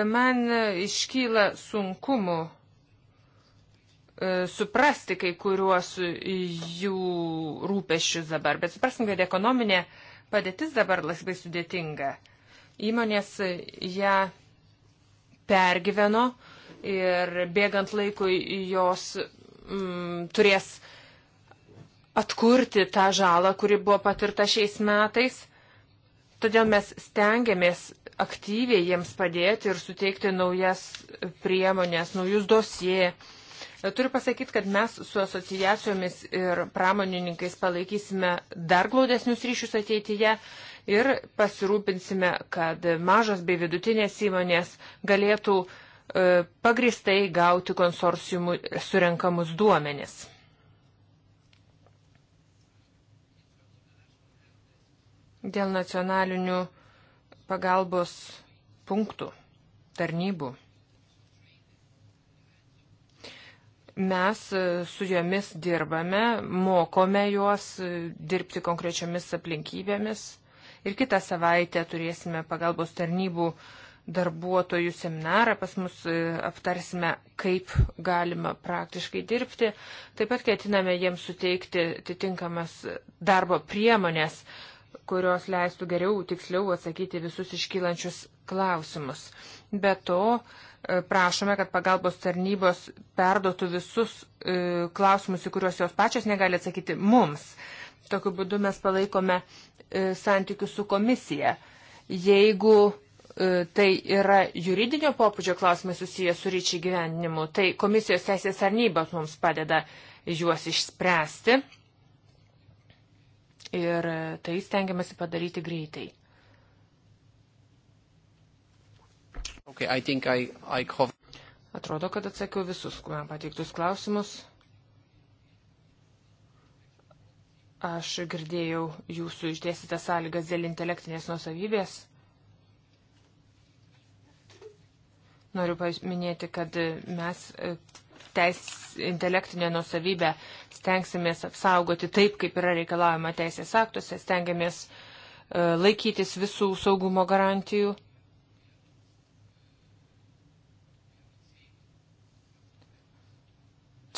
Man iškyla sunkumų E, suprasti kai kuriuos jų rūpešius dabar, bet supraskim, kad ekonominė padėtis dabar labai sudėtinga. Įmonės ją pergyveno ir bėgant laikui jos mm, turės atkurti tą žalą, kuri buvo patirta šiais metais. Todėl mes stengiamės aktyviai jiems padėti ir suteikti naujas priemonės, naujus dosie, uh, Turiu pasakyti, kad mes su asociacijomis ir pramonininkais palaikysime dar glaudesnius ryšius ateityje ir pasirūpinsime, kad mažos bei vidutinės įmonės galėtų e, pagristai gauti konsorsiumų surenkamus duomenis. Dėl nacionalinių pagalbos punktų, tarnybų. Mes e, su jomis dirbame, mokome juos e, dirbti konkrečiomis aplinkybėmis ir kitą savaitę turėsime pagalbos tarnybų darbuotojų seminarą, pas mus e, aptarsime, kaip galima praktiškai dirbti. Taip pat ketiname jiems suteikti atitinkamas darbo priemonės, kurios leistų geriau, tiksliau atsakyti visus iškylančius klausimus. Be to, uh, E, prašome, kad pagalbos tarnybos perduotų visus e, klausimus, į kuriuos jos pačios negali atsakyti mums. Tokiu būdu mes palaikome e, santykių su komisija. Jeigu tai yra juridinio popūdžio klausimai susijęs su ryčiai gyvenimu, tai komisijos teisės tarnybos mums padeda juos išspręsti. Ir tai stengiamasi padaryti greitai. Okay, I think I, I cover... Atrodo, kad atsakiau visus pateiktus klausimus. Aš girdėjau jūsų išdėstytą sąlygas dėl intelektinės nusavybės. Noriu paminėti, kad mes e, teis, intelektinę nusavybę stengsimės apsaugoti taip, kaip yra reikalavima teisės aktuose, stengiamės e, laikytis visų saugumo garantijų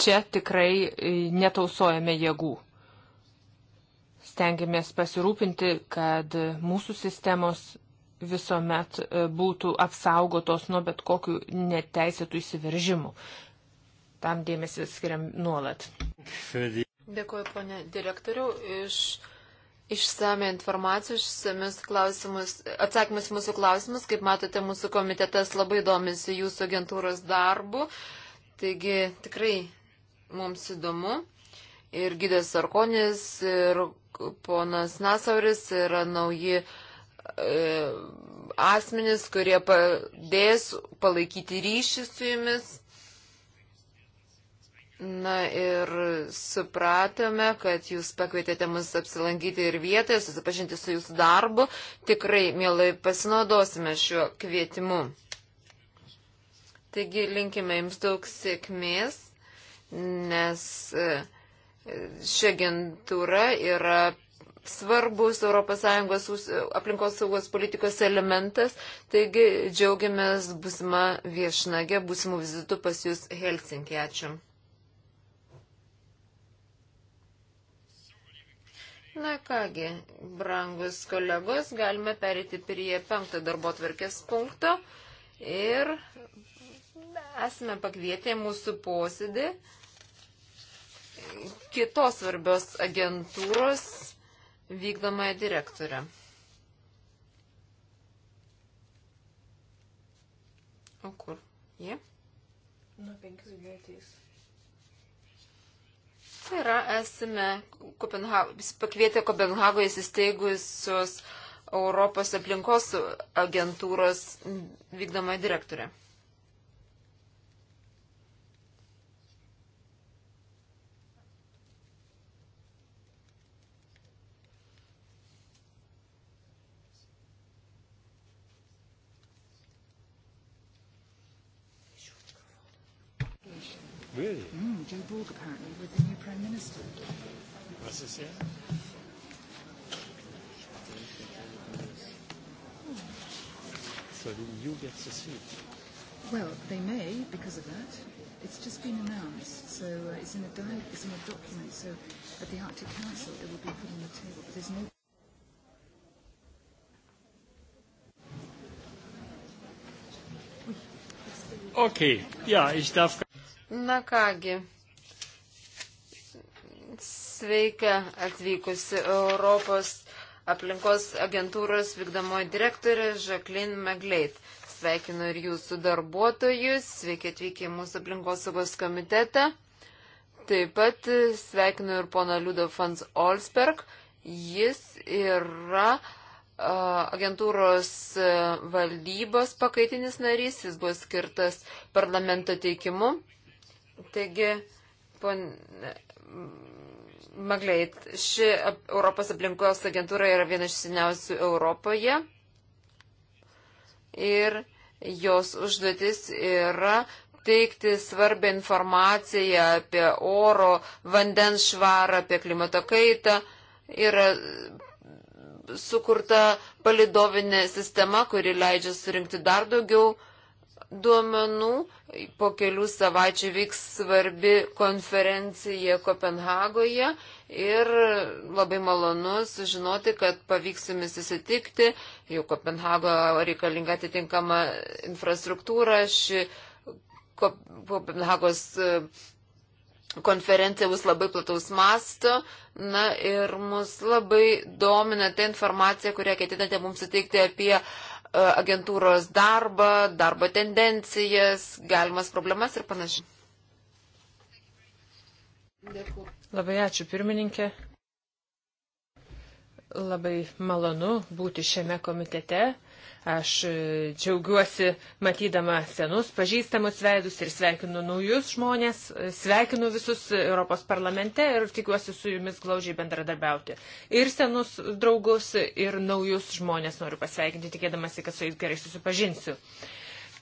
čia tikrai e, netausojame jėgų. Stengiamės pasirūpinti, kad mūsų sistemos visuomet e, būtų apsaugotos nuo bet kokių neteisėtų įsiveržimų. Tam dėmesį skiriam nuolat. Dėkuoju, ponė direktoriu, iš išsame informaciją, išsamius klausimus, atsakymus mūsų klausimus. Kaip matote, mūsų komitetas labai domisi jūsų agentūros darbu. Taigi tikrai mums įdomu. Ir Gydės Sarkonis, ir ponas Nasauris yra nauji e, asmenys, kurie padės palaikyti ryšį su jumis. Na ir supratome, kad jūs pakvietėte mus apsilankyti ir vietoje, susipažinti su jūsų darbu. Tikrai, mielai, pasinaudosime šiuo kvietimu. Taigi linkime jums daug sėkmės nes e, ši agentūra yra svarbus ES e, aplinkos saugos politikos elementas, taigi džiaugiamės būsima viešnage, būsimų vizitų pas Jūs Helsinkį. Ačiū. Na kągi, brangus kolegos, galime perėti prie penktą darbo tvarkės punkto ir esame pakvietę mūsų posėdį kitos svarbios agentūros vykdomąją direktorę. O kur? Jie? Nuo penkis ateis. Tai yra, esame Kopenhag... pakvietę Kopenhagoje įsisteigusios Europos aplinkos agentūros vykdomą direktorę. Really? Mm, Joe Borg, apparently, with the new Prime Minister. Was ist er? So you get to see it. Well, they may because of that. It's just been announced, so uh, it's in a di- it's in a document. So at the Arctic Council, it will be put on the table. But there's no. Okay, ja, ich darf. Na kągi, sveika atvykusi Europos aplinkos agentūros vykdamoji direktorė Žaklin Megleit. Sveikinu ir jūsų darbuotojus, sveiki atvykę į mūsų aplinkosaugos komitetą. Taip pat sveikinu ir pono Liudo Fans Olsberg. Jis yra agentūros valdybos pakaitinis narys, jis buvo skirtas parlamento teikimu. Taigi, pon... Magleit, ši Europos aplinkos agentūra yra viena iš seniausių Europoje ir jos užduotis yra teikti svarbę informaciją apie oro, vandens švarą, apie klimato kaitą. Yra sukurta palidovinė sistema, kuri leidžia surinkti dar daugiau duomenų. Po kelių savaičių vyks svarbi konferencija Kopenhagoje ir labai malonu sužinoti, kad pavyks su jumis susitikti. Jau Kopenhago reikalinga atitinkama infrastruktūra. Ši Kopenhagos e, konferencija bus labai plataus masto. Na ir mus labai domina ta informacija, kurią ketinate mums suteikti apie uh, E, agentūros darbą, darbo tendencijas, galimas problemas ir panašiai. Labai ačiū pirmininkė. Labai malonu būti šiame komitete Aš e, džiaugiuosi matydama senus pažįstamus veidus ir sveikinu naujus žmonės, e, sveikinu visus Europos parlamente ir tikiuosi su jumis glaužiai bendradarbiauti. Ir senus draugus, ir naujus žmonės noriu pasveikinti, tikėdamasi, kad su jais gerai susipažinsiu.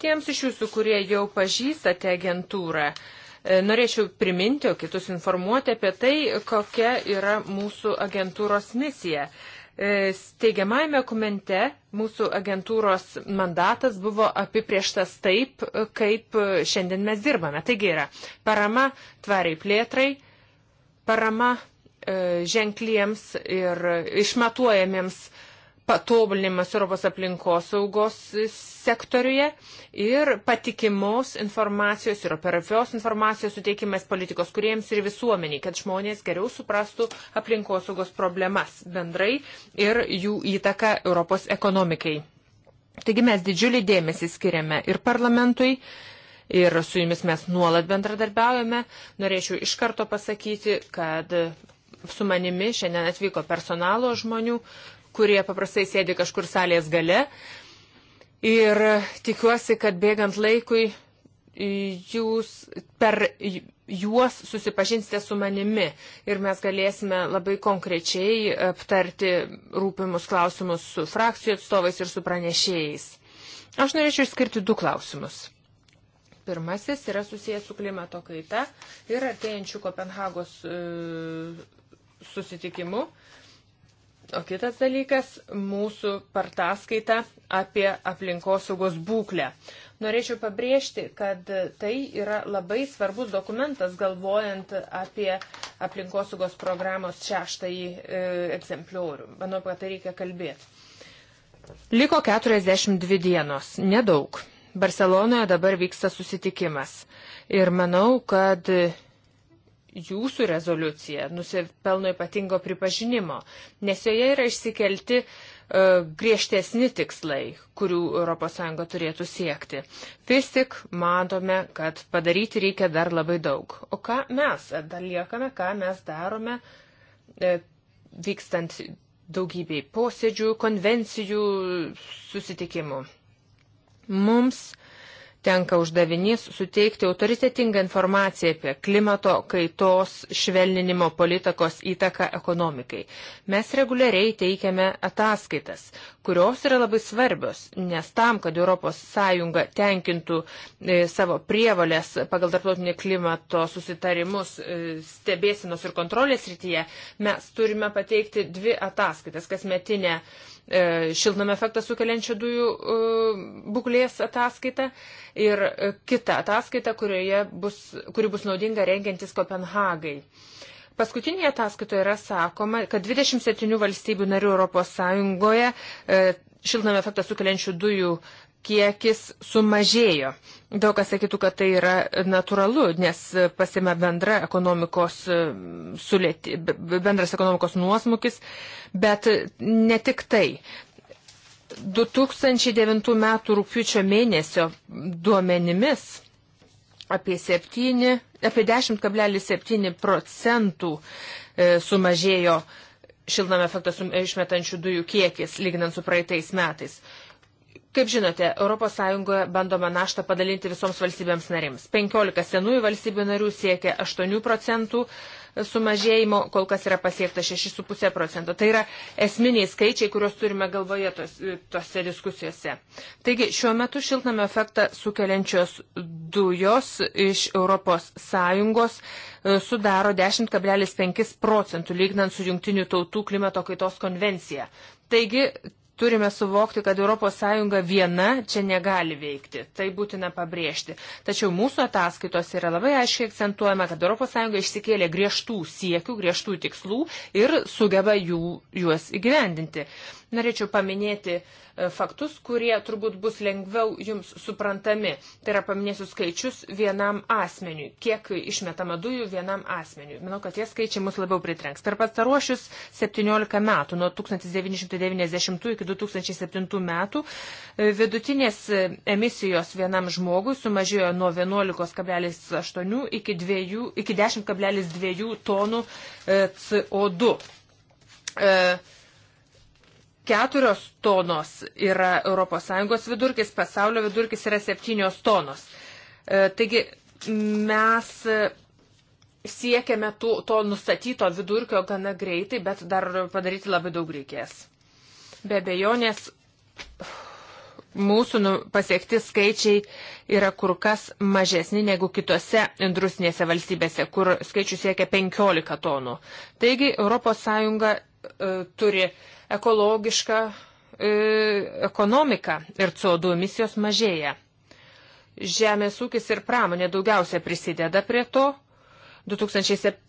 Tiems iš jūsų, kurie jau pažįstate agentūrą, e, Norėčiau priminti, o kitus informuoti apie tai, kokia yra mūsų agentūros misija. E, steigiamajame komente mūsų agentūros mandatas buvo apiprieštas taip, kaip šiandien mes dirbame. Taigi yra parama tvariai plėtrai, parama e, ženkliems ir išmatuojamiems uh, patobulinimas Europos aplinkos saugos sektoriuje ir patikimos informacijos ir operatyvios informacijos suteikimas politikos kuriems ir visuomeniai, kad žmonės geriau suprastų aplinkos saugos problemas bendrai ir jų įtaką Europos ekonomikai. Taigi mes didžiulį dėmesį skiriame ir parlamentui, ir su jumis mes nuolat bendradarbiaujame. Norėčiau iš karto pasakyti, kad su manimi šiandien atvyko personalo žmonių, kurie paprastai sėdi kažkur salės gale. Ir tikiuosi, kad bėgant laikui jūs per juos susipažinsite su manimi ir mes galėsime labai konkrečiai aptarti rūpimus klausimus su frakcijų atstovais ir su pranešėjais. Aš norėčiau išskirti du klausimus. Pirmasis yra susijęs su klimato kaita ir artėjančių Kopenhagos e, susitikimu. E, O kitas dalykas - mūsų partaskaita apie aplinkosaugos būklę. Norėčiau pabrėžti, kad tai yra labai svarbus dokumentas, galvojant apie aplinkosaugos programos šeštąjį e, egzempliorių. Manau, kad tai reikia kalbėti. Liko 42 dienos, nedaug. Barcelonoje dabar vyksta susitikimas. Ir manau, kad jūsų rezoliucija nusipelno ypatingo pripažinimo, nes joje yra išsikelti e, griežtesni tikslai, kurių ES turėtų siekti. Vis tik matome, kad padaryti reikia dar labai daug. O ką mes dar liekame, ką mes darome e, vykstant daugybei posėdžių, konvencijų, susitikimų. Mums uh, tenka uždavinys suteikti autoritetingą informaciją apie klimato kaitos švelninimo politikos įtaką ekonomikai. Mes reguliariai teikiame ataskaitas, kurios yra labai svarbios, nes tam, kad ES tenkintų e, savo prievalės pagal tarptautinį klimato susitarimus e, stebėsinos ir kontrolės rytyje, mes turime pateikti dvi ataskaitas - kasmetinę E, šiltnamio efektą sukeliančių dujų e, būklės ataskaitą ir e, kitą ataskaitą, bus, kuri bus naudinga rengiantis Kopenhagai. Paskutinėje ataskaitoje yra sakoma, kad 27 valstybių narių ES šiltnamio efektą sukeliančių dujų kiekis sumažėjo. Daug kas sakytų, kad tai yra natūralu, nes pasima bendra ekonomikos e, sulėti, bendras ekonomikos nuosmukis, bet ne tik tai. 2009 m. rūpiučio mėnesio duomenimis apie, 7, apie 10,7 procentų e, sumažėjo šiltnamio efektą išmetančių dujų kiekis, lyginant su praeitais metais. Kaip žinote, ES bandoma naštą padalinti visoms valstybėms narėms. 15 senųjų valstybių narių siekia 8 procentų sumažėjimo, kol kas yra pasiekta 6,5 procento. Tai yra esminiai skaičiai, kuriuos turime galvoje tos, tose diskusijose. Taigi, šiuo metu šiltnamio efektą sukeliančios dujos iš ES e, sudaro 10,5 procentų lygnant su Junktinių tautų klimato kaitos konvencija. Taigi, turime suvokti, kad ES viena čia negali veikti. Tai būtina pabrėžti. Tačiau mūsų ataskaitos yra labai aiškiai akcentuojama, kad ES išsikėlė griežtų siekių, griežtų tikslų ir sugeba jų, juos įgyvendinti. Norėčiau paminėti e, faktus, kurie turbūt bus lengviau jums suprantami. Tai yra paminėsiu skaičius vienam asmeniui, kiek išmetama dujų vienam asmeniui. Manau, kad tie skaičiai mus labiau pritrenks. Per pastaruošius 17 metų, nuo 1990 iki 2007 metų, e, vidutinės e, emisijos vienam žmogui sumažėjo nuo 11,8 iki, 2, iki 10,2 tonų CO2. E, keturios tonos yra ES vidurkis, pasaulio vidurkis yra septynios tonos. E, taigi mes e, siekiame tų, to nustatyto vidurkio gana greitai, bet dar padaryti labai daug reikės. Be bejonės mūsų nu, pasiekti skaičiai yra kur kas mažesni negu kitose industrinėse valstybėse, kur skaičius siekia 15 tonų. Taigi ES e, turi ekologišką e, ekonomiką ir CO2 emisijos mažėja. Žemės ūkis ir pramonė daugiausia prisideda prie to. 2007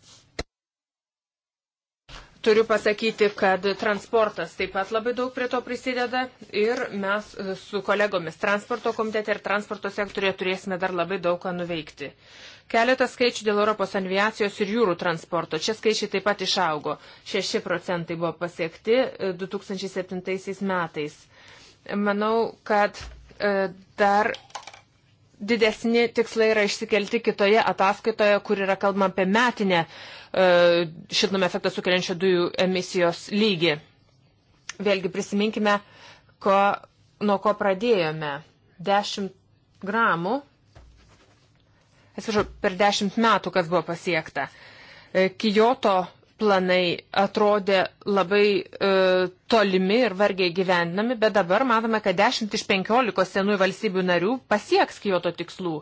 Turiu pasakyti, kad transportas taip pat labai daug prie to prisideda ir mes e, su kolegomis transporto komitete ir transporto sektorėje turėsime dar labai daug ką nuveikti. Keletas skaičių dėl Europos aviacijos ir jūrų transporto. Čia skaičiai taip pat išaugo. 6 procentai buvo pasiekti 2007 e, metais. Manau, kad e, dar didesni tikslai yra išsikelti kitoje ataskaitoje, kur yra kalbama apie metinę e, šiltnamio efektą sukeliančio dujų emisijos lygį. Vėlgi prisiminkime, ko, nuo ko pradėjome. 10 gramų atsiprašau, per dešimt metų, kas buvo pasiekta. E, Kijoto planai atrodė labai e, tolimi ir vargiai gyvendinami, bet dabar matome, kad 10 iš 15 senųjų valstybių narių pasieks Kyoto tikslų.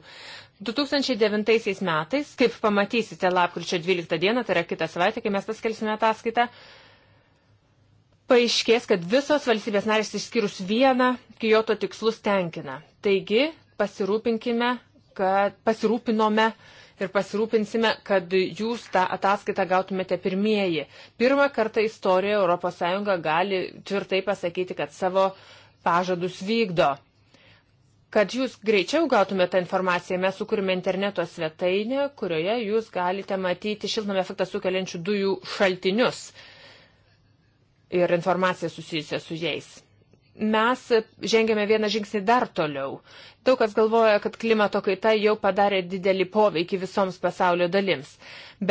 2009 metais, kaip pamatysite lapkričio 12 dieną, tai yra kitą savaitę, kai mes paskelbsime ataskaitą, paaiškės, kad visos valstybės narės išskyrus vieną Kyoto tikslus tenkina. Taigi pasirūpinkime, kad pasirūpinome ir pasirūpinsime, kad jūs tą ataskaitą gautumėte pirmieji. Pirmą kartą istorijoje ES gali tvirtai pasakyti, kad savo pažadus vykdo. Kad jūs greičiau gautumėte tą informaciją, mes sukūrėme interneto svetainę, kurioje jūs galite matyti šiltnamio efektą sukeliančių dujų šaltinius ir informaciją susijusią su jais mes žengėme vieną žingsnį dar toliau. Daug kas galvoja, kad klimato kaita jau padarė didelį poveikį visoms pasaulio dalims.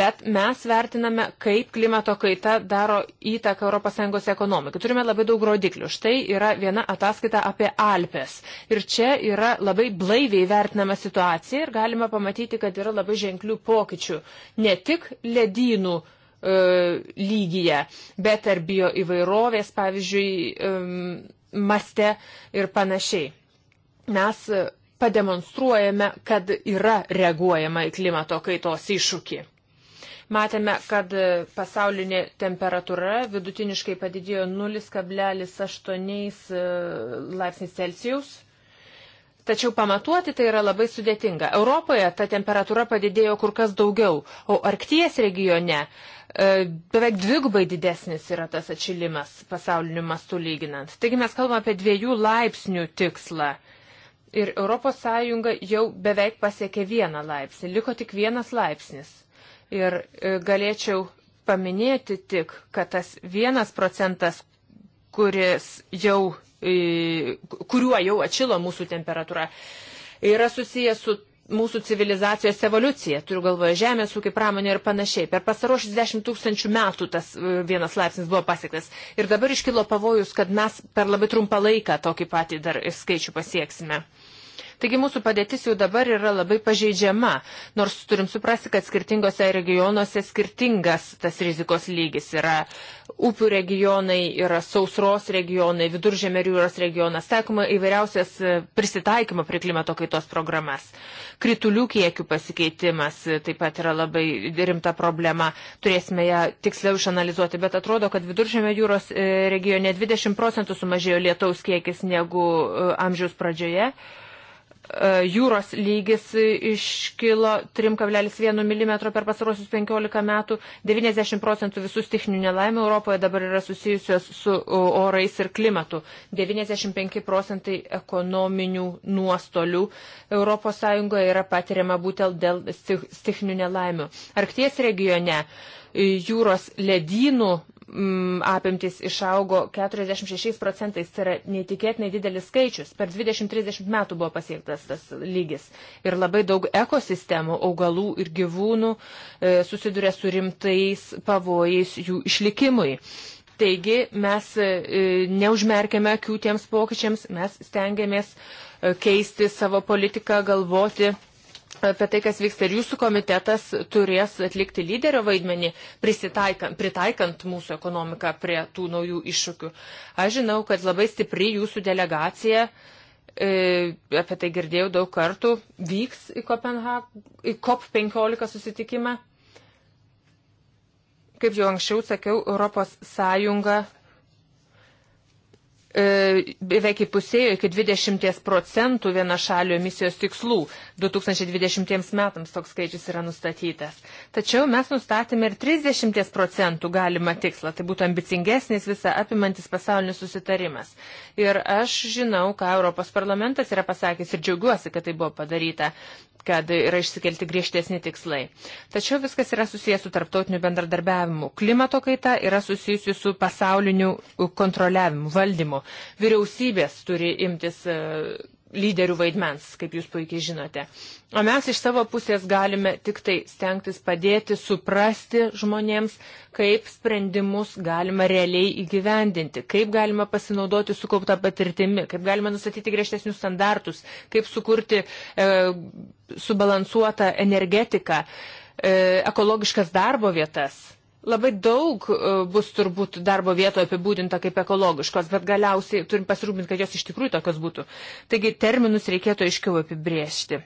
Bet mes vertiname, kaip klimato kaita daro įtaką ES ekonomikai. Turime labai daug rodiklių. Štai yra viena ataskaita apie Alpes. Ir čia yra labai blaiviai vertinama situacija ir galima pamatyti, kad yra labai ženklių pokyčių. Ne tik ledynų e, lygyje, bet ir bio įvairovės, pavyzdžiui, maste ir panašiai. Mes e, pademonstruojame, kad yra reaguojama į klimato kaitos iššūkį. Matėme, kad e, pasaulinė temperatūra vidutiniškai padidėjo 0,8 e, laipsniais Celsijaus Tačiau pamatuoti tai yra labai sudėtinga. Europoje ta temperatūra padidėjo kur kas daugiau, o Arkties regione e, beveik dvigubai didesnis yra tas atšilimas pasauliniu mastu lyginant. Taigi mes kalbame apie dviejų laipsnių tikslą. Ir ES jau beveik pasiekė vieną laipsnį, liko tik vienas laipsnis. Ir e, galėčiau paminėti tik, kad tas vienas procentas, kuris jau kuriuo jau atšilo mūsų temperatūra, yra susijęs su mūsų civilizacijos evoliucija, turiu galvoje žemės ūkį, pramonė ir panašiai. Per pastaruosius 10 tūkstančių metų tas e, vienas laipsnis buvo pasiektas. Ir dabar iškilo pavojus, kad mes per labai trumpą laiką tokį patį dar skaičių pasieksime. Uh, Taigi mūsų padėtis jau dabar yra labai pažeidžiama, nors turim suprasti, kad skirtingose regionuose skirtingas tas rizikos lygis yra. Upių regionai yra sausros regionai, viduržėmė jūros regionas, taikoma įvairiausias e, prisitaikymo prie klimato kaitos programas. Kritulių kiekių pasikeitimas e, taip pat yra labai rimta problema, turėsime ją tiksliau išanalizuoti, bet atrodo, kad viduržėmė jūros e, regione 20 procentų sumažėjo lietaus kiekis negu amžiaus pradžioje. E, jūros lygis iškilo 3,1 mm per pasarosius 15 metų. 90 procentų visų stichinių nelaimų Europoje dabar yra susijusios su e, orais ir klimatu. 95 procentai ekonominių nuostolių ES yra patiriama būtent dėl stichinių nelaimių. Arkties regione e, jūros ledynų mm, apimtis išaugo 46 procentais, tai yra neįtikėtinai didelis skaičius. Per 20-30 metų buvo pasiektas tas lygis. Ir labai daug ekosistemų, augalų ir gyvūnų e, susiduria su rimtais pavojais jų išlikimui. Taigi mes e, neužmerkėme akių tiems pokyčiams, mes stengiamės e, keisti savo politiką, galvoti apie tai, kas vyksta. Ir jūsų komitetas turės atlikti lyderio vaidmenį, pritaikant mūsų ekonomiką prie tų naujų iššūkių. Aš žinau, kad labai stipri jūsų delegacija, e, apie tai girdėjau daug kartų, vyks į, Kopenhag, į COP15 susitikimą. Kaip jau anksčiau sakiau, Europos Sąjunga E, beveik įpusėjo iki 20 procentų vienašalių emisijos tikslų. 2020 metams toks skaičius yra nustatytas. Tačiau mes nustatėme ir 30 procentų galimą tikslą. Tai būtų ambicingesnis visą apimantis pasaulinis susitarimas. Ir aš žinau, ką Europos parlamentas yra pasakęs ir džiaugiuosi, kad tai buvo padaryta kad yra išsikelti griežtesni tikslai. Tačiau viskas yra susijęs su tarptautiniu bendradarbiavimu. Klimato kaita yra susijusi su pasauliniu kontroliavimu, valdymu. Vyriausybės turi imtis e, lyderių vaidmens, kaip jūs puikiai žinote. O mes iš savo pusės galime tik tai stengtis padėti, suprasti žmonėms, kaip sprendimus galima realiai įgyvendinti, kaip galima pasinaudoti sukauptą patirtimi, kaip galima nustatyti griežtesnius standartus, kaip sukurti e, subalansuotą energetiką, e, ekologiškas darbo vietas Labai daug e, bus turbūt darbo vietoje apibūdinta kaip ekologiškos, bet galiausiai turim pasirūpinti, kad jos iš tikrųjų tokios būtų. Taigi terminus reikėtų aiškiau apibriežti.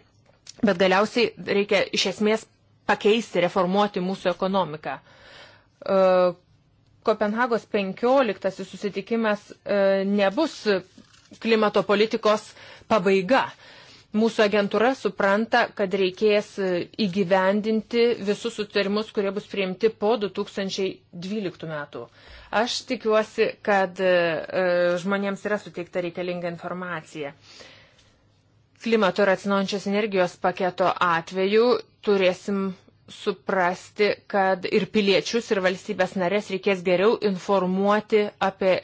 Bet galiausiai reikia iš esmės pakeisti, reformuoti mūsų ekonomiką. E, Kopenhagos 15 susitikimas e, nebus klimato politikos pabaiga. Mūsų agentūra supranta, kad reikės e, įgyvendinti visus sutarimus, kurie bus priimti po 2012 metų. Aš tikiuosi, kad e, e, žmonėms yra suteikta reikalinga informacija. Klimato ir atsinaujančios energijos paketo atveju turėsim suprasti, kad ir piliečius, ir valstybės narės reikės geriau informuoti apie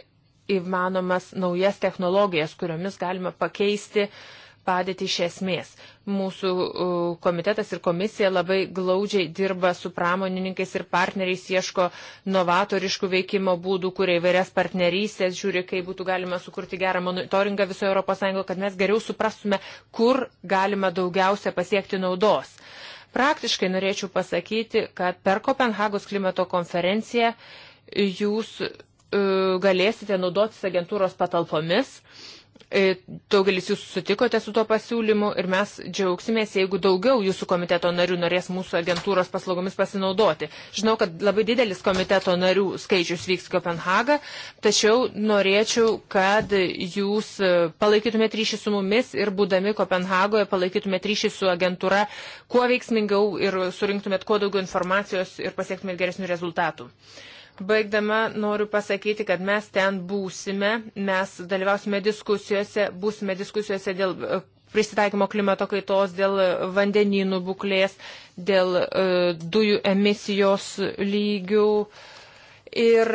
įmanomas naujas technologijas, kuriomis galima pakeisti uh, padėtį iš esmės. Mūsų komitetas ir komisija labai glaudžiai dirba su pramonininkais ir partneriais, ieško novatoriškų veikimo būdų, kurie įvairias partnerystės, žiūri, kaip būtų galima sukurti gerą monitoringą visoje ES, kad mes geriau suprastume, kur galima daugiausia pasiekti naudos. Praktiškai norėčiau pasakyti, kad per Kopenhagos klimato konferenciją jūs galėsite naudotis agentūros patalpomis E, daugelis jūs sutikote su tuo pasiūlymu ir mes džiaugsimės, jeigu daugiau jūsų komiteto narių norės mūsų agentūros paslaugomis pasinaudoti. Žinau, kad labai didelis komiteto narių skaičius vyks Kopenhaga, tačiau norėčiau, kad jūs e, palaikytumėt ryšį su mumis ir būdami Kopenhagoje palaikytumėt ryšį su agentūra, kuo veiksmingiau ir surinktumėt kuo daugiau informacijos ir pasiektumėt geresnių rezultatų. Uh, Baigdama noriu pasakyti, kad mes ten būsime, mes dalyvausime diskusijose, būsime diskusijose dėl e, prisitaikymo klimato kaitos, dėl e, vandenynų būklės, dėl e, dujų emisijos lygių ir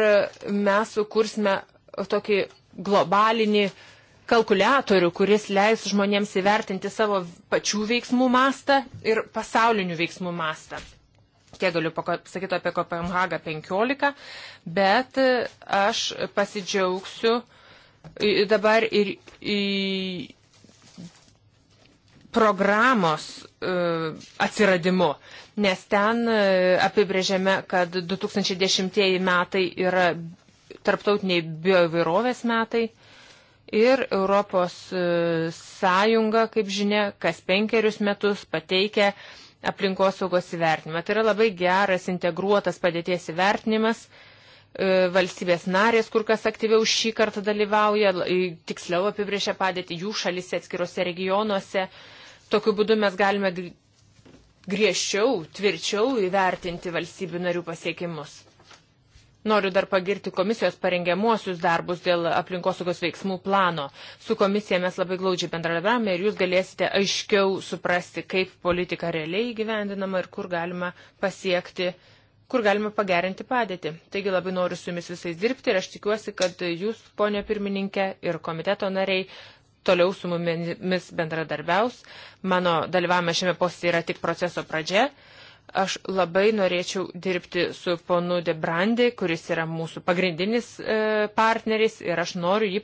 mes sukursime tokį globalinį kalkulatorių, kuris leis žmonėms įvertinti savo pačių veiksmų mastą ir pasaulinių veiksmų mastą. Tiek galiu pasakyti apie Kopenhagą 15, bet e, aš pasidžiaugsiu dabar ir į programos e, atsiradimu, nes ten e, apibrėžiame, kad 2010 metai yra tarptautiniai bioįvairovės metai ir Europos Sąjunga, kaip žinia, kas penkerius metus pateikia aplinkosaugos įvertinimą. Tai yra labai geras integruotas padėties įvertinimas. E, valstybės narės kur kas aktyviau šį kartą dalyvauja, tiksliau apibriešia padėti jų šalise atskiruose regionuose. Tokiu būdu mes galime griežčiau, tvirčiau įvertinti valstybių narių pasiekimus. Noriu dar pagirti komisijos parengiamuosius darbus dėl aplinkosaugos veiksmų plano. Su komisija mes labai glaudžiai bendradarbiavame ir jūs galėsite aiškiau suprasti, kaip politika realiai gyvendinama ir kur galima pasiekti kur galima pagerinti padėtį. Taigi labai noriu su jumis visais dirbti ir aš tikiuosi, kad jūs, ponio pirmininkė, ir komiteto nariai toliau su mumis bendradarbiaus. Mano dalyvavimas šiame postė yra tik proceso pradžia. Aš labai norėčiau dirbti su ponu Debrandi, kuris yra mūsų pagrindinis e, partneris ir aš noriu jį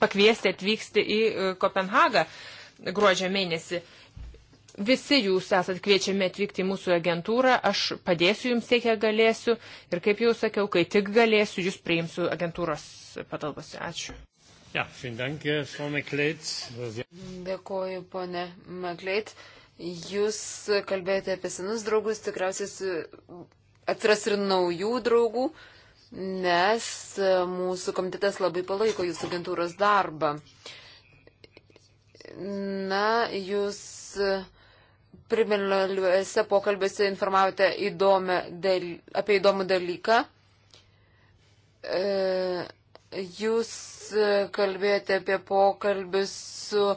pakviesti atvykti į e, Kopenhagą gruodžio mėnesį. Visi jūs esat kviečiami atvykti į mūsų agentūrą, aš padėsiu jums tiek, kiek galėsiu ir kaip jau sakiau, kai tik galėsiu, jūs priimsiu agentūros patalpose. Ačiū. Ja, dank, Dėkuoju, ponė Makleit. Jūs kalbėjote apie senus draugus, tikriausiai atsiras ir naujų draugų, nes e, mūsų komitetas labai palaiko jūsų agentūros darbą. Na, jūs e, primeliuose pokalbėse informavote įdomią, apie įdomų dalyką. E, jūs kalbėjote apie pokalbį su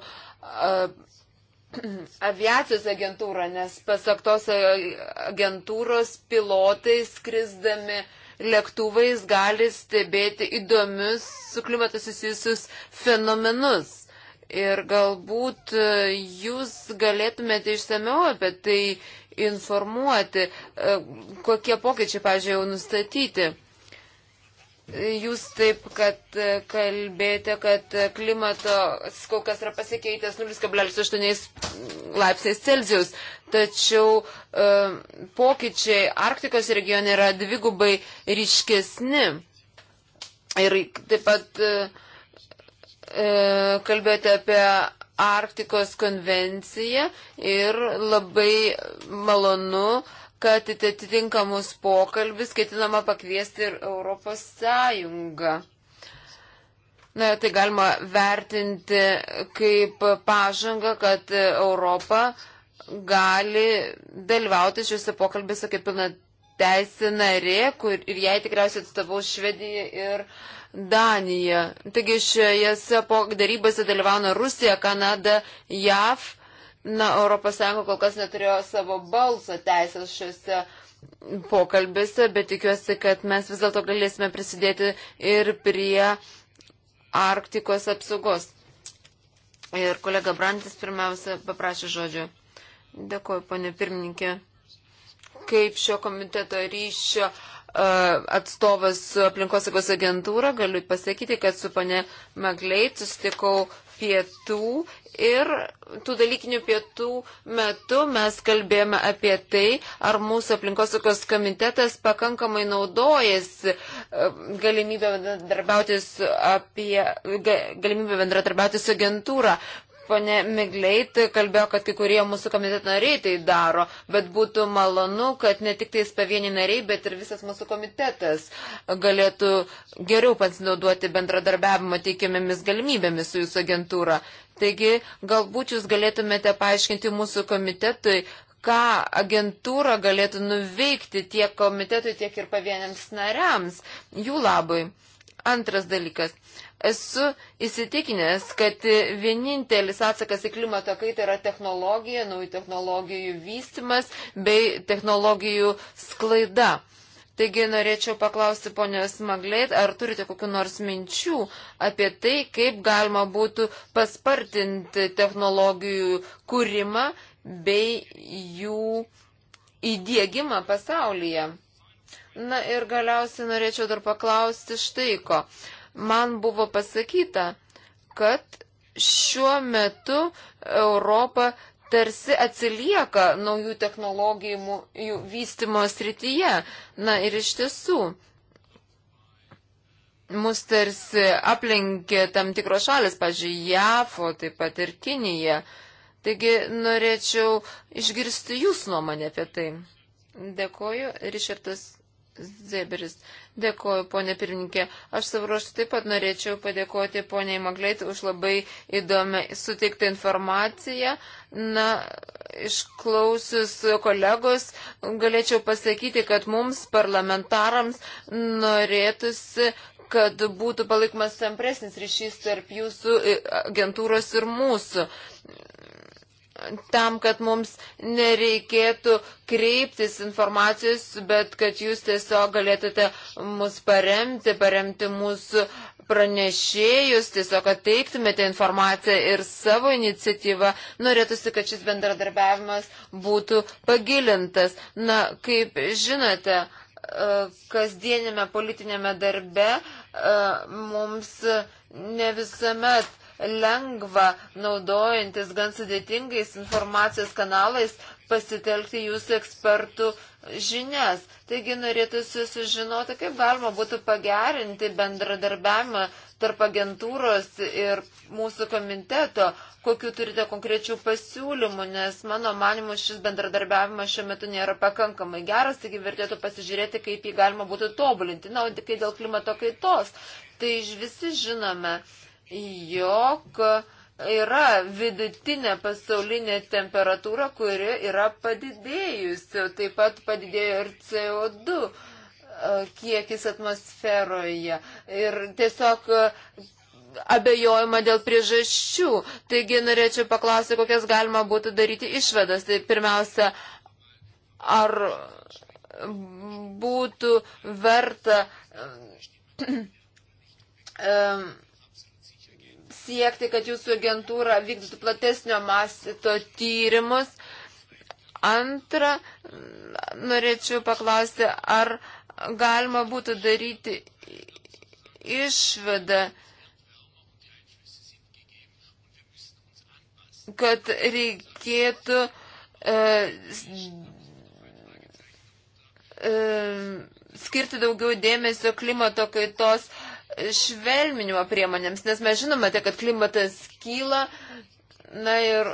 *clears throat* aviacijos agentūrą, nes pasak tos agentūros pilotai skrisdami lėktuvais gali stebėti įdomius su klimatu susijusius fenomenus. Ir galbūt e, jūs galėtumėte išsameu apie tai informuoti, e, kokie pokyčiai, pažiūrėjau, nustatyti. Jūs taip, kad e, kalbėjote, kad e, klimato kol kas yra pasikeitęs 0,8 laipsniais Celsius, tačiau e, pokyčiai Arktikos regione yra dvigubai ryškesni. Ir taip pat e, e kalbėjote apie Arktikos konvenciją ir labai malonu e, kad atitinkamus pokalbis ketinama pakviesti ir Europos Sąjungą. Na, tai galima vertinti kaip pažanga, kad Europa gali dalyvauti šiuose pokalbėse kaip pilna teisė narė, kur ir jai tikriausiai atstovaus Švedija ir Danija. Taigi šioje darybose dalyvauna Rusija, Kanada, JAV Na, ES kol kas neturėjo savo balso teisės šiuose pokalbėse, bet tikiuosi, kad mes vis dėlto galėsime prisidėti ir prie Arktikos apsaugos. Ir kolega Brantis pirmiausia paprašė žodžio. Dėkuoju, ponė pirmininkė. Kaip šio komiteto ryšio uh, E, atstovas su aplinkosaugos agentūra, galiu pasakyti, kad su pane Magleit sustikau pietų ir tų dalykinių pietų metu mes kalbėjome apie tai, ar mūsų aplinkosaugos komitetas pakankamai naudojasi e, galimybę bendradarbiauti su, apie, galimybę bendradarbiauti su agentūra ponė Migleit kalbėjo, kad kai kurie mūsų komiteto nariai tai daro, bet būtų malonu, kad ne tik tais pavieni nariai, bet ir visas mūsų komitetas galėtų geriau pasinaudoti bendradarbiavimo teikiamėmis galimybėmis su jūsų agentūra. Taigi, galbūt jūs galėtumėte paaiškinti mūsų komitetui, ką agentūra galėtų nuveikti tiek komitetui, tiek ir pavieniams nariams jų labui. Antras dalykas. Esu įsitikinęs, kad vienintelis atsakas į klimato kaitą yra technologija, naujų technologijų vystimas bei technologijų sklaida. Taigi norėčiau paklausti ponios Magleit, ar turite kokiu nors minčių apie tai, kaip galima būtų paspartinti technologijų kūrimą bei jų įdėgymą pasaulyje. Na ir galiausiai norėčiau dar paklausti štai ko. Uh, man buvo pasakyta, kad šiuo metu Europa tarsi atsilieka naujų technologijų jų vystimo srityje. Na ir iš tiesų, mus tarsi aplenkė tam tikros šalis, pažiūrėjau, JAF, o taip pat ir Kinija. Taigi norėčiau išgirsti jūs nuomonę apie tai. Dėkoju, Rišardas Zeberis. Dėkoju, ponė pirmininkė. Aš savo ruoštų taip pat norėčiau padėkoti poniai Magleit už labai įdomią suteiktą informaciją. Na, išklausius kolegos, galėčiau pasakyti, kad mums, parlamentarams, norėtųsi kad būtų palaikomas tampresnis ryšys tarp jūsų e, agentūros ir mūsų tam, kad mums nereikėtų kreiptis informacijos, bet kad jūs tiesiog galėtumėte mus paremti, paremti mūsų pranešėjus, tiesiog atteiktumėte informaciją ir savo iniciatyvą. Norėtųsi, kad šis bendradarbiavimas būtų pagilintas. Na, kaip žinote, e, kasdienėme politinėme darbe e, mums ne visuomet lengva, naudojantis gan sudėtingais informacijos kanalais, pasitelkti jūsų ekspertų žinias. Taigi norėtųsi sužinoti, kaip galima būtų pagerinti bendradarbiavimą tarp agentūros ir mūsų komiteto, kokiu turite konkrečių pasiūlymų, nes mano manimu šis bendradarbiavimas šiuo metu nėra pakankamai geras, taigi vertėtų pasižiūrėti, kaip jį galima būtų tobulinti. Na, o kai dėl klimato kaitos, tai visi žinome, jog yra vidutinė pasaulinė temperatūra, kuri yra padidėjusi, taip pat padidėjo ir CO2 e, kiekis atmosferoje. Ir tiesiog e, abejojama dėl priežasčių. Taigi norėčiau paklausyti, kokias galima būtų daryti išvedas. Tai pirmiausia, ar būtų verta um, *clears throat* siekti, kad jūsų agentūra vykdytų platesnio masito tyrimus. Antra, norėčiau paklausti, ar galima būtų daryti išvadą, kad reikėtų e, e, skirti daugiau dėmesio klimato kaitos e, švelminimo priemonėms, nes mes žinome, tai, kad klimatas kyla, na ir,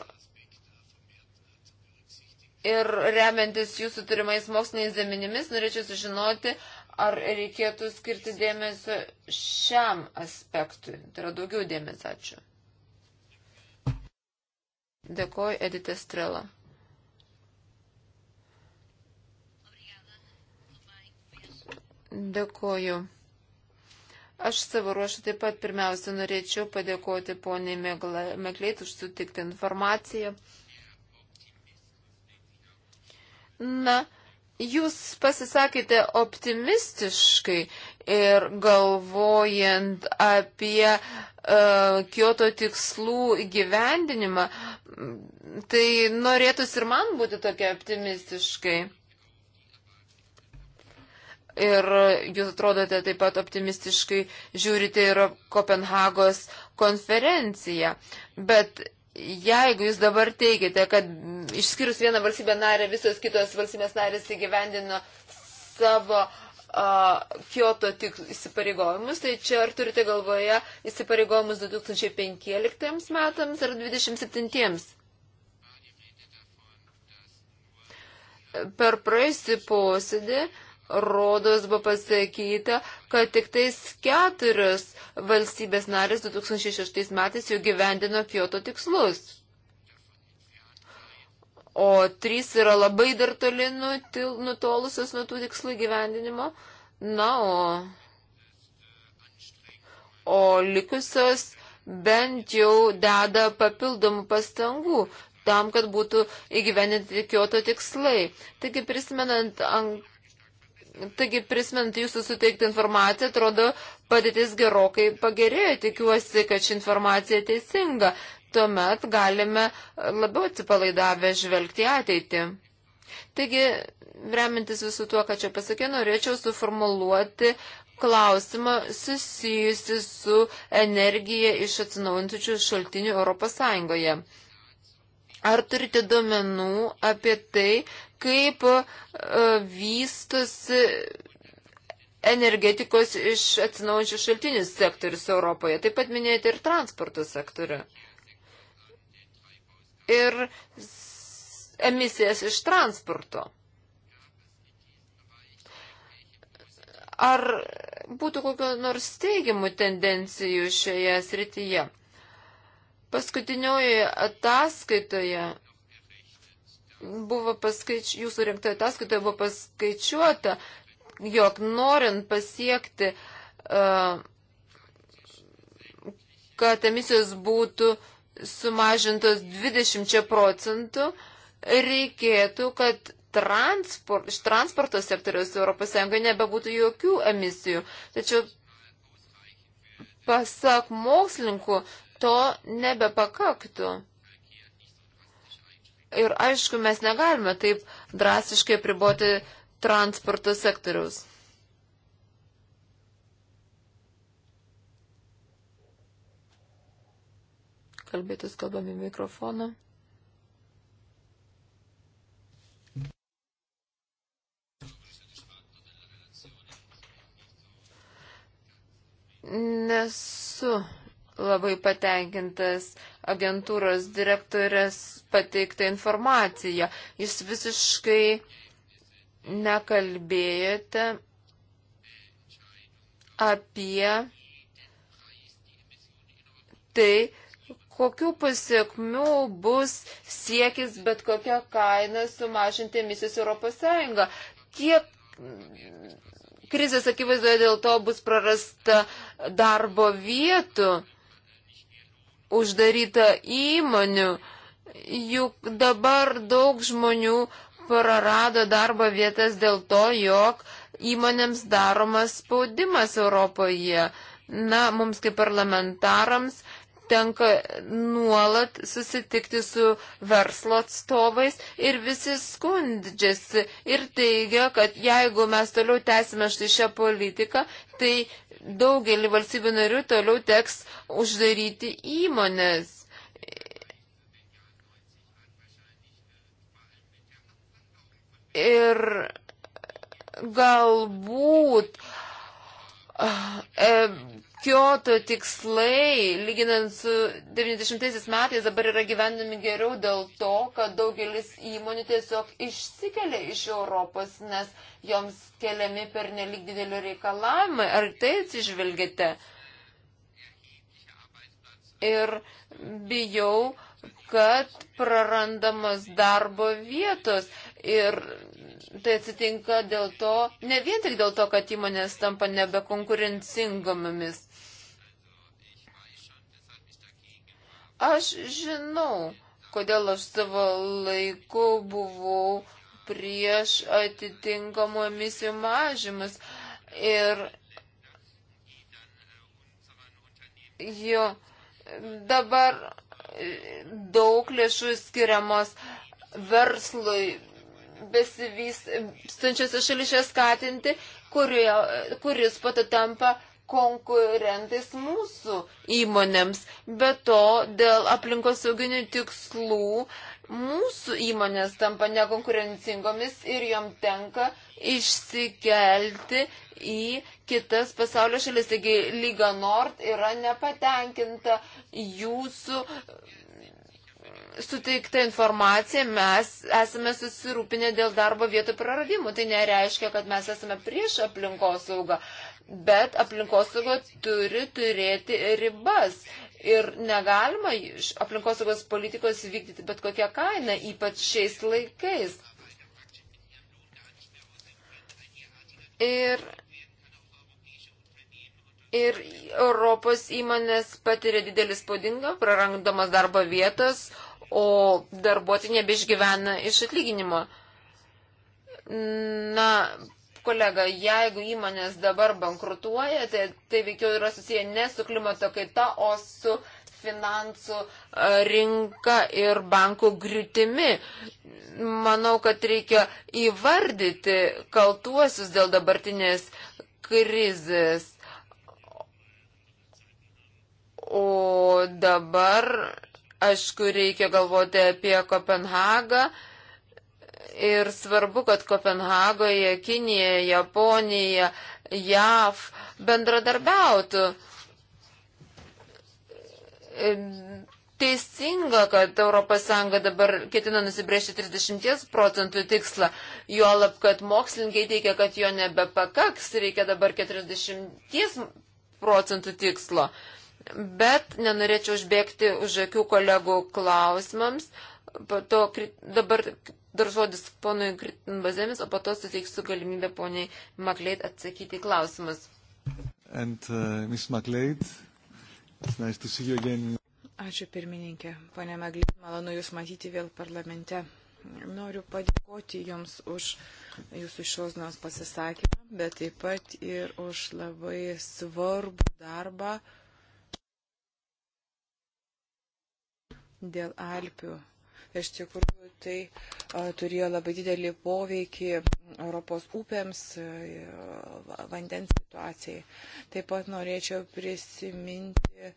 ir remiantis jūsų turimais moksliniais zeminimis, norėčiau sužinoti, ar reikėtų skirti dėmesio šiam aspektui. Tai yra daugiau dėmesio, ačiū. Dėkoju, Edita Strela. Dėkoju. Aš savo ruošą taip pat pirmiausia norėčiau padėkoti poniai Mekleit už sutiktą informaciją. Na, jūs pasisakėte optimistiškai ir galvojant apie uh, Kyoto tikslų įgyvendinimą, tai norėtųsi ir man būti tokia optimistiškai ir jūs atrodote taip pat optimistiškai žiūrite ir Kopenhagos konferenciją. Bet jeigu jūs dabar teikite, kad išskyrus vieną valstybę narę, visos kitos valstybės narės įgyvendino savo uh, Kyoto tik įsipareigojimus, tai čia ar turite galvoje įsipareigojimus 2015 metams ar 2027? Per praeisį posėdį uh, rodos buvo pasakyta, kad tik tais keturios valstybės narės 2006 metais jau gyvendino Kyoto tikslus. O trys yra labai dar toli nutolusios nuo tų tikslų gyvendinimo. Na, o, o likusios bent jau deda papildomų pastangų tam, kad būtų įgyveninti Kyoto tikslai. Taigi prisimenant Taigi, prisimint jūsų suteiktą informaciją, atrodo, padėtis gerokai pagerėjo. Tikiuosi, kad ši informacija teisinga. Tuomet galime labiau atsipalaidavę žvelgti ateitį. Taigi, remintis visų tuo, ką čia pasakė, norėčiau suformuluoti klausimą susijusi su energija iš atsinaujintučių šaltinių Europos Sąjungoje. Ar turite duomenų apie tai, kaip e, vystosi energetikos iš atsinaujančių šaltinių sektorius Europoje. Taip pat minėjote ir transporto sektorių. Ir emisijas iš transporto. Ar būtų kokio nors teigiamų tendencijų šioje srityje? Paskutinioje ataskaitoje buvo paskaič... jūsų rinkta ataskaitoje buvo paskaičiuota, jog norint pasiekti, kad emisijos būtų sumažintos 20 procentų, reikėtų, kad transport, iš transporto sektoriaus ES nebebūtų jokių emisijų. Tačiau, pasak mokslininkų, to nebepakaktų. Ir aišku, mes negalime taip drastiškai priboti transporto sektoriaus. Kalbėtis kalbami mikrofoną. Nesu labai patenkintas agentūros direktorės pateiktą informaciją. Jūs visiškai nekalbėjote apie tai, kokių pasiekmių bus siekis bet kokią kainą sumažinti emisijas Europos Sąjungą. Kiek krizės akivaizdoje dėl to bus prarasta darbo vietų uždaryta įmonių, juk dabar daug žmonių prarado darbo vietas dėl to, jog įmonėms daromas spaudimas Europoje. Na, mums kaip parlamentarams tenka nuolat susitikti su verslo atstovais ir visi skundžiasi ir teigia, kad jeigu mes toliau tęsime štai šią politiką, tai daugelį valstybių narių toliau teks uždaryti įmonės. Ir galbūt e, Kyoto tikslai, lyginant su 90 metais, dabar yra gyvendami geriau dėl to, kad daugelis įmonių tiesiog išsikelia iš Europos, nes joms keliami per nelik didelį reikalavimą. Ar tai atsižvelgėte? Ir bijau, kad prarandamos darbo vietos. Ir tai atsitinka dėl to, ne vien tik dėl to, kad įmonės tampa nebekonkurencingomis. Aš žinau, kodėl aš savo laiku buvau prieš atitinkamų emisijų mažymus. Ir jo, dabar daug lėšų skiriamos verslui besivystančiose šalyse skatinti, kurio, kuris pato tampa konkurentais mūsų įmonėms. Be to, dėl aplinkosauginių tikslų mūsų įmonės tampa nekonkurencingomis ir jom tenka išsikelti į kitas pasaulio šalis. Taigi Lyga Nord yra nepatenkinta jūsų suteikta informacija, mes esame susirūpinę dėl darbo vietų praradimų. Tai nereiškia, kad mes esame prieš aplinkosaugą, bet aplinkosauga turi turėti ribas. Ir negalima aplinkosaugos politikos vykdyti bet kokią kainą, ypač šiais laikais. Ir Ir Europos įmonės patiria didelį spaudingą, prarandamas darbo vietas, o darbuotojai nebeišgyvena iš atlyginimo. Na, kolega, jeigu įmonės dabar bankrutuoja, tai, tai veikiau yra susiję ne su klimato kaita, o su finansų rinka ir bankų griūtimi. Manau, kad reikia įvardyti kaltuosius dėl dabartinės krizės. O dabar Aišku, reikia galvoti apie Kopenhagą. Ir svarbu, kad Kopenhagoje, Kinija, Japonija, JAV bendradarbiautų. Teisinga, kad ES dabar ketina nusibriežti 30 procentų tikslą, juolab, kad mokslininkai teikia, kad jo nebepakaks, reikia dabar 40 procentų tikslo. Uh, bet nenorėčiau užbėgti už akių kolegų klausimams. Po to dabar dar žodis ponui Bazėmis, o po to suteiksiu galimybę poniai Makleit atsakyti į klausimus. And, uh, McLeod, nice Ačiū pirmininkė. Pane Magleit, malonu Jūs matyti vėl parlamente. Noriu padėkoti Jums už Jūsų šios dienos pasisakymą, bet taip pat ir už labai svarbų darbą dėl Alpių. Iš tikrųjų, tai a, turėjo labai didelį poveikį Europos upėms, a, vandens situacijai. Taip pat norėčiau prisiminti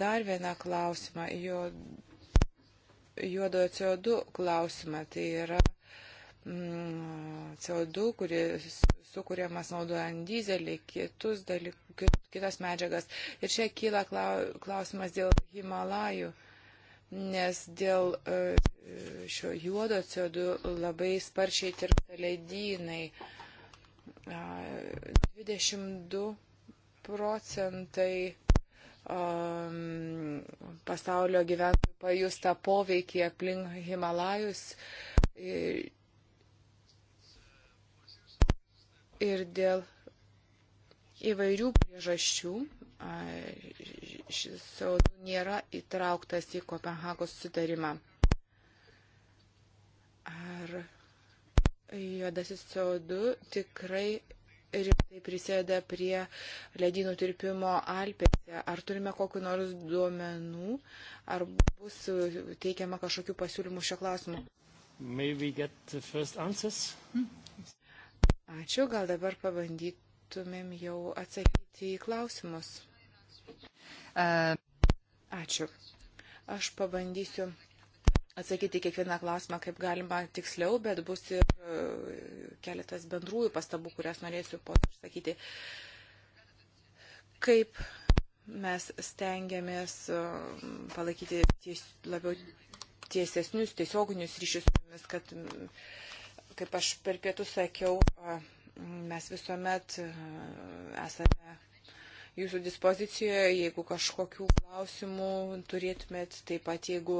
dar vieną klausimą, jo, juodojo CO2 klausimą. Tai yra mm, CO2, kuris sukūriamas naudojant dizelį, kitus dalykus, kitas medžiagas. Ir čia kyla klausimas dėl Himalajų. Uh, nes dėl e, šio juodo CO2 labai sparčiai tirpsta ledynai. 22 procentai pasaulio gyventojų pajustą poveikį aplink Himalajus. Ir dėl įvairių priežasčių šis CO2 nėra įtrauktas į Kopenhagos sutarimą. Ar juodasis CO2 tikrai rimtai prisėda prie ledynų tirpimo Alpėse. Ar turime kokiu nors duomenų, ar bus teikiama kažkokių pasiūlymų šio klausimu? Hmm. Ačiū, gal dabar pabandytumėm jau atsakyti į klausimus. Ačiū. Aš pabandysiu atsakyti kiekvieną klausimą, kaip galima tiksliau, bet bus ir e, keletas bendrųjų pastabų, kurias norėsiu po išsakyti. Kaip mes stengiamės e, palaikyti ties, labiau tiesesnius, tiesioginius ryšius, kad, kaip aš per pietus sakiau, e, mes visuomet esame jūsų dispozicijoje, jeigu kažkokių klausimų turėtumėt, taip pat jeigu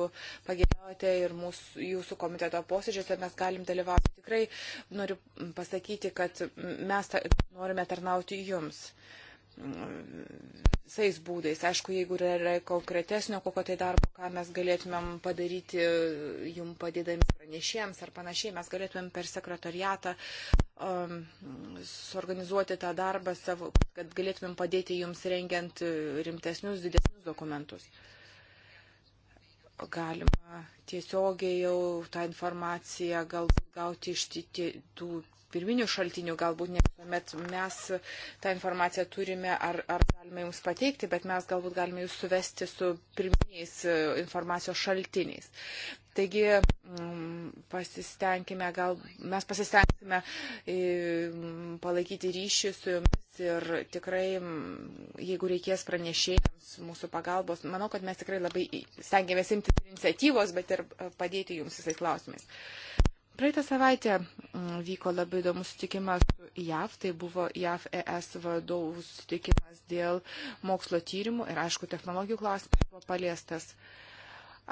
pagėdavote ir mūsų, jūsų komiteto posėdžiuose mes galim dalyvauti. Tikrai noriu pasakyti, kad mes ta, norime tarnauti jums mm, visais būdais. Aišku, jeigu yra konkretesnio kokio tai darbo, ką mes galėtumėm padaryti jum padėdami pranešėjams ar panašiai, mes galėtumėm per sekretariatą um, suorganizuoti tą darbą savo, kad galėtumėm padėti jums rengiant e, rimtesnius, didesnius dokumentus. Galima tiesiogiai jau tą informaciją galbūt gauti iš tų pirminių šaltinių, galbūt ne visuomet mes tą informaciją turime ar, ar galime jums pateikti, bet mes galbūt galime jūs suvesti su pirminiais e, informacijos šaltiniais. Taigi mm, pasistengime, gal mes pasistengsime mm, palaikyti ryšį su jumis ir tikrai, mm, jeigu reikės pranešėjams mūsų pagalbos, manau, kad mes tikrai labai stengiamės imtis iniciatyvos, bet ir e, padėti jums visais klausimais. Praeitą savaitę vyko labai įdomus sutikimas su JAV, tai buvo JAV ES vadovų sutikimas dėl mokslo tyrimų ir, aišku, technologijų klausimas buvo paliestas. Uh,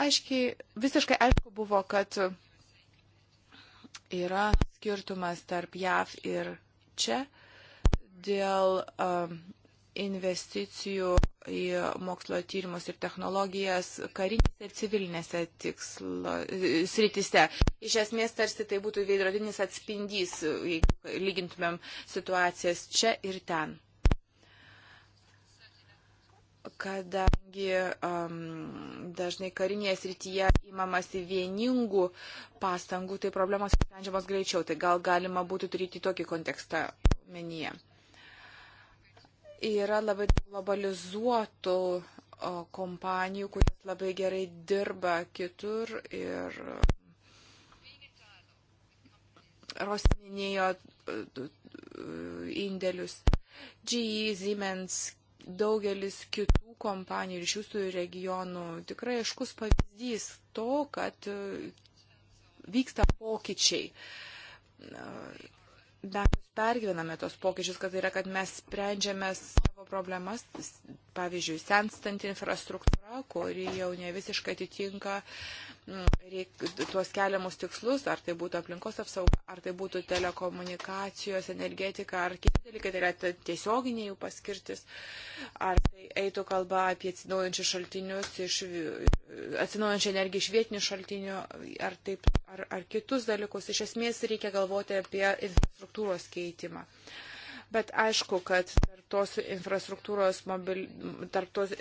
Aiškiai, visiškai aišku buvo, kad yra skirtumas tarp JAV ir čia dėl um, investicijų į mokslo tyrimus ir technologijas karinėse ir civilinėse tikslo, sritise. Iš esmės tarsi tai būtų veidrodinis atspindys, jeigu lygintumėm situacijas čia ir ten kadangi um, dažnai karinėje srityje įmamasi vieningų pastangų, tai problemos sprendžiamos greičiau. Tai gal galima būtų turėti tokį kontekstą menyje. Yra labai globalizuotų kompanijų, kurios labai gerai dirba kitur ir Ros minėjo e, e, indėlius. GE, Siemens, daugelis kitų kompanijų ir iš jūsų regionų tikrai aiškus pavyzdys to, kad e, vyksta pokyčiai. Mes pergyvename tos pokyčius, kad tai yra, kad mes sprendžiame savo problemas, pavyzdžiui, senstanti infrastruktūra, kuri jau ne visiškai atitinka mm, reik, tuos keliamus tikslus, ar tai būtų aplinkos apsauga, ar tai būtų telekomunikacijos, energetika ar kiti dalykai, tai yra tiesioginė jų paskirtis, ar tai eitų kalba apie atsinaujančius šaltinius, iš, atsinaujančią energiją iš vietinių šaltinių, ar, taip, ar, ar kitus dalykus. Iš esmės reikia galvoti apie infrastruktūros keitimą. Bet aišku, kad tarp tos infrastruktūros, mobil, tarp tos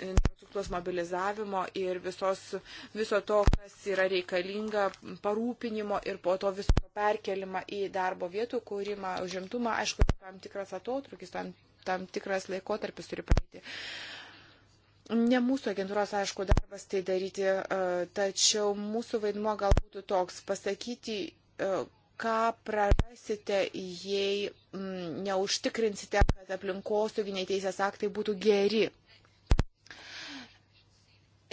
infrastruktūros mobilizavimo ir visos, viso to, kas yra reikalinga, parūpinimo ir po to viso to perkelimą į darbo vietų kūrimą, užimtumą, aišku, tai tam tikras atotrukis, tam, tam tikras laikotarpis turi praeiti. Ne mūsų agentūros, aišku, darbas tai daryti, e, tačiau mūsų vaidmuo gal būtų toks - pasakyti, e, ką prarasite, jei mm, neužtikrinsite, kad aplinkosauginiai teisės aktai būtų geri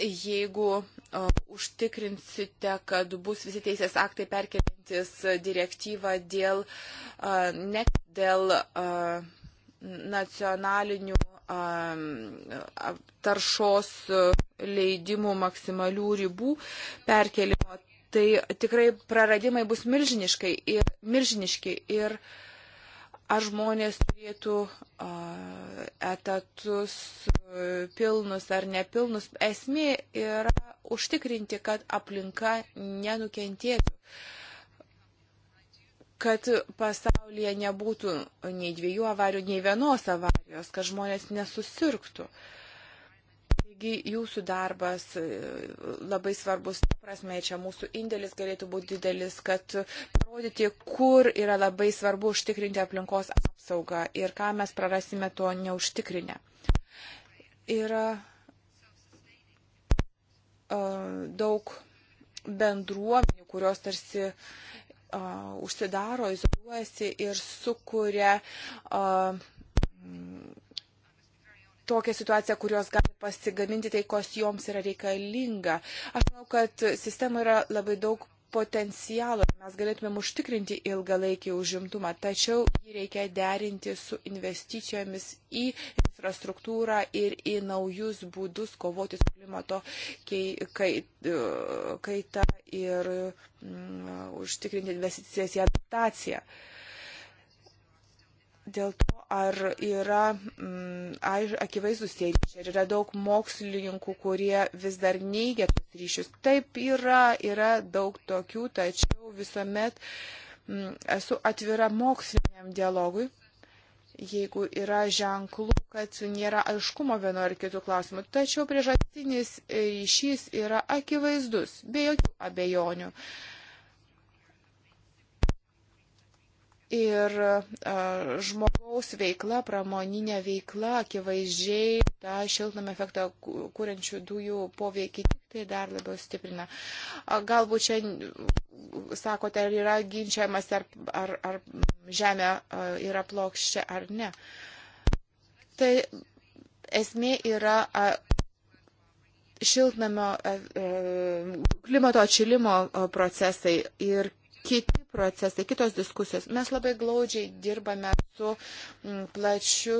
jeigu o, užtikrinsite, kad bus visi teisės aktai perkeliantis direktyvą dėl, a, ne dėl a, nacionalinių a, taršos leidimų maksimalių ribų perkelimo, tai tikrai praradimai bus milžiniškai ir milžiniški. Ir, uh, ar žmonės turėtų etatus pilnus ar nepilnus. Esmė yra užtikrinti, kad aplinka nenukentėtų, kad pasaulyje nebūtų nei dviejų avarijų, nei vienos avarijos, kad žmonės nesusirgtų. Uh, Taigi jūsų darbas e, labai svarbus, prasme, čia mūsų indėlis galėtų būti didelis, kad parodyti, kur yra labai svarbu užtikrinti aplinkos apsaugą ir ką mes prarasime to neužtikrinę. Yra uh, daug bendruomenių, kurios tarsi uh, užsidaro, izoliuojasi ir sukuria uh, tokią situaciją, kurios gali pasigaminti tai, kas joms yra reikalinga. Aš manau, kad sistema yra labai daug potencialo ir mes galėtumėm užtikrinti ilgalaikį užimtumą, tačiau jį reikia derinti su investicijomis į infrastruktūrą ir į naujus būdus kovoti su klimato e, kaita kai, kai, kai ir mm, užtikrinti investicijas į adaptaciją. Uh, dėl to, ar yra mm, akivaizdus tie ryšiai, ar yra daug mokslininkų, kurie vis dar neigia tos ryšius. Taip yra, yra daug tokių, tačiau visuomet mm, esu atvira moksliniam dialogui jeigu yra ženklų, kad nėra aiškumo vienu ar kitu klausimu. Tačiau priežastinis ryšys yra akivaizdus, be jokių abejonių. Uh, Ir žmogaus veikla, pramoninė veikla, akivaizdžiai tą šiltnamą efektą kūrenčių dujų poveikį tik tai dar labiau stiprina. Galbūt čia, sakote, ar yra ginčiamas, ar, ar, ar žemė yra plokščia ar ne. Tai esmė yra šiltnamio klimato atšilimo procesai ir kiti procesai, kitos diskusijos. Mes labai glaudžiai dirbame su mm, plačiu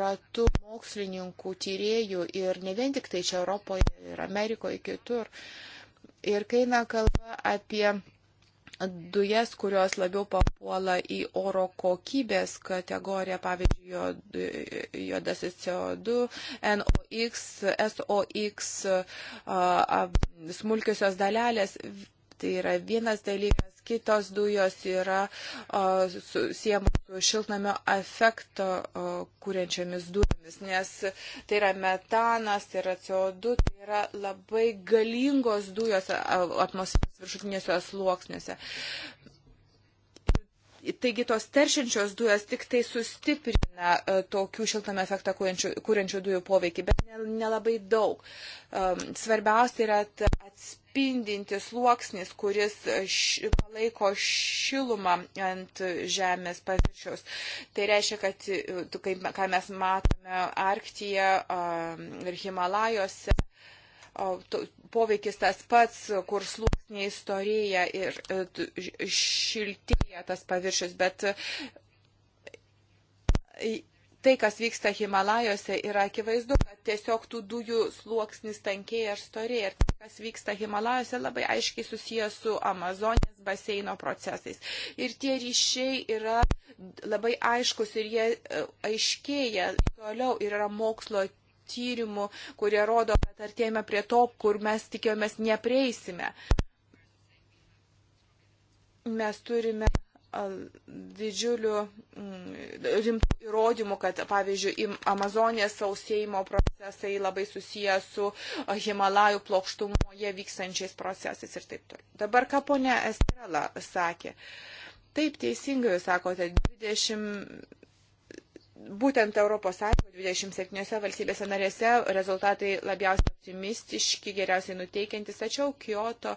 ratu mokslininkų, tyriejų ir ne vien tik tai čia Europoje ir Amerikoje, kitur. Ir kai eina kalba apie dujas, kurios labiau papuola į oro kokybės kategoriją, pavyzdžiui, juodasis CO2, NOx, SOx, smulkiosios dalelės. Tai yra vienas dalykas, kitos dujos yra siejamos su šiltnamio efekto kūrenčiomis dujomis, nes tai yra metanas, tai yra CO2, tai yra labai galingos dujos atmosferos viršutiniuose sluoksniuose taigi tos teršiančios dujos tik tai sustiprina tokių šiltame efektą kūrenčių, kūrenčių dujų poveikį, bet nelabai daug. Svarbiausia yra atspėti spindintis sluoksnis, kuris š, palaiko šilumą ant žemės paviršiaus. Tai reiškia, kad, kaip, ką mes matome Arktyje ir Himalajose, poveikis tas pats, kur sluoksniai storėja ir e, šiltėja tas paviršius, bet e, tai, kas vyksta Himalajose, yra akivaizdu, tiesiog tų dujų sluoksnis tankėja ir storėja. Ir kas vyksta Himalajose labai aiškiai susijęs su Amazonės baseino procesais. Ir tie ryšiai yra labai aiškus ir jie e, aiškėja toliau ir yra mokslo tyrimų, kurie rodo, kad artėjame prie to, kur mes tikėjomės neprieisime. Mes turime didžiulių mm, rimtų įrodymų, kad, pavyzdžiui, Amazonės sausėjimo procesai labai susiję su Himalajų plokštumoje vykstančiais procesais ir taip toliau. Dabar ką ponė Estrela sakė. Taip teisingai jūs sakote, 20 būtent ES 27 valstybėse narėse rezultatai labiausiai optimistiški, geriausiai nuteikiantis, tačiau Kyoto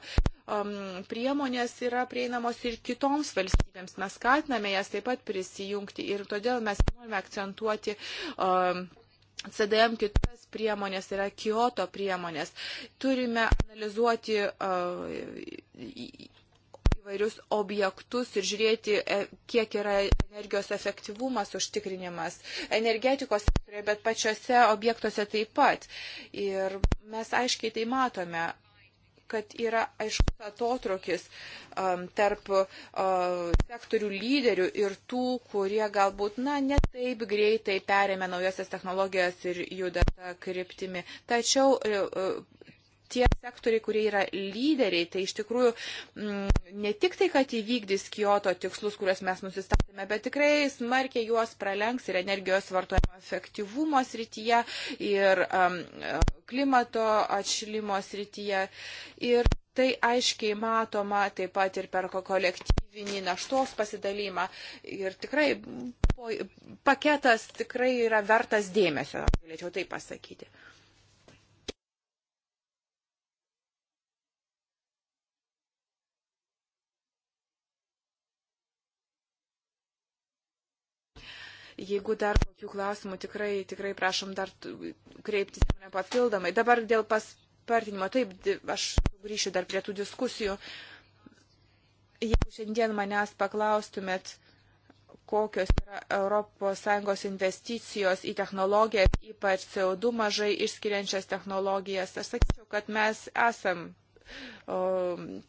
um, priemonės yra prieinamos ir kitoms valstybėms. Mes skatiname jas taip pat prisijungti ir todėl mes norime akcentuoti. Um, CDM kitas priemonės yra Kyoto priemonės. Turime analizuoti uh, įvairius objektus ir žiūrėti, e, kiek yra energijos efektyvumas užtikrinimas energetikos sektorėje, bet pačiose objektuose taip pat. Ir mes aiškiai tai matome kad yra aiškus atotrukis um, tarp uh, sektorių lyderių ir tų, kurie galbūt, na, netaip greitai perėmė naujasias technologijas ir juda tą kryptimį. Tačiau uh, uh tie sektoriai, kurie yra lyderiai, tai iš tikrųjų mm, ne tik tai, kad įvykdys Kyoto tikslus, kuriuos mes nusistatėme, bet tikrai smarkiai juos pralenks ir energijos vartojimo efektyvumo srityje ir um, klimato atšilimo srityje. Ir tai aiškiai matoma taip pat ir per kolektyvinį naštos pasidalymą. Ir tikrai paketas tikrai yra vertas dėmesio, galėčiau tai pasakyti. Jeigu dar kokių klausimų, tikrai, tikrai prašom dar kreiptis mane papildomai. Dabar dėl paspartinimo, taip, aš grįšiu dar prie tų diskusijų. Jeigu šiandien manęs paklaustumėt, kokios yra ES investicijos į technologijas, ypač CO2 mažai išskiriančias technologijas, aš sakyčiau, kad mes esam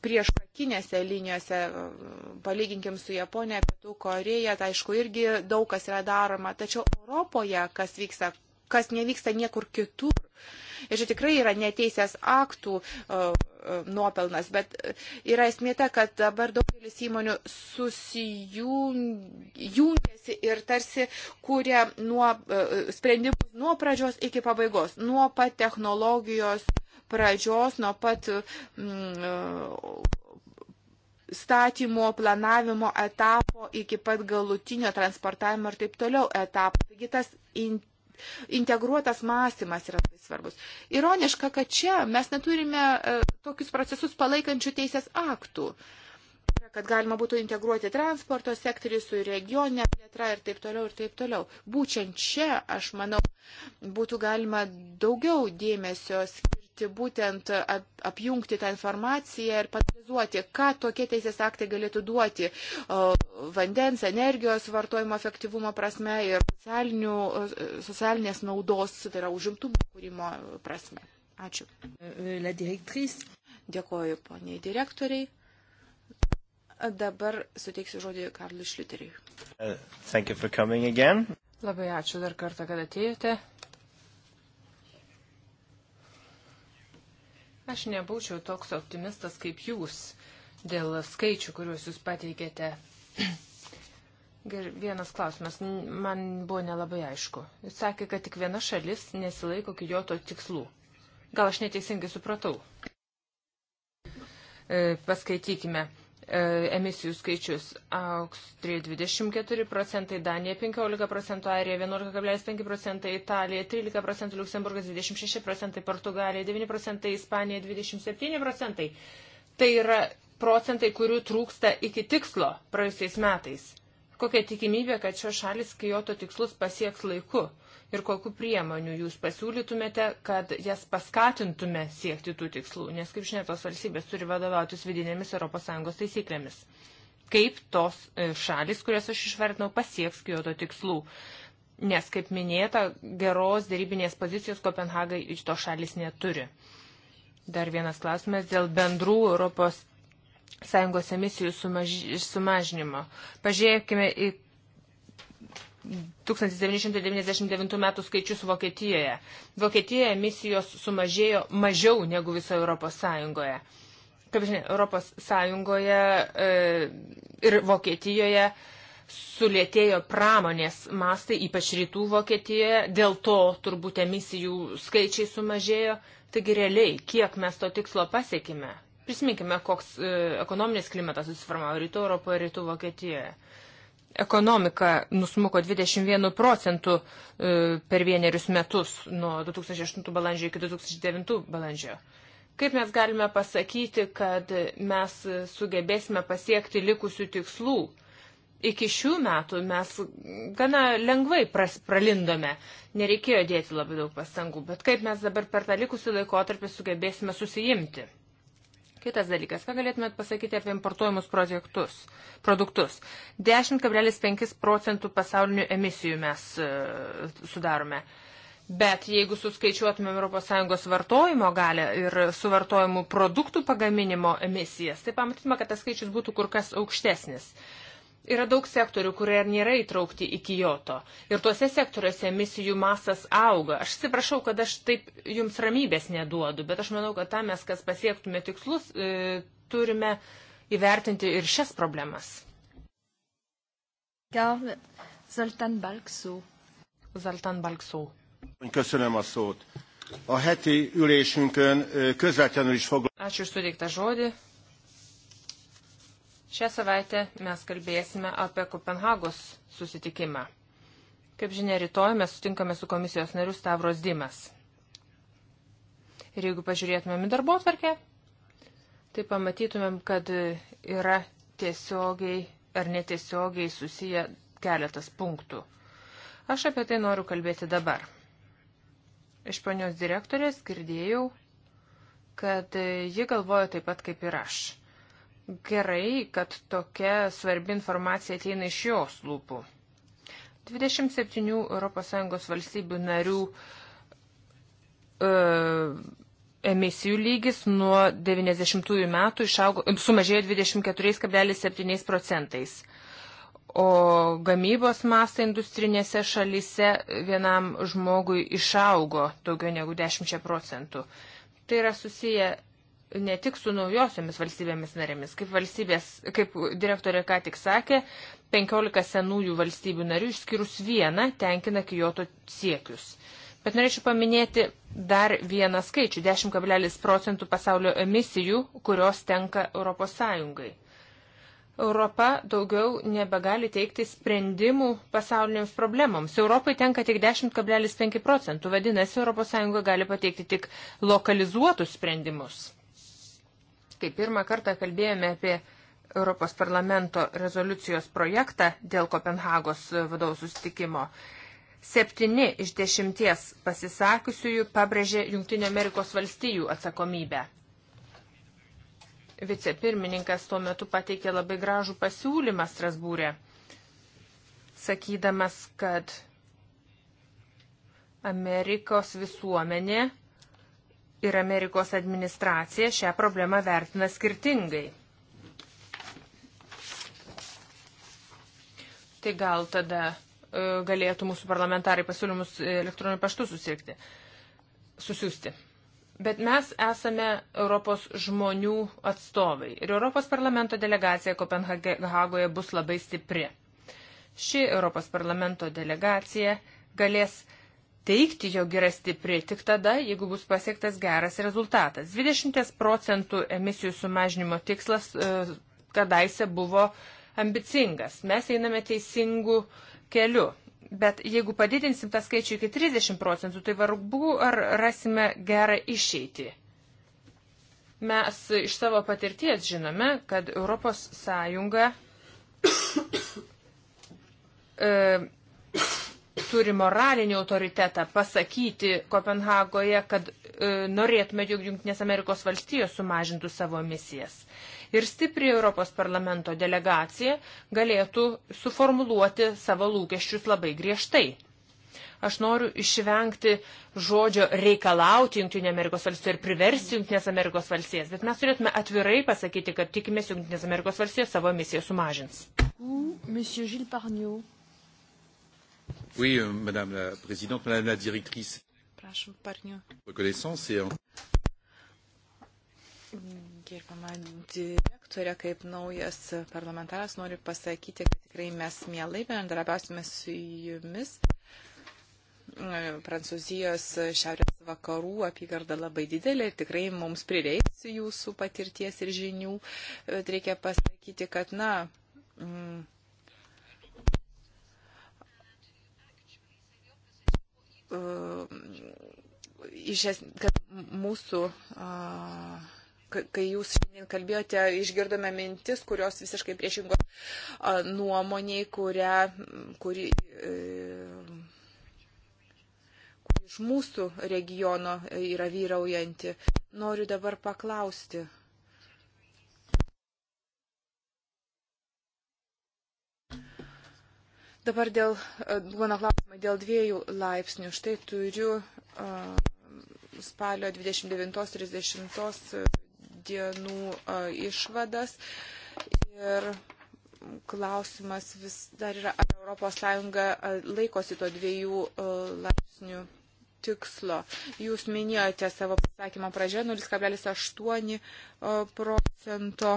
prieškakinėse linijose, palyginkim su Japonija, Pietų Koreja, tai aišku, irgi daug kas yra daroma, tačiau Europoje, kas vyksta, kas nevyksta niekur kitur. Ir čia tikrai yra neteisės aktų nuopelnas, bet yra esmė ta, kad dabar daugelis įmonių susijungiasi ir tarsi kūrė nuo, sprendimus nuo pradžios iki pabaigos, nuo pat technologijos uh, pradžios, nuo pat mm, statymo, planavimo etapo iki pat galutinio transportavimo ir taip toliau etapo. Taigi tas integruotas mąstymas yra labai svarbus. Ironiška, kad čia mes neturime e, tokius procesus palaikančių teisės aktų kad galima būtų integruoti transporto sektorių su regioninė plėtra ir taip toliau ir taip toliau. Būtent čia, aš manau, būtų galima daugiau dėmesio skirti siekti būtent apjungti tą informaciją ir patalizuoti, ką tokie teisės aktai galėtų duoti vandens, energijos vartojimo efektyvumo prasme ir socialinės naudos, tai yra užimtumo kūrimo prasme. Ačiū. Dėkoju poniai direktoriai. Dabar suteiksiu žodį Karlui Šliuteriui. Uh, Labai ačiū dar kartą, kad atėjote. Aš nebūčiau toks optimistas kaip jūs dėl skaičių, kuriuos jūs pateikėte. *clears throat* Vienas klausimas, man buvo nelabai aišku. Jis sakė, kad tik viena šalis nesilaiko Kyoto tikslų. Gal aš neteisingai supratau? E, paskaitykime E, emisijų skaičius. Austrija 24 procentai, Danija 15 procentų, Airija 11,5 procentai, Italija 13 procentų, Luksemburgas 26 procentai, Portugalija 9 procentai, Ispanija 27 procentai. Tai yra procentai, kurių trūksta iki tikslo praėjusiais metais. Kokia tikimybė, kad šios šalis Kyoto tikslus pasieks laiku? ir kokiu priemoniu jūs pasiūlytumėte, kad jas paskatintume siekti tų tikslų, nes kaip žinia, tos valstybės turi vadovautis vidinėmis ES taisyklėmis. Kaip tos e, šalis, kurias aš išvardinau, pasieks Kyoto tikslų? Nes, kaip minėta, geros dėrybinės pozicijos Kopenhagai iš to šalis neturi. Dar vienas klausimas dėl bendrų Europos sąjungos emisijų sumaž... sumažinimo. Pažiūrėkime į 1999 metų skaičius Vokietijoje. Vokietijoje emisijos sumažėjo mažiau negu viso Europos Sąjungoje. Kaip žinia, Europos Sąjungoje e, ir Vokietijoje sulėtėjo pramonės mastai, ypač rytų Vokietijoje, dėl to turbūt emisijų skaičiai sumažėjo. Taigi realiai, kiek mes to tikslo pasiekime? Prisiminkime, koks e, ekonominis klimatas susiformavo rytų Europoje ir rytų Vokietijoje ekonomika nusmuko 21 procentų e, per vienerius metus nuo 2008 balandžio iki 2009 balandžio. Kaip mes galime pasakyti, kad mes sugebėsime pasiekti likusių tikslų? Iki šių metų mes gana lengvai pras, pralindome, nereikėjo dėti labai daug pastangų, bet kaip mes dabar per tą likusį laikotarpį sugebėsime susijimti? Kitas dalykas, ką galėtumėt pasakyti apie importuojamus produktus? 10,5 procentų pasaulinių emisijų mes e, sudarome. Bet jeigu suskaičiuotumėm ES vartojimo galę ir suvartojimų produktų pagaminimo emisijas, tai pamatytume, kad tas skaičius būtų kur kas aukštesnis. Uh, Yra daug sektorių, kurie nėra įtraukti į Kyoto. Ir tuose sektoriuose emisijų masas auga. Aš atsiprašau, kad aš taip jums ramybės neduodu, bet aš manau, kad tam mes, kas pasiektume tikslus, e, turime įvertinti ir šias problemas. Zoltán Balkszó. Zoltán Balkszó. Köszönöm a szót. A heti ülésünkön közvetlenül is foglalkozunk. Ačiū sudėktą žodį. Šią savaitę mes kalbėsime apie Kopenhagos susitikimą. Kaip žinia, rytoj mes sutinkame su komisijos nariu Stavros Dimas. Ir jeigu pažiūrėtumėm į darbo tvarkę, tai pamatytumėm, kad yra tiesiogiai ar netiesiogiai susiję keletas punktų. Aš apie tai noriu kalbėti dabar. Iš ponios direktorės girdėjau, kad ji galvoja taip pat kaip ir aš gerai, kad tokia svarbi informacija ateina iš jos lūpų. 27 ES valstybių narių e, emisijų lygis nuo 90-ųjų metų išaugo, e, sumažėjo 24,7 procentais. O gamybos mastai industrinėse šalyse vienam žmogui išaugo daugiau negu 10 procentų. Tai yra susiję ne tik su naujosiomis valstybėmis narėmis. Kaip, valstybės, kaip direktorė ką tik sakė, 15 senųjų valstybių narių išskyrus vieną tenkina Kyoto siekius. Bet norėčiau paminėti dar vieną skaičių - 10,1 procentų pasaulio emisijų, kurios tenka ES. Europa daugiau nebegali teikti sprendimų pasaulinėms problemoms. Europai tenka tik 10,5 procentų, vadinasi, ES gali pateikti tik lokalizuotus sprendimus kai pirmą kartą kalbėjome apie Europos parlamento rezoliucijos projektą dėl Kopenhagos vadovų sustikimo, septyni iš dešimties pasisakiusiųjų pabrėžė Junktinio Amerikos valstijų atsakomybę. Vicepirmininkas tuo metu pateikė labai gražų pasiūlymą Strasbūrė, sakydamas, kad Amerikos visuomenė ir Amerikos administracija šią problemą vertina skirtingai. Tai gal tada e, galėtų mūsų parlamentarai pasiūlymus elektroniniu paštu susirgti, susiųsti. Bet mes esame Europos žmonių atstovai ir Europos parlamento delegacija Kopenhagoje bus labai stipri. Ši Europos parlamento delegacija galės uh, teikti, jog yra stipri tik tada, jeigu bus pasiektas geras rezultatas. 20 procentų emisijų sumažinimo tikslas e, kadaise buvo ambicingas. Mes einame teisingų kelių. Bet jeigu padidinsim tą skaičių iki 30 procentų, tai vargu ar rasime gerą išeitį. Mes iš savo patirties žinome, kad ES *coughs* turi moralinį autoritetą pasakyti Kopenhagoje, kad e, norėtume, jog Junktinės Amerikos valstijos sumažintų savo emisijas. Ir stipri Europos parlamento delegacija galėtų suformuluoti savo lūkesčius labai griežtai. Aš noriu išvengti žodžio reikalauti Junktinė Amerikos valstijos ir priversti Junktinės Amerikos valstijas, bet mes turėtume atvirai pasakyti, kad tikimės Junktinės Amerikos valstijos savo emisiją sumažins. Monsieur Gilles Parniot. Oui, euh, Madame la Présidente, Madame la Directrice. Prašom, partijų. Reconnaissance et... Gerbama direktorė, kaip naujas parlamentaras, noriu pasakyti, kad tikrai mes mielai bendrabiausime su jumis. Prancūzijos šiaurės vakarų apygarda labai didelė ir tikrai mums prireiks jūsų patirties ir žinių. Bet reikia pasakyti, kad, na, mm, Ehm, iš es, kad mūsų, kai jūs šiandien kalbėjote, išgirdome mintis, kurios visiškai priešingos nuomoniai, kurią, kuri, e, kuri iš mūsų regiono yra vyraujanti. Noriu dabar paklausti Dabar dėl, e, mano klausimai, dėl dviejų laipsnių. Štai turiu uh, spalio 29-30 dienų uh, išvadas. Ir klausimas vis dar yra, ar ES laikosi to dviejų laipsnių tikslo. Jūs minėjote savo pasakymo pradžioje 0,8 procento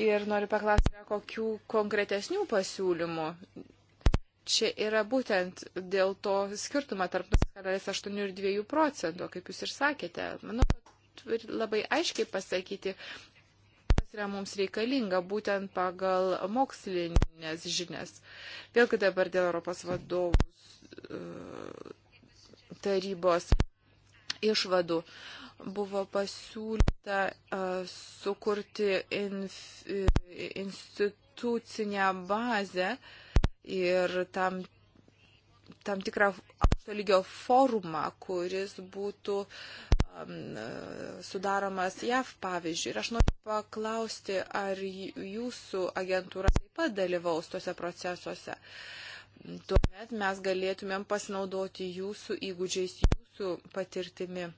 ir noriu paklausti, kokių konkretesnių pasiūlymų. Čia yra būtent dėl to skirtumą tarp 0,8 ir 2 procentų, kaip jūs ir sakėte. Manau, kad labai aiškiai pasakyti, kas yra mums reikalinga būtent pagal mokslinės žinias. Vėlgi dabar dėl Europos vadovų e, tarybos išvadų. Uh, buvo pasiūlyta e, sukurti e, institucinę bazę ir tam, tam tikrą aukšto lygio forumą, kuris būtų e, sudaromas JAV pavyzdžiui. Ir aš noriu paklausti, ar jūsų agentūra taip pat dalyvaus tose procesuose. Tuomet mes galėtumėm pasinaudoti jūsų įgūdžiais, jūsų patirtimi.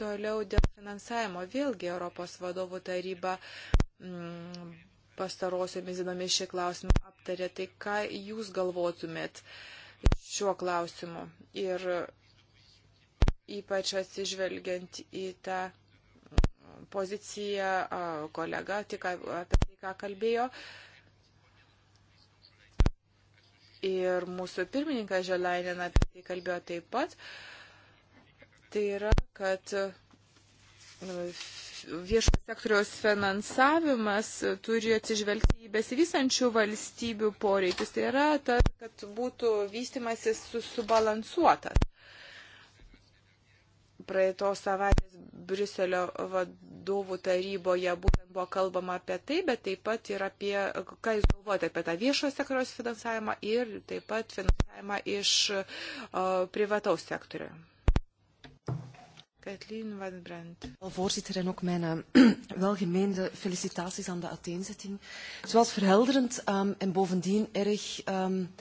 Toliau dėl finansavimo. Vėlgi Europos vadovų taryba mm, pastarosiomis dienomis šį klausimą aptarė. Tai ką jūs galvotumėt šiuo klausimu? Ir ypač atsižvelgiant į tą poziciją kolega, tik apie tai, ką kalbėjo. Ir mūsų pirmininkas Želainin apie tai kalbėjo taip pat. Uh, Tai yra, kad e, viešo sektoriaus finansavimas turi atsižvelgti į besivysančių valstybių poreikius. Tai yra, ta, kad būtų vystimasis subalansuotas. Praeitos savaitės Briuselio vadovų taryboje būtent buvo kalbama apie tai, bet taip pat ir apie, ką jūs galvojate apie tą viešo sektoriaus finansavimą ir taip pat finansavimą iš o, e, privataus sektoriaus. Kathleen Wadenbrand. Voorzitter, en ook mijn uh, eh, *clears throat* welgemeende felicitaties aan de uiteenzetting. Het was verhelderend um, en bovendien erg... Um,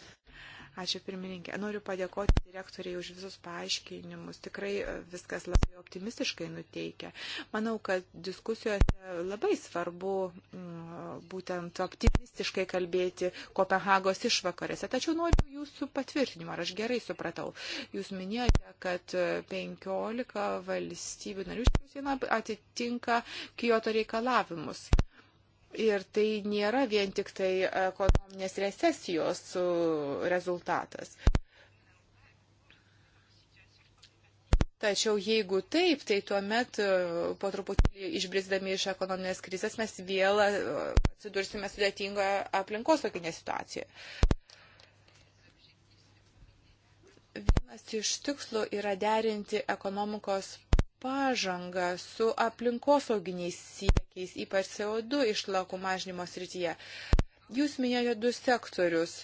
Ačiū pirmininkė. Noriu padėkoti direktoriai už visus paaiškinimus. Tikrai e, viskas labai optimistiškai nuteikia. Manau, kad diskusijose labai svarbu mm, būtent optimistiškai kalbėti Kopenhagos išvakarėse. Tačiau noriu jūsų patvirtinimo, ar aš gerai supratau. Jūs minėjote, kad 15 e, valstybių narių atitinka Kyoto reikalavimus. Ir tai nėra vien tik tai ekonominės recesijos rezultatas. Tačiau jeigu taip, tai tuomet e, po truputį išbrisdami iš ekonominės krizės mes vėl e, atsidursime sudėtingoje aplinkosauginė situacijoje. Vienas iš tikslų yra derinti ekonomikos pažangą su aplinkosauginiais siekiais, ypač CO2 išlakų mažnymo srityje. Jūs minėjote du sektorius.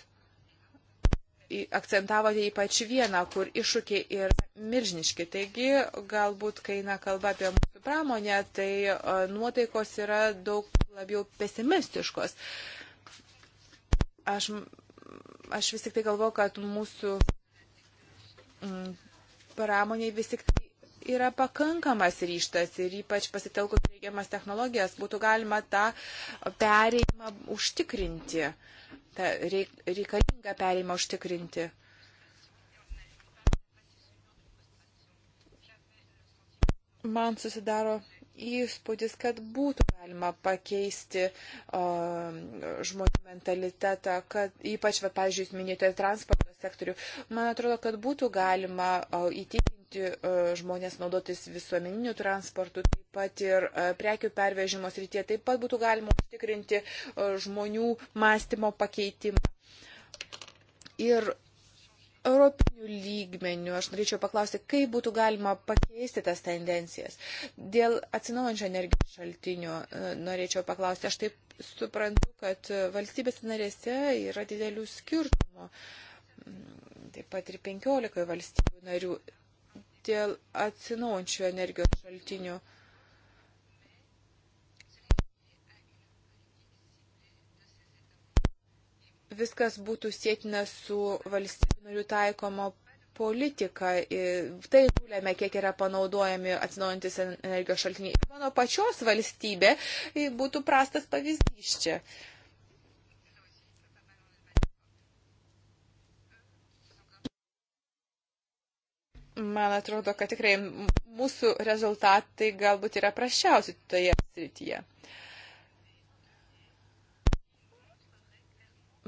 Akcentavote ypač vieną, kur iššūkiai yra miržniški. Taigi, galbūt, kai eina kalba apie mūsų pramonę, tai nuotaikos yra daug labiau pesimistiškos. Aš, aš vis tik tai galvoju, kad mūsų pramoniai vis tik yra pakankamas ryštas ir ypač pasitelkus reikiamas technologijas būtų galima tą perėjimą užtikrinti, tą reikalingą perėjimą užtikrinti. Man susidaro įspūdis, kad būtų galima pakeisti o, žmonių mentalitetą, kad ypač, va, pavyzdžiui, jūs minėjote transporto sektorių, man atrodo, kad būtų galima o, įtikinti būti e, žmonės naudotis visuomeniniu transportu, taip pat ir e, prekių pervežimo srityje, taip pat būtų galima užtikrinti e, žmonių mąstymo pakeitimą. Ir Europinių lygmenių aš norėčiau paklausti, kaip būtų galima pakeisti tas tendencijas. Dėl atsinaujančio energijos šaltinių norėčiau paklausti, aš taip suprantu, kad valstybės narėse yra didelių skirtumų mm, taip pat ir 15 valstybių narių dėl atsinaujančių energijos šaltinių. Viskas būtų sėtina su valstybių narių taikoma politika. Tai nulėmė, kiek yra panaudojami atsinaujantis energijos šaltiniai. Mano pačios valstybė būtų prastas pavyzdys čia. Uh, Man atrodo, kad tikrai mūsų rezultatai galbūt yra prašiausi toje srityje.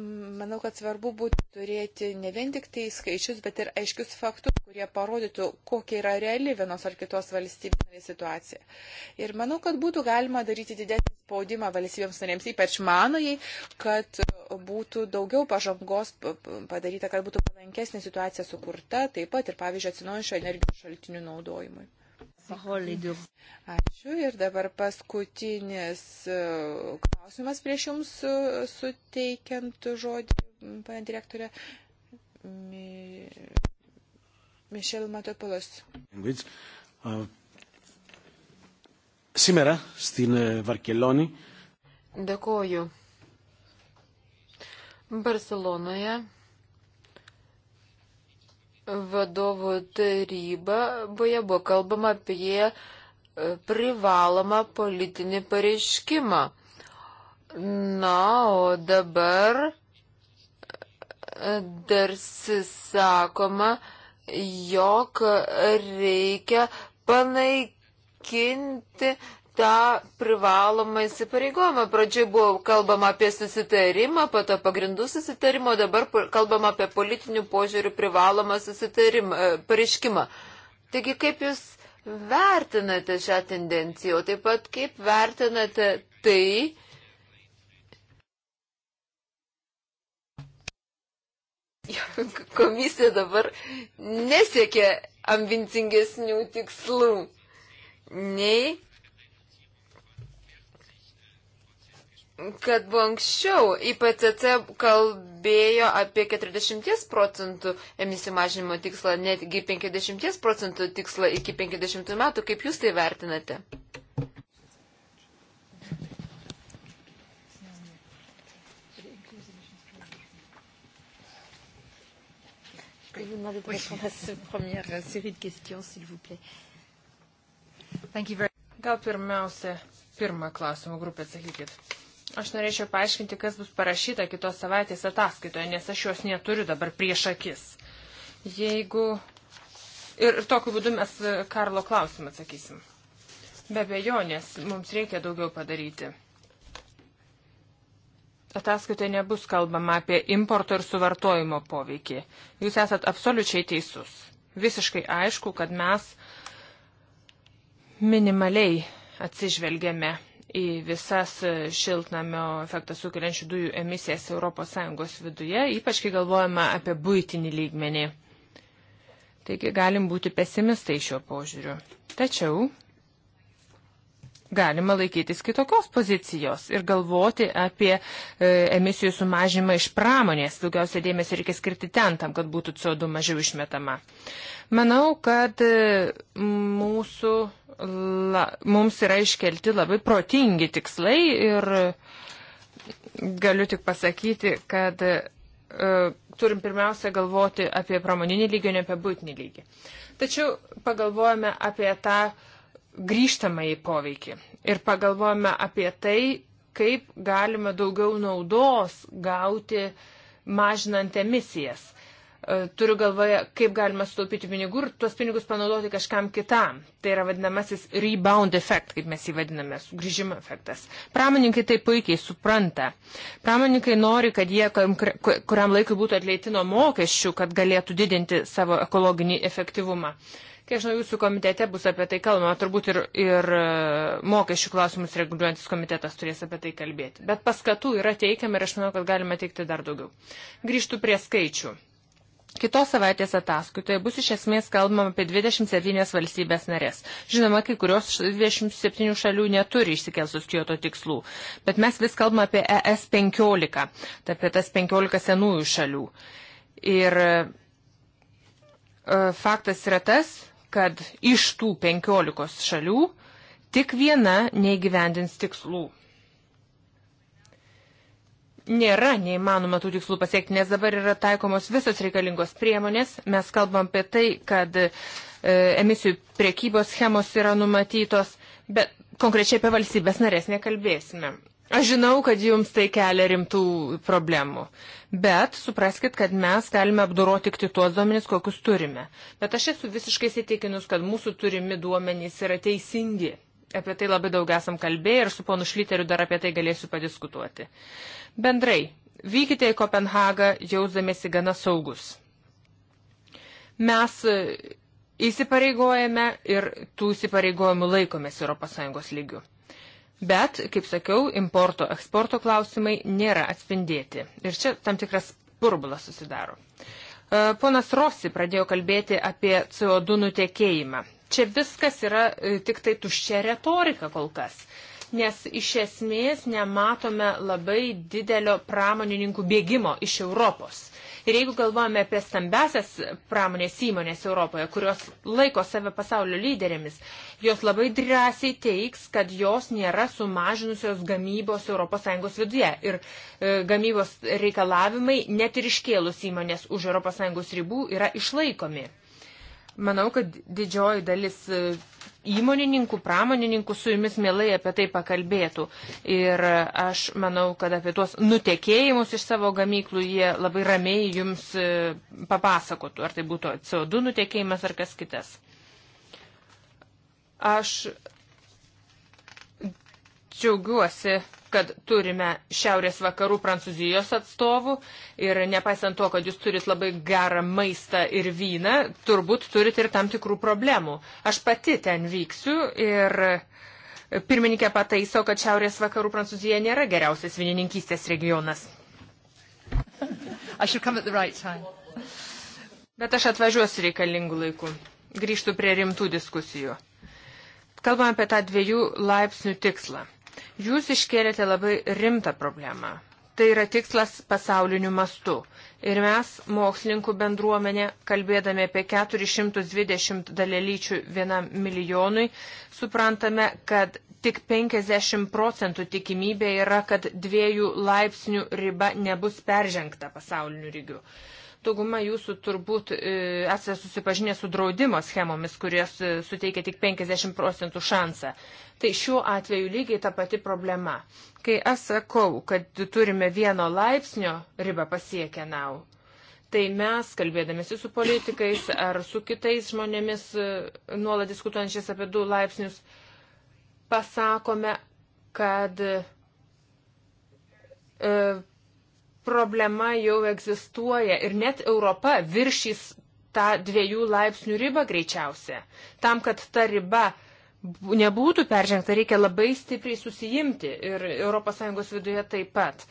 Manau, kad svarbu būtų turėti ne vien tik tai skaičius, bet ir aiškius faktus, kurie parodytų, kokia yra reali vienos ar kitos valstybės narės situacija. Ir manau, kad būtų galima daryti didesnį spaudimą valstybėms narėms, ypač manojai, kad būtų daugiau pažangos padaryta, kad būtų palankesnė situacija sukurta, taip pat ir, pavyzdžiui, atsinaujančio energijos šaltinių naudojimui. Ačiū ir dabar paskutinis e, klausimas prieš Jums e, suteikiant žodį, pane direktorė. Mi... Mišel Matopulos. Ah, Σήμερα στην Βαρκελόνη. Δεκόγιο. Barcelonoje vadovų taryboje buvo kalbama apie e, privalomą politinį pareiškimą. Na, o dabar e, dar sakoma, jog reikia panaikinti tą privalomą įsipareigojimą. Pradžiai buvo kalbama apie susitarimą, po to pagrindų susitarimo, dabar kalbama apie politinių požiūrių privalomą susitarimą, e, pareiškimą. Taigi, kaip Jūs vertinate šią tendenciją, o taip pat kaip vertinate tai, komisija dabar nesiekia ambicingesnių tikslų nei kad buvo anksčiau IPCC kalbėjo apie 40 procentų emisijų mažinimo tikslą, netgi 50 procentų tikslą iki 50 metų. Kaip jūs tai vertinate? Je vais vous demander de répondre à cette première série de questions, s'il vous plaît. Thank you very much. Gal pirmiausia, pirmą klausimą grupę atsakykit. Aš norėčiau paaiškinti, kas bus parašyta kitos savaitės ataskaitoje, nes aš juos neturiu dabar prieš akis. Jeigu. Ir, ir tokiu būdu mes e, Karlo klausimą atsakysim. Be abejonės, mums reikia daugiau padaryti. Ataskaitoje nebus kalbama apie importo ir suvartojimo poveikį. Jūs esat absoliučiai teisus. Visiškai aišku, kad mes minimaliai atsižvelgiame į visas šiltnamio efektą sukeliančių dujų emisijas ES viduje, ypač kai galvojama apie būtinį lygmenį. Taigi galim būti pesimistai šiuo požiūriu. Tačiau galima laikytis kitokios pozicijos ir galvoti apie e, emisijų sumažimą iš pramonės. Daugiausia dėmesio reikia skirti ten, tam, kad būtų CO2 mažiau išmetama. Manau, kad e, mūsų, la, mums yra iškelti labai protingi tikslai ir galiu tik pasakyti, kad e, turim pirmiausia galvoti apie pramoninį lygį, ne apie būtinį lygį. Tačiau pagalvojame apie tą grįžtamą į poveikį ir pagalvojame apie tai, kaip galime daugiau naudos gauti mažinant emisijas. E, turiu galvoje, kaip galima sutaupyti pinigų ir tuos pinigus panaudoti kažkam kitam. Tai yra vadinamasis rebound effect, kaip mes jį vadiname, sugrįžimo efektas. Pramoninkai tai puikiai supranta. Pramoninkai nori, kad jie kuriam laikui būtų atleiti nuo mokesčių, kad galėtų didinti savo ekologinį efektyvumą. Uh, Kiek žinau, jūsų komitete bus apie tai kalbama, turbūt ir, ir e, mokesčių klausimus reguliuojantis komitetas turės apie tai kalbėti. Bet paskatų yra teikiama ir aš manau, kad galima teikti dar daugiau. Grįžtų prie skaičių. Kitos savaitės ataskaitoje bus iš esmės kalbama apie 27 valstybės narės. Žinoma, kai kurios 27 šalių neturi išsikelsus Kyoto tikslų, bet mes vis kalbame apie ES 15, tai apie tas 15 senųjų šalių. Ir e, faktas yra tas, kad iš tų penkiolikos šalių tik viena neįgyvendins tikslų. Nėra neįmanoma tų tikslų pasiekti, nes dabar yra taikomos visos reikalingos priemonės. Mes kalbam apie tai, kad e, emisijų priekybos schemos yra numatytos, bet konkrečiai apie valstybės narės nekalbėsime. Aš žinau, kad jums tai kelia rimtų problemų, bet supraskite, kad mes galime apdoroti tik tuos duomenys, kokius turime. Bet aš esu visiškai įsitikinus, kad mūsų turimi duomenys yra teisingi apie tai labai daug esam kalbėję ir su ponu Šliteriu dar apie tai galėsiu padiskutuoti. Bendrai, vykite į Kopenhagą jausdamėsi gana saugus. Mes e, įsipareigojame ir tų įsipareigojimų laikomės ES lygių. Bet, kaip sakiau, importo, eksporto klausimai nėra atspindėti. Ir čia tam tikras purbulas susidaro. E, ponas Rosi pradėjo kalbėti apie CO2 nutekėjimą. Čia viskas yra e, tik tai tuščia retorika kol kas, nes iš esmės nematome labai didelio pramonininkų bėgimo iš Europos. Ir jeigu galvojame apie stambesias pramonės įmonės Europoje, kurios laiko save pasaulio lyderėmis, jos labai drąsiai teiks, kad jos nėra sumažinusios gamybos ES viduje. Ir e, gamybos reikalavimai, net ir iškėlus įmonės už ES ribų, yra išlaikomi. Manau, kad didžioji dalis e, įmonininkų, pramonininkų su jumis mielai apie tai pakalbėtų. Ir aš manau, kad apie tuos nutekėjimus iš savo gamyklų jie labai ramiai jums e, papasakotų, ar tai būtų CO2 nutekėjimas ar kas kitas. Aš džiaugiuosi, kad turime šiaurės vakarų Prancūzijos atstovų ir nepaisant to, kad jūs turit labai gerą maistą ir vyną, turbūt turit ir tam tikrų problemų. Aš pati ten vyksiu ir pirmininkė pataiso, kad šiaurės vakarų Prancūzija nėra geriausias vynininkystės regionas. Right Bet aš atvažiuosiu reikalingų laikų. Grįžtų prie rimtų diskusijų. Kalbame apie tą dviejų laipsnių tikslą. Jūs iškėlėte labai rimtą problemą. Tai yra tikslas pasauliniu mastu. Ir mes, mokslininkų bendruomenė, kalbėdami apie 420 dalelyčių vienam milijonui, suprantame, kad tik 50 procentų tikimybė yra, kad dviejų laipsnių riba nebus peržengta pasauliniu lygiu. Dauguma jūsų turbūt e, esate susipažinę su draudimo schemomis, kurios e, suteikia tik 50 procentų šansą. Tai šiuo atveju lygiai ta pati problema. Kai aš sakau, kad turime vieno laipsnio ribą pasiekę nau, tai mes, kalbėdamėsi su politikais ar su kitais žmonėmis, e, nuolat diskutuojančiais apie du laipsnius, pasakome, kad e, problema jau egzistuoja ir net Europa viršys tą dviejų laipsnių ribą greičiausia. Tam, kad ta riba nebūtų peržengta, reikia labai stipriai susijimti ir ES viduje taip pat.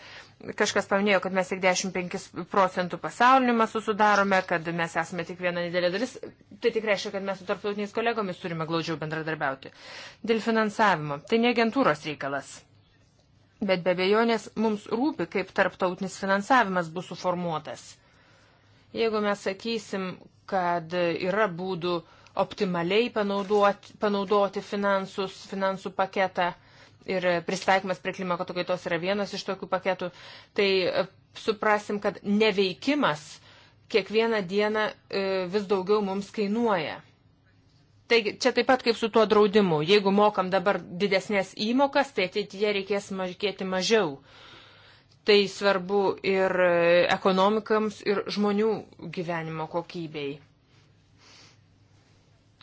Kažkas paminėjo, kad mes tik 15 procentų pasaulinių masų sudarome, kad mes esame tik viena didelė dalis. Tai tik reiškia, kad mes su tarptautiniais kolegomis turime glaudžiau bendradarbiauti. Dėl finansavimo. Tai ne agentūros reikalas Bet be bejonės mums rūpi, kaip tarptautinis finansavimas bus suformuotas. Jeigu mes sakysim, kad yra būdų optimaliai panaudoti, panaudoti finansus, finansų paketą ir pristaikymas prie klimato kaitos yra vienas iš tokių paketų, tai e, suprasim, kad neveikimas kiekvieną dieną e, vis daugiau mums kainuoja. Taigi, čia taip pat kaip su tuo draudimu. Jeigu mokam dabar didesnės įmokas, tai ateityje reikės mokėti mažiau. Tai svarbu ir ekonomikams, ir žmonių gyvenimo kokybei.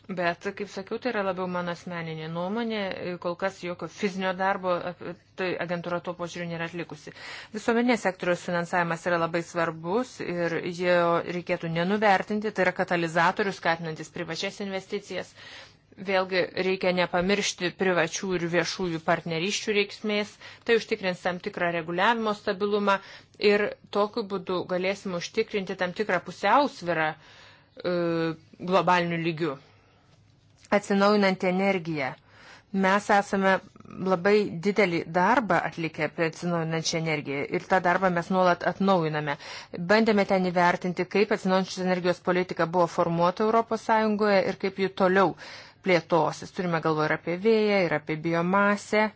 Bet, kaip sakiau, tai yra labiau mano asmeninė nuomonė, kol kas jokio fizinio darbo tai agentūra tuo požiūriu nėra atlikusi. Visuomenės sektoriaus finansavimas yra labai svarbus ir jo reikėtų nenuvertinti, tai yra katalizatorius skatinantis privačias investicijas. Vėlgi reikia nepamiršti privačių ir viešųjų partnerysčių reiksmės, tai užtikrins tam tikrą reguliavimo stabilumą ir tokiu būdu galėsim užtikrinti tam tikrą pusiausvirą e, globaliniu lygiu atsinaujinanti energija. Mes esame labai didelį darbą atlikę apie atsinaujinančią energiją ir tą darbą mes nuolat atnaujiname. Bandėme ten įvertinti, kaip atsinaujinančios energijos politika buvo formuota ES ir kaip jų toliau plėtosis. Turime galvoje ir apie vėją, ir apie biomasę,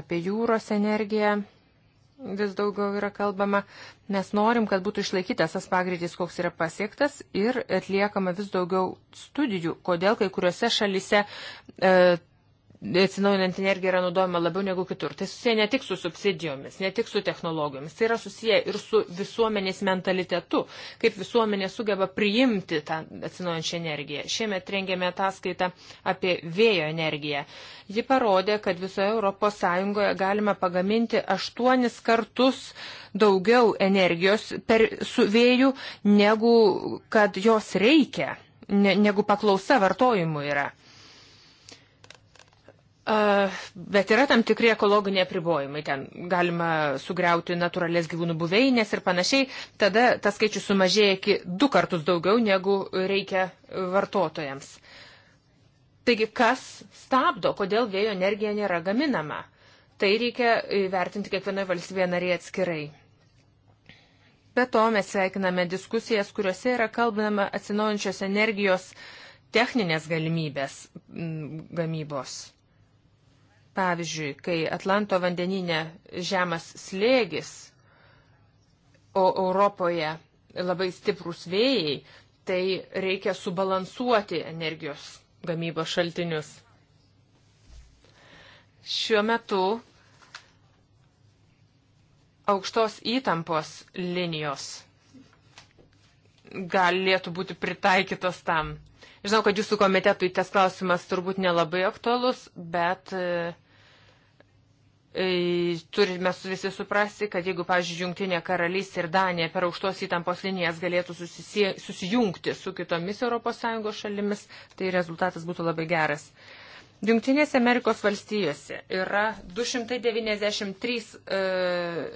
apie jūros energiją vis daugiau yra kalbama. Mes norim, kad būtų išlaikytas tas pagreitis, koks yra pasiektas ir atliekama vis daugiau studijų, kodėl kai kuriuose šalise e, atsinaujinant energija yra naudojama labiau negu kitur. Tai susiję ne tik su subsidijomis, ne tik su technologijomis, tai yra susiję ir su visuomenės mentalitetu, kaip visuomenė sugeba priimti tą atsinaujančią energiją. Šiemet rengėme ataskaitą apie vėjo energiją. Ji parodė, kad visoje Europos Sąjungoje galima pagaminti aštuonis kartus daugiau energijos per, su vėju, negu kad jos reikia, ne, negu paklausa vartojimų yra. Bet yra tam tikri ekologiniai apribojimai, ten galima sugriauti natūralės gyvūnų buveinės ir panašiai, tada tas skaičius sumažėja iki du kartus daugiau, negu reikia vartotojams. Taigi, kas stabdo, kodėl vėjo energija nėra gaminama? Tai reikia vertinti kiekvienoje valstybėje narėje atskirai. Be to, mes sveikiname diskusijas, kuriuose yra kalbama atsinaujančios energijos techninės galimybės gamybos Pavyzdžiui, kai Atlanto vandeninė žemas slėgis, o Europoje labai stiprus vėjai, tai reikia subalansuoti energijos gamybos šaltinius. Šiuo metu aukštos įtampos linijos galėtų būti pritaikytos tam. Žinau, kad jūsų komitetui tas klausimas turbūt nelabai aktualus, bet uh, E, turime visi suprasti, kad jeigu, pavyzdžiui, Junktinė karalystė ir Danija per aukštos įtampos linijas galėtų susisie, susijungti su kitomis ES šalimis, tai rezultatas būtų labai geras. Junktinėse Amerikos valstijose yra 293 e,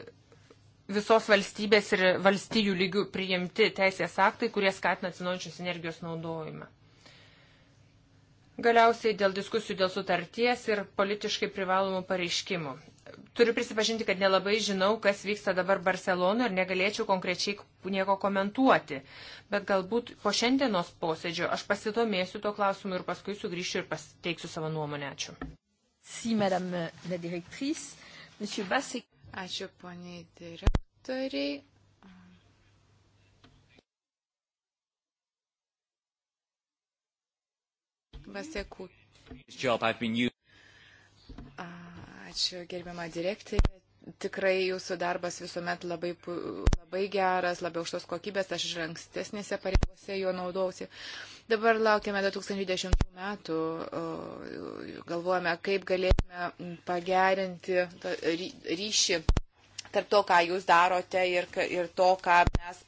visos valstybės ir valstijų lygių priimti teisės aktai, kurie skatina atsinaujančios energijos naudojimą. Galiausiai dėl diskusijų dėl sutarties ir politiškai privalomų pareiškimų. Turiu prisipažinti, kad nelabai žinau, kas vyksta dabar Barcelonoje ir negalėčiau konkrečiai nieko komentuoti. Bet galbūt po šiandienos posėdžio aš pasidomėsiu to klausimu ir paskui sugrįšiu ir pasteiksiu savo nuomonę. Ačiū. Si, madame la directrice, monsieur Basse. Ačiū, poniai direktoriai. Vasekų. Ačiū, gerbiama direktorė. Tikrai jūsų darbas visuomet labai, labai geras, labai aukštos kokybės, aš ir ankstesnėse pareigose juo naudausi. Dabar laukiame 2010 metų, galvojame, kaip galėtume pagerinti ryšį tarp to, ką jūs darote ir, ir to, ką mes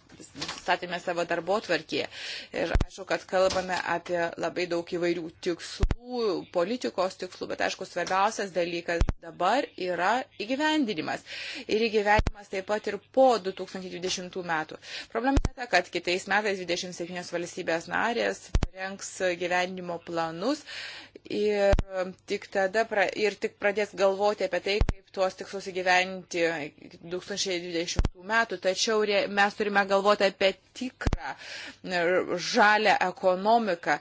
nustatėme savo darbo tvarkėje. Ir aišku, kad kalbame apie labai daug įvairių tikslų, politikos tikslų, bet aišku, svarbiausias dalykas dabar yra įgyvendinimas. Ir įgyvendinimas taip pat ir po 2020 metų. Problema yra ta, kad kitais metais 27 valstybės narės rengs gyvenimo planus ir tik tada pra, ir tik pradės galvoti apie tai, kaip tuos tikslus įgyventi 2020 metų. Tačiau mes turime galvoti apie tikrą žalę ekonomiką.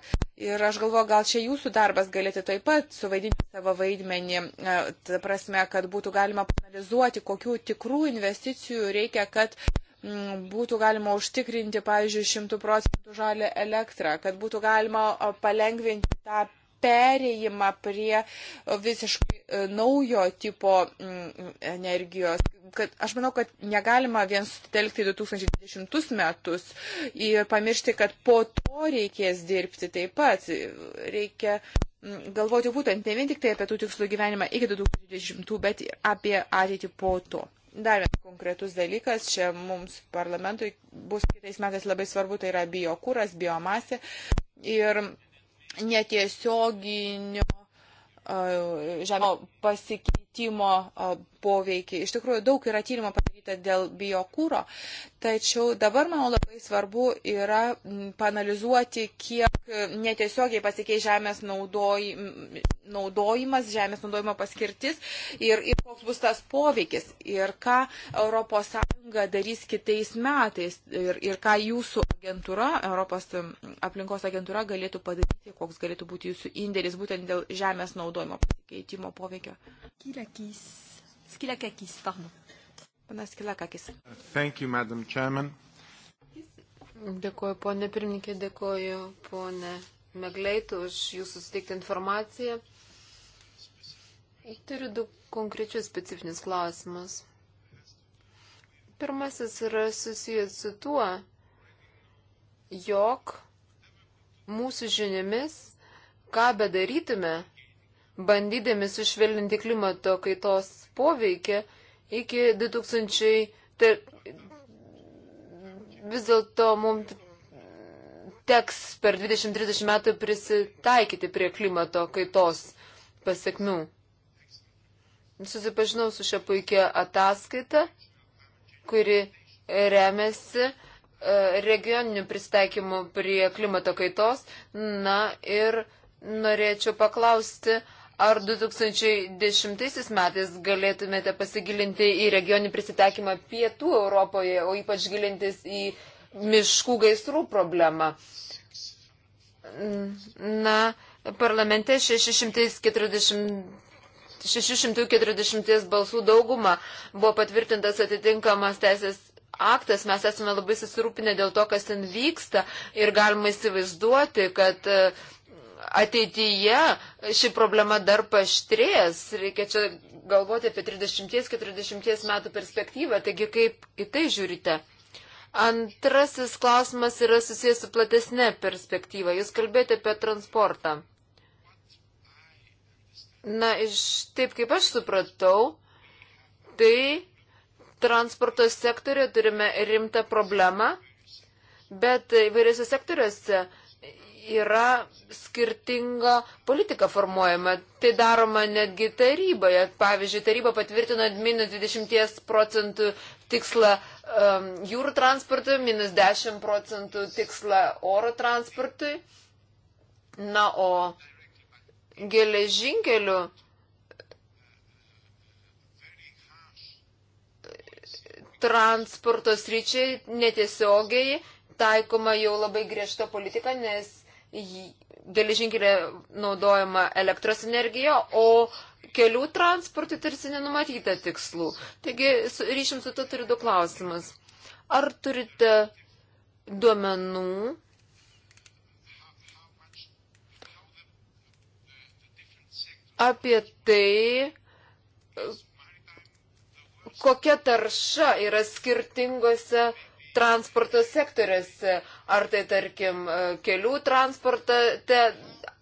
Ir aš galvoju, gal čia jūsų darbas galėtų taip pat suvaidinti savo vaidmenį, e, ta prasme, kad būtų galima panalizuoti, kokių tikrų investicijų reikia, kad uh, Mm, būtų galima užtikrinti, pavyzdžiui, 100 procentų žalę elektrą, kad būtų galima palengvinti tą perėjimą prie visiškai naujo tipo mm, energijos. Kad, aš manau, kad negalima vien sutelkti 2020 metus ir pamiršti, kad po to reikės dirbti taip pat. Reikia mm, galvoti būtent ne vien tik tai apie tų tikslų gyvenimą iki 2020, bet ir apie ateitį po to. Dar vienas konkretus dalykas, čia mums parlamentui bus kitais metais labai svarbu, tai yra biokūras, biomasė ir netiesioginio žemės pasikeitimo pakeitimo poveikį. Iš tikrųjų, daug yra tyrimo padaryta dėl biokūro, tačiau dabar, manau, labai svarbu yra panalizuoti, kiek e, netiesiogiai pasikeis žemės naudoj, naudojimas, žemės naudojimo paskirtis ir, ir koks bus tas poveikis ir ką ES darys kitais metais ir, ir ką jūsų agentūra, Europos aplinkos agentūra galėtų padaryti, koks galėtų būti jūsų indėlis būtent dėl žemės naudojimo pasikeitimo poveikio. Kyla. Skilakakis. Skilakakis, pardon. Panas Skilakakis. Thank you, Madam Chairman. Dėkuoju, ponė pirmininkė, dėkuoju, ponė Meglaitų, už jūsų suteiktą informaciją. Turiu du konkrečius specifinius klausimus. Pirmasis yra susijęs su tuo, jog mūsų žiniomis, ką bedarytume, bandydami sušvelninti klimato kaitos poveikį iki 2000. Tai vis dėlto mums teks per 20-30 metų prisitaikyti prie klimato kaitos pasiekmių. Susipažinau su šia puikia ataskaita, kuri remiasi e, regioniniu pristaikymu prie klimato kaitos. Na ir norėčiau paklausti, Ar 2010 metais galėtumėte pasigilinti į regionį prisitaikymą pietų Europoje, o ypač gilintis į miškų gaisrų problemą? Na, parlamente 640 640 balsų dauguma buvo patvirtintas atitinkamas teisės aktas. Mes esame labai susirūpinę dėl to, kas ten vyksta ir galima įsivaizduoti, kad uh, ateityje ši problema dar paštrės. Reikia čia galvoti apie 30-40 metų perspektyvą. Taigi, kaip į tai žiūrite? Antrasis klausimas yra susijęs su platesnė perspektyva. Jūs kalbėjote apie transportą. Na, iš taip kaip aš supratau, tai transporto sektorė turime rimtą problemą, bet įvairiose sektoriuose yra skirtinga politika formuojama. Tai daroma netgi taryboje. Pavyzdžiui, taryba patvirtino minus 20 procentų tikslą um, jūrų transportui, minus 10 procentų tikslą oro transportui. Na, o geležinkeliu. Transporto sryčiai netiesiogiai taikoma jau labai griežta politika, nes geležinkelė naudojama elektros energija, o kelių transportui tarsi nenumatyta tikslų. Taigi, su, ryšim su to turiu du klausimus. Ar turite duomenų? Apie tai, kokia tarša yra skirtingose uh, transporto sektoriuose, ar tai tarkim e, kelių transporte,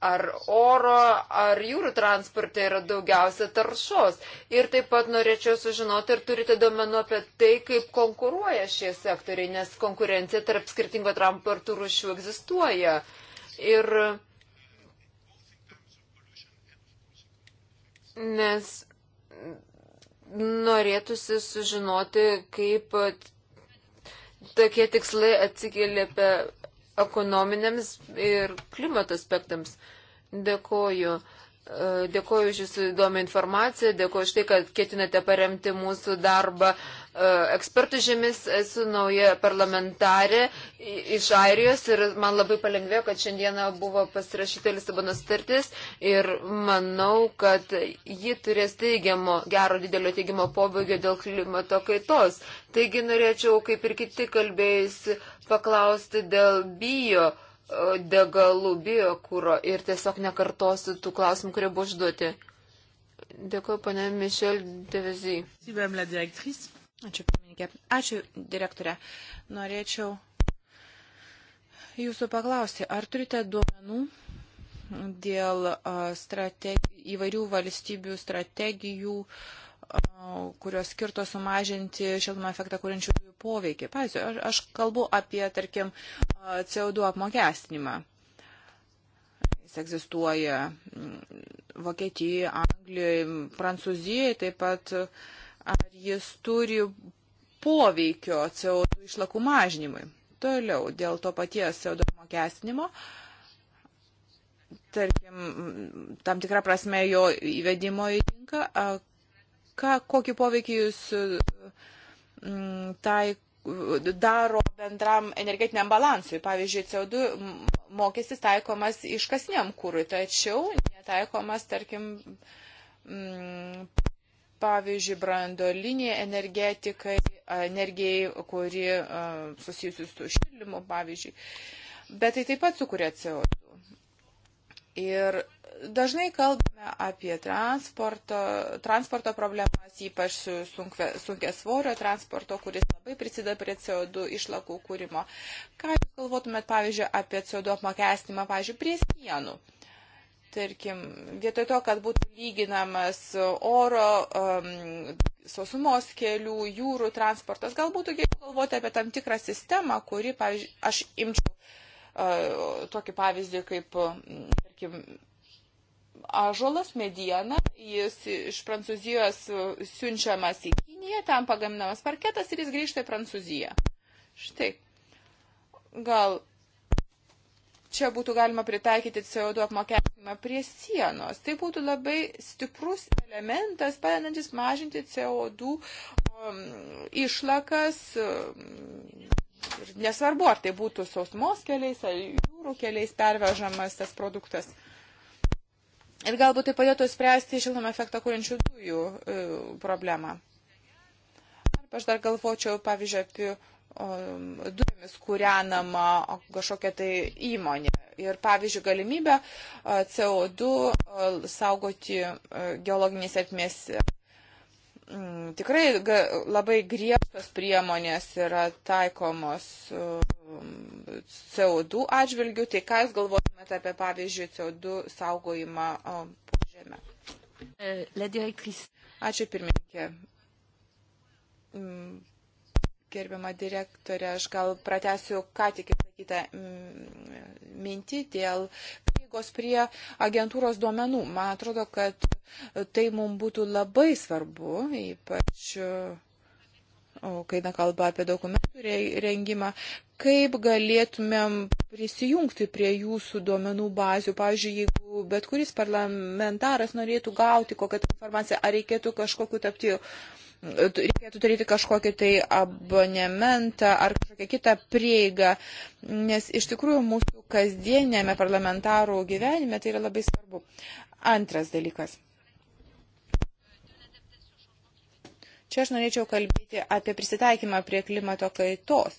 ar oro, ar jūrų transporte yra daugiausia taršos. Ir taip pat norėčiau sužinoti, ar turite domenų apie tai, kaip konkuruoja šie sektoriai, nes konkurencija tarp skirtingo transportų rušių egzistuoja. Ir nes norėtųsi sužinoti, kaip tokie tikslai atsikėlė apie ekonominiams ir klimato aspektams. Dėkoju. Dėkuoju už Jūsų įdomią informaciją, dėkuoju už tai, kad ketinate paremti mūsų darbą e, ekspertų žemis. Esu nauja parlamentarė iš Airijos ir man labai palengvėjo, kad šiandieną buvo pasirašyta Lisabono startis ir manau, kad ji turės teigiamo, gero didelio teigiamo pobaigio dėl klimato kaitos. Taigi norėčiau, kaip ir kiti kalbėjusi, paklausti dėl bijo degalų, biokūro ir tiesiog nekartosiu tų klausimų, kurie buvo užduoti. Dėkuoju, ponė Mišel Devezy. Ačiū, pirmininkė. Ačiū, direktorė. Norėčiau jūsų paklausti, ar turite duomenų dėl strategi, įvairių valstybių strategijų, kurios skirto sumažinti šiltnamio efektą kūrinčių poveikį. Pavyzdžiui, aš, aš kalbu apie, tarkim, CO2 apmokestinimą. Jis egzistuoja mm, Vokietijoje, Anglijoje, Prancūzijoje taip pat. Ar jis turi poveikio CO2 išlakų mažinimui? Toliau, dėl to paties CO2 apmokestinimo tarkim, mm, tam tikrą prasme jo įvedimo į rinką, ką, kokį poveikį jūs Mm, taiko daro bendram energetiniam balansui. Pavyzdžiui, CO2 mokestis taikomas iškasniam kūrui, tačiau netaikomas, tarkim, mm, pavyzdžiui, brandoliniai energetikai, energijai, kuri susijusi su šildymu, pavyzdžiui. Bet tai taip pat sukuria CO2. Ir Dažnai kalbame apie transporto, transporto problemas, ypač sunkia svorio transporto, kuris labai prisideda prie CO2 išlakų kūrimo. Ką jūs galvotumėt, pavyzdžiui, apie CO2 apmokestimą, pavyzdžiui, prie sienų? Tarkim, vietoj to, kad būtų lyginamas oro, um, sausumos kelių, jūrų transportas, galbūt geriau galvoti apie tam tikrą sistemą, kuri, pavyzdžiui, aš imčiau uh, tokį pavyzdį kaip, tarkim, ažolas, mediena, jis iš Prancūzijos e, siunčiamas į Kiniją, tam pagaminamas parketas ir jis grįžta į Prancūziją. Štai. Gal čia būtų galima pritaikyti CO2 apmokestinimą prie sienos. Tai būtų labai stiprus elementas, padedantis mažinti CO2 um, išlakas. Um, nesvarbu, ar tai būtų sausumos keliais ar jūrų keliais pervežamas tas produktas. Uh, Ir galbūt tai padėtų spręsti šiltnamio efektą kuriančių dujų e, problemą. Arba aš dar galvočiau, pavyzdžiui, apie dujomis kūrenamą kažkokią tai įmonę. Ir, pavyzdžiui, galimybę e, CO2 e, saugoti geologinės atmės. Mm, tikrai labai griežtos priemonės yra taikomos CO2 atžvilgių, tai ką Jūs galvotumėte apie, pavyzdžiui, CO2 saugojimą po žemę? E, Ačiū pirmininkė. Mm, gerbiama direktorė, aš gal pratęsiu ką tik įsakytą mm, mintį dėl prieigos prie agentūros duomenų. Man atrodo, kad tai mums būtų labai svarbu, ypač o kai eina kalba apie dokumentų rengimą, kaip galėtumėm prisijungti prie jūsų duomenų bazių. Pavyzdžiui, jeigu bet kuris parlamentaras norėtų gauti kokią tai informaciją, ar reikėtų kažkokiu tapti, reikėtų turėti kažkokį tai abonementą ar kažkokią kitą prieigą, nes iš tikrųjų mūsų kasdienėme parlamentarų gyvenime tai yra labai svarbu. Antras dalykas. Čia aš norėčiau kalbėti apie prisitaikymą prie klimato kaitos.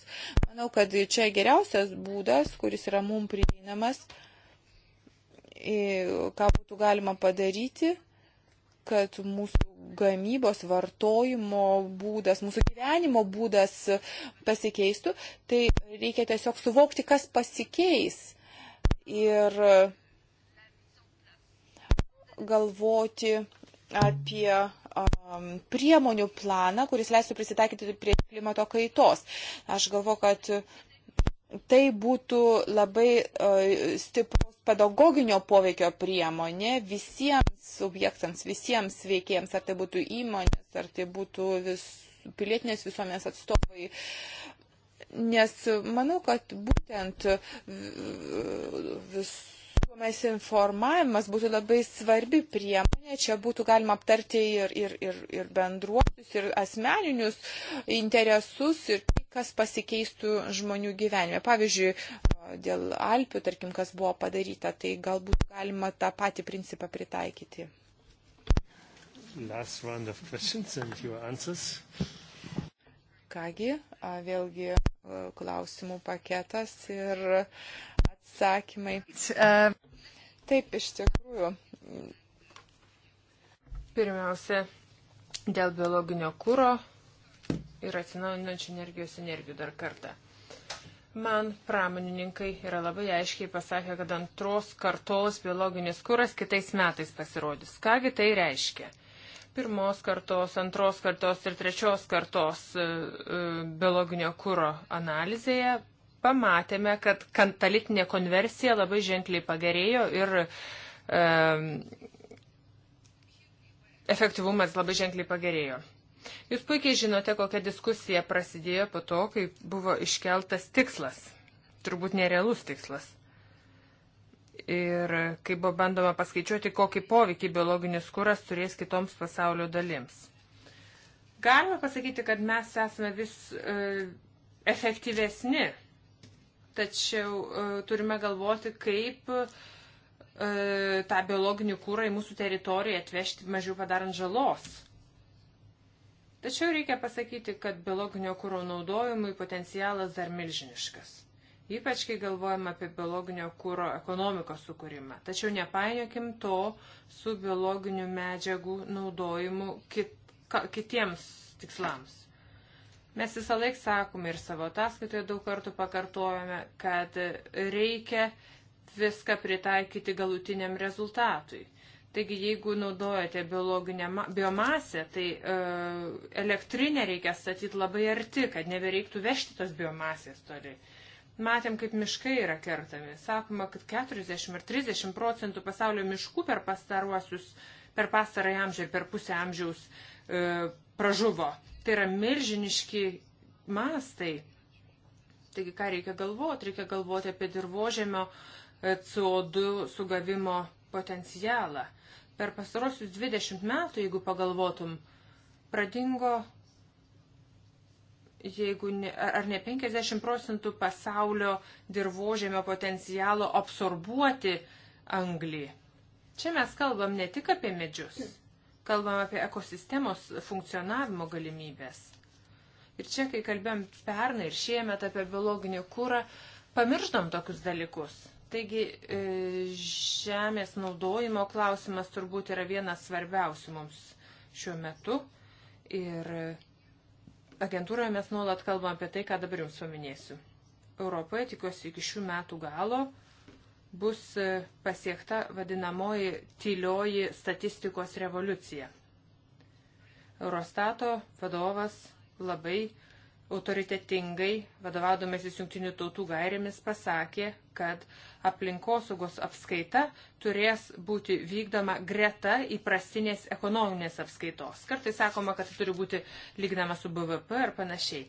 Manau, kad čia geriausias būdas, kuris yra mum prieinamas, ką būtų galima padaryti, kad mūsų gamybos, vartojimo būdas, mūsų gyvenimo būdas pasikeistų, tai reikia tiesiog suvokti, kas pasikeis ir galvoti apie Um, priemonių planą, kuris leistų prisitaikyti prie klimato kaitos. Aš galvoju, kad tai būtų labai uh, stiprus pedagoginio poveikio priemonė visiems subjektams, visiems veikėjams, ar tai būtų įmonės, ar tai būtų vis, pilietinės visuomenės atstovai. Nes manau, kad būtent visų Mes informavimas būtų labai svarbi priemonė. Čia būtų galima aptarti ir, ir, ir, ir bendruosius, ir asmeninius interesus, ir tai, kas pasikeistų žmonių gyvenime. Pavyzdžiui, dėl Alpių, tarkim, kas buvo padaryta, tai galbūt galima tą patį principą pritaikyti. Last round of questions and your answers. Kągi, vėlgi e, klausimų paketas ir atsakymai. Taip, iš tikrųjų. Pirmiausia, dėl biologinio kūro ir atsinaujinančių energijos energijų dar kartą. Man pramonininkai yra labai aiškiai pasakę, kad antros kartos biologinis kuras kitais metais pasirodys. Kągi tai reiškia? pirmos kartos, antros kartos ir trečios kartos e, e, biologinio kūro analizėje pamatėme, kad kantalitinė konversija labai ženkliai pagerėjo ir e, efektyvumas labai ženkliai pagerėjo. Jūs puikiai žinote, kokia diskusija prasidėjo po to, kai buvo iškeltas tikslas, turbūt nerealus tikslas. Ir kai buvo bandoma paskaičiuoti, kokį poveikį biologinis kuras turės kitoms pasaulio dalims. Galima pasakyti, kad mes esame vis e, efektyvesni tačiau e, turime galvoti, kaip e, tą biologinį kūrą į mūsų teritoriją atvežti mažiau padarant žalos. Tačiau reikia pasakyti, kad biologinio kūro naudojimui potencialas dar milžiniškas. Ypač, kai galvojame apie biologinio kūro ekonomikos sukūrimą. Tačiau nepainiokim to su biologinių medžiagų naudojimu kit, ka, kitiems tikslams. Mes visą laik sakome ir savo ataskaitoje daug kartų pakartojame, kad reikia viską pritaikyti galutiniam rezultatui. Taigi, jeigu naudojate biologinę biomasę, tai e, elektrinę reikia statyti labai arti, kad nebereiktų vežti tos biomasės toli. Matėm, kaip miškai yra kertami. Sakoma, kad 40 ar 30 procentų pasaulio miškų per pastaruosius, per pastarąjį amžių ir per pusę amžiaus e, pražuvo. Tai yra milžiniški mastai. Taigi, ką reikia galvoti? Reikia galvoti apie dirbožėmio e, CO2 sugavimo potencialą. Per pastarosius 20 metų, jeigu pagalvotum, pradingo, jeigu ne, ar ne 50 procentų pasaulio dirbožėmio potencialo absorbuoti anglį. Čia mes kalbam ne tik apie medžius kalbam apie ekosistemos funkcionavimo galimybės. Ir čia, kai kalbėm pernai ir šiemet apie biologinį kūrą, pamirštam tokius dalykus. Taigi e, žemės naudojimo klausimas turbūt yra vienas svarbiausių mums šiuo metu. Ir agentūroje mes nuolat kalbam apie tai, ką dabar jums paminėsiu. Europoje tikiuosi iki šių metų galo bus pasiekta vadinamoji tylioji statistikos revoliucija. Eurostato vadovas labai autoritetingai, vadovaudamasis jungtinių tautų gairėmis, pasakė, kad aplinkosaugos apskaita turės būti vykdoma greta įprastinės ekonominės apskaitos. Kartai sakoma, kad tai turi būti lyginama su BVP ar panašiai.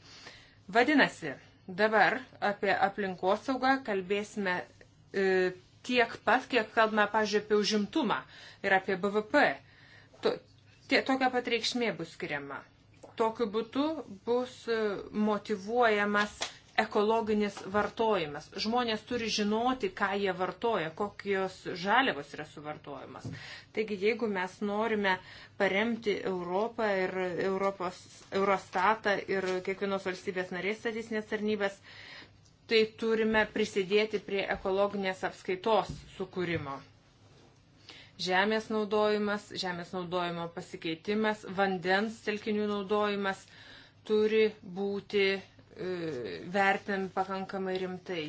Vadinasi, dabar apie aplinkosaugą kalbėsime E, tiek pat, kiek kalbame, pažiūrėjau, apie užimtumą ir apie BVP. To, tie, tokia pat reikšmė bus skiriama. Tokiu būdu bus e, motivuojamas ekologinis vartojimas. Žmonės turi žinoti, ką jie vartoja, kokios žaliavos yra suvartojimas. Taigi, jeigu mes norime paremti Europą ir Europos, Eurostatą ir kiekvienos valstybės narės statistinės tarnybės, uh, tai turime prisidėti prie ekologinės apskaitos sukūrimo. Žemės naudojimas, žemės naudojimo pasikeitimas, vandens telkinių naudojimas turi būti e, vertinami pakankamai rimtai.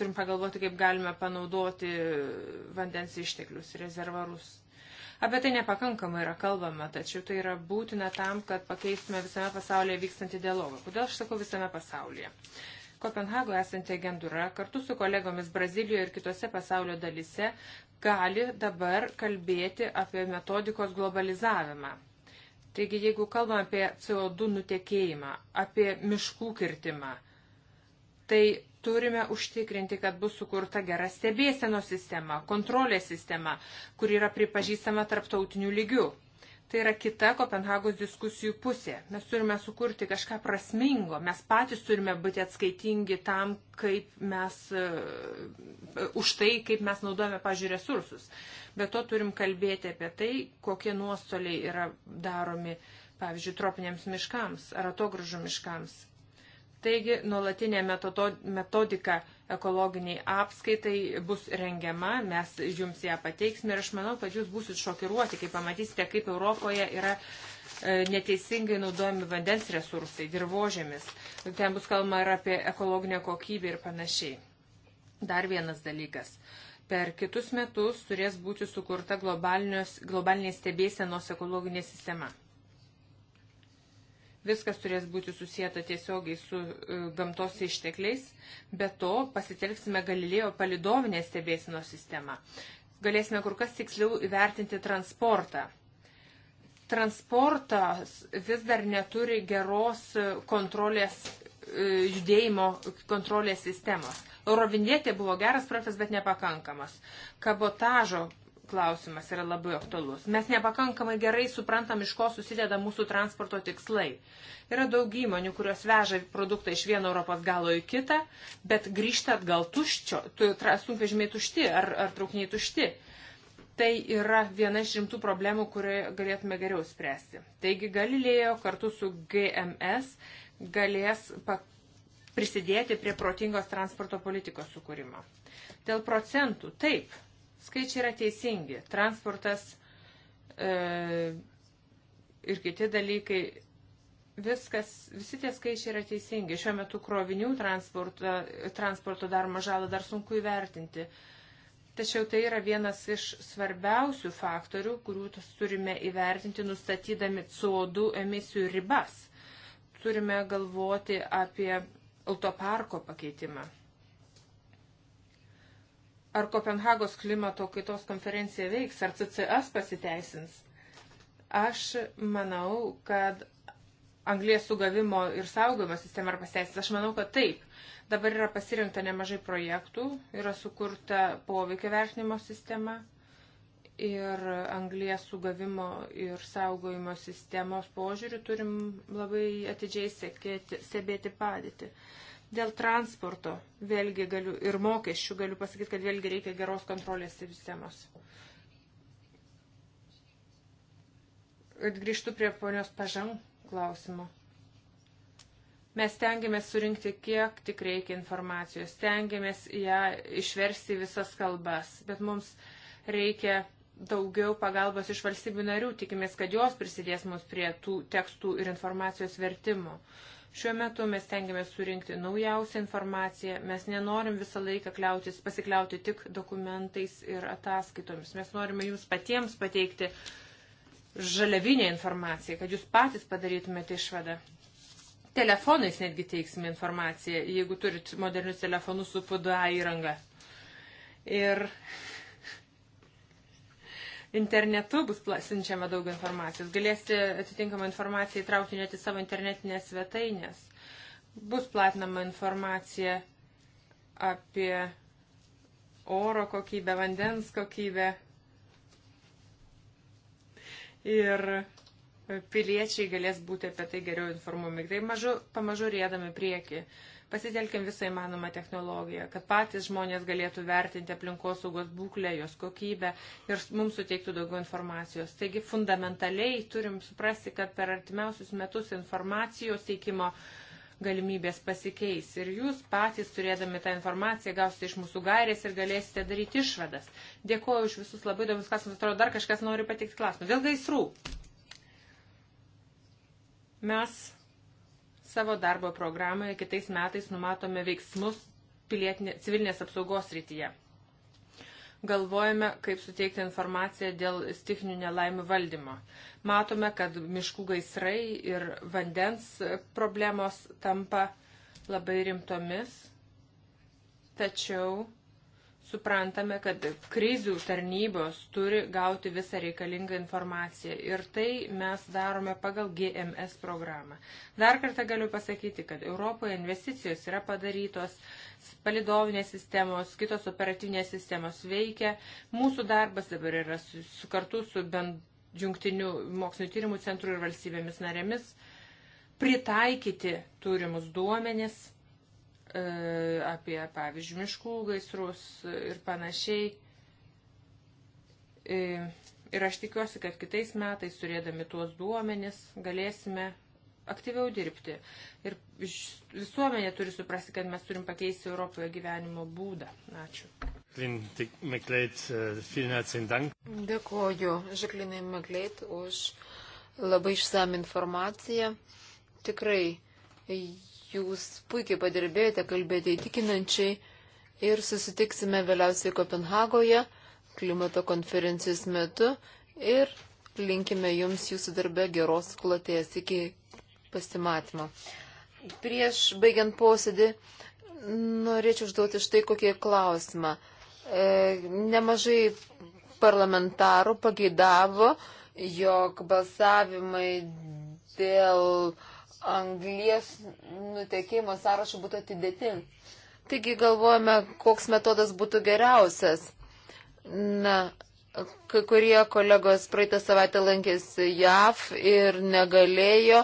Turim pagalvoti, kaip galime panaudoti vandens išteklius, rezervarus. Apie tai nepakankamai yra kalbama, tačiau tai yra būtina tam, kad pakeistume visame pasaulyje vykstantį dialogą. Kodėl aš sakau visame pasaulyje? Kopenhagoje esanti agentūra kartu su kolegomis Brazilijoje ir kitose pasaulio dalise gali dabar kalbėti apie metodikos globalizavimą. Taigi, jeigu kalbam apie CO2 nutekėjimą, apie miškų kirtimą, tai Turime užtikrinti, kad bus sukurta gera stebėseno sistema, kontrolės sistema, kur yra pripažįstama tarptautiniu lygiu. Tai yra kita Kopenhagos diskusijų pusė. Mes turime sukurti kažką prasmingo. Mes patys turime būti atskaitingi tam, kaip mes, uh, už tai, kaip mes naudojame, pažiūrėjau, resursus. Be to turim kalbėti apie tai, kokie nuostoliai yra daromi, pavyzdžiui, tropiniams miškams ar atogražų miškams Taigi nuolatinė metodika ekologiniai apskaitai bus rengiama, mes jums ją pateiksime ir aš manau, kad jūs būsit šokiruoti, kai pamatysite, kaip Europoje yra e, neteisingai naudojami vandens resursai, dirbožėmis. Ten bus kalba ir apie ekologinę kokybę ir panašiai. Dar vienas dalykas. Per kitus metus turės būti sukurta globalinės stebėsenos ekologinė sistema. Viskas turės būti susijęta tiesiogiai su e, gamtos ištekliais, bet to pasitelksime Galilėjo palidovinę stebėsino sistemą. Galėsime kur kas tiksliau įvertinti transportą. Transportas vis dar neturi geros kontrolės e, judėjimo kontrolės sistemos. Eurovindėtė buvo geras projektas, bet nepakankamas. Kabotažo klausimas yra labai aktualus. Mes nepakankamai gerai suprantam, iš ko susideda mūsų transporto tikslai. Yra daug įmonių, kurios veža produktą iš vieno Europos galo į kitą, bet grįžta atgal tuščio, tu, sunkvežimiai tušti ar, ar traukiniai tušti. Tai yra viena iš rimtų problemų, kurioje galėtume geriau spręsti. Taigi Galilėjo kartu su GMS galės prisidėti prie protingos transporto politikos sukūrimo. Dėl procentų, taip, Skaičiai yra teisingi. Transportas e, ir kiti dalykai. Viskas, visi tie skaičiai yra teisingi. Šiuo metu krovinių transporto, transporto daroma žalą dar sunku įvertinti. Tačiau tai yra vienas iš svarbiausių faktorių, kurių turime įvertinti nustatydami CO2 emisijų ribas. Turime galvoti apie autoparko pakeitimą ar Kopenhagos klimato kaitos konferencija veiks, ar CCS pasiteisins. Aš manau, kad anglės sugavimo ir saugojimo sistema ar pasiteisins. Aš manau, kad taip. Dabar yra pasirinkta nemažai projektų, yra sukurta poveikio vertinimo sistema ir anglės sugavimo ir saugojimo sistemos požiūrių turim labai atidžiai sekėti, stebėti padėtį. Uh, Dėl transporto vėlgi galiu ir mokesčių galiu pasakyti, kad vėlgi reikia geros kontrolės sistemos. Grįžtu prie ponios pažang klausimo. Mes stengiamės surinkti kiek tik reikia informacijos, stengiamės ją išversti visas kalbas, bet mums reikia daugiau pagalbos iš valstybių narių, tikimės, kad jos prisidės mums prie tų tekstų ir informacijos vertimo. Uh, Šiuo metu mes tengiamės surinkti naujausią informaciją, mes nenorim visą laiką kliautis, pasikliauti tik dokumentais ir ataskaitomis. Mes norime jums patiems pateikti žaliavinę informaciją, kad jūs patys padarytumėte išvadą. Telefonais netgi teiksime informaciją, jeigu turit modernius telefonus su PDA įranga. Ir internetu bus siunčiama daug informacijos. Galėsite atitinkamą informaciją įtraukti net į savo internetinės svetainės. Bus platinama informacija apie oro kokybę, vandens kokybę. Ir piliečiai galės būti apie tai geriau informuomi. Tai mažu, pamažu rėdami prieki. Uh, Pasitelkim visą įmanomą technologiją, kad patys žmonės galėtų vertinti aplinkosaugos būklę, jos kokybę ir mums suteiktų daugiau informacijos. Taigi fundamentaliai turim suprasti, kad per artimiausius metus informacijos teikimo galimybės pasikeis ir jūs patys turėdami tą informaciją gausite iš mūsų gairės ir galėsite daryti išvadas. Dėkuoju už visus labai įdomus klausimus. Atrodo, dar kažkas nori pateikti klausimą. Dėl gaisrų. Mes Savo darbo programoje kitais metais numatome veiksmus pilietinė, civilinės apsaugos rytyje. Galvojame, kaip suteikti informaciją dėl stichinių nelaimių valdymo. Matome, kad miškų gaisrai ir vandens problemos tampa labai rimtomis, tačiau suprantame, kad krizių tarnybos turi gauti visą reikalingą informaciją ir tai mes darome pagal GMS programą. Dar kartą galiu pasakyti, kad Europoje investicijos yra padarytos, palidovinės sistemos, kitos operatyvinės sistemos veikia. Mūsų darbas dabar yra su, su kartu su bend, jungtiniu mokslinio tyrimų centru ir valstybėmis narėmis pritaikyti turimus duomenis E, apie, pavyzdžiui, miškų gaisrus ir panašiai. E, ir aš tikiuosi, kad kitais metais, turėdami tuos duomenis, galėsime aktyviau dirbti. Ir visuomenė turi suprasti, kad mes turim pakeisti Europoje gyvenimo būdą. Ačiū. E, Dėkoju Žaklinai Makleit už labai išsam informaciją. Tikrai Jūs puikiai padirbėjote, kalbėjote įtikinančiai ir susitiksime vėliausiai Kopenhagoje klimato konferencijos metu ir linkime Jums jūsų darbe geros kloties iki pasimatymo. Prieš baigiant posėdį norėčiau užduoti štai kokį klausimą. E, nemažai parlamentarų pageidavo, jog balsavimai dėl anglies nutekėjimo sąrašo būtų atidėti. Taigi galvojame, koks metodas būtų geriausias. Na, kai kurie kolegos praeitą savaitę lankėsi JAV ir negalėjo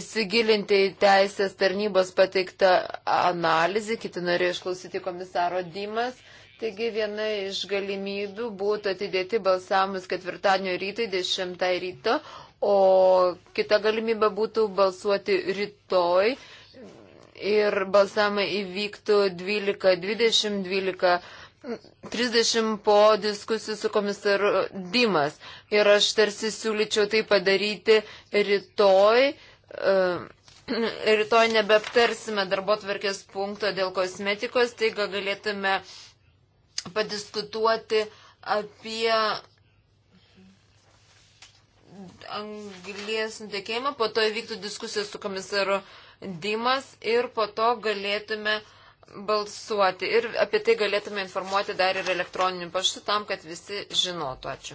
įsigilinti į teisės tarnybos pateiktą analizę, kiti norėjo išklausyti komisaro Dimas. Taigi viena iš galimybių būtų atidėti balsavimus ketvirtadienio rytoj, 10 ryto, o kita galimybė būtų balsuoti rytoj ir balsavimai įvyktų 12.20, 12.30 po diskusijų su komisaru Dimas. Ir aš tarsi siūlyčiau tai padaryti rytoj. E, *clears throat* rytoj nebeaptarsime darbo tvarkės punkto dėl kosmetikos, taigi galėtume padiskutuoti apie anglies nutekėjimą, po to įvyktų diskusija su komisaru Dimas ir po to galėtume balsuoti. Ir apie tai galėtume informuoti dar ir elektroniniu paštu tam, kad visi žinotų. Ačiū.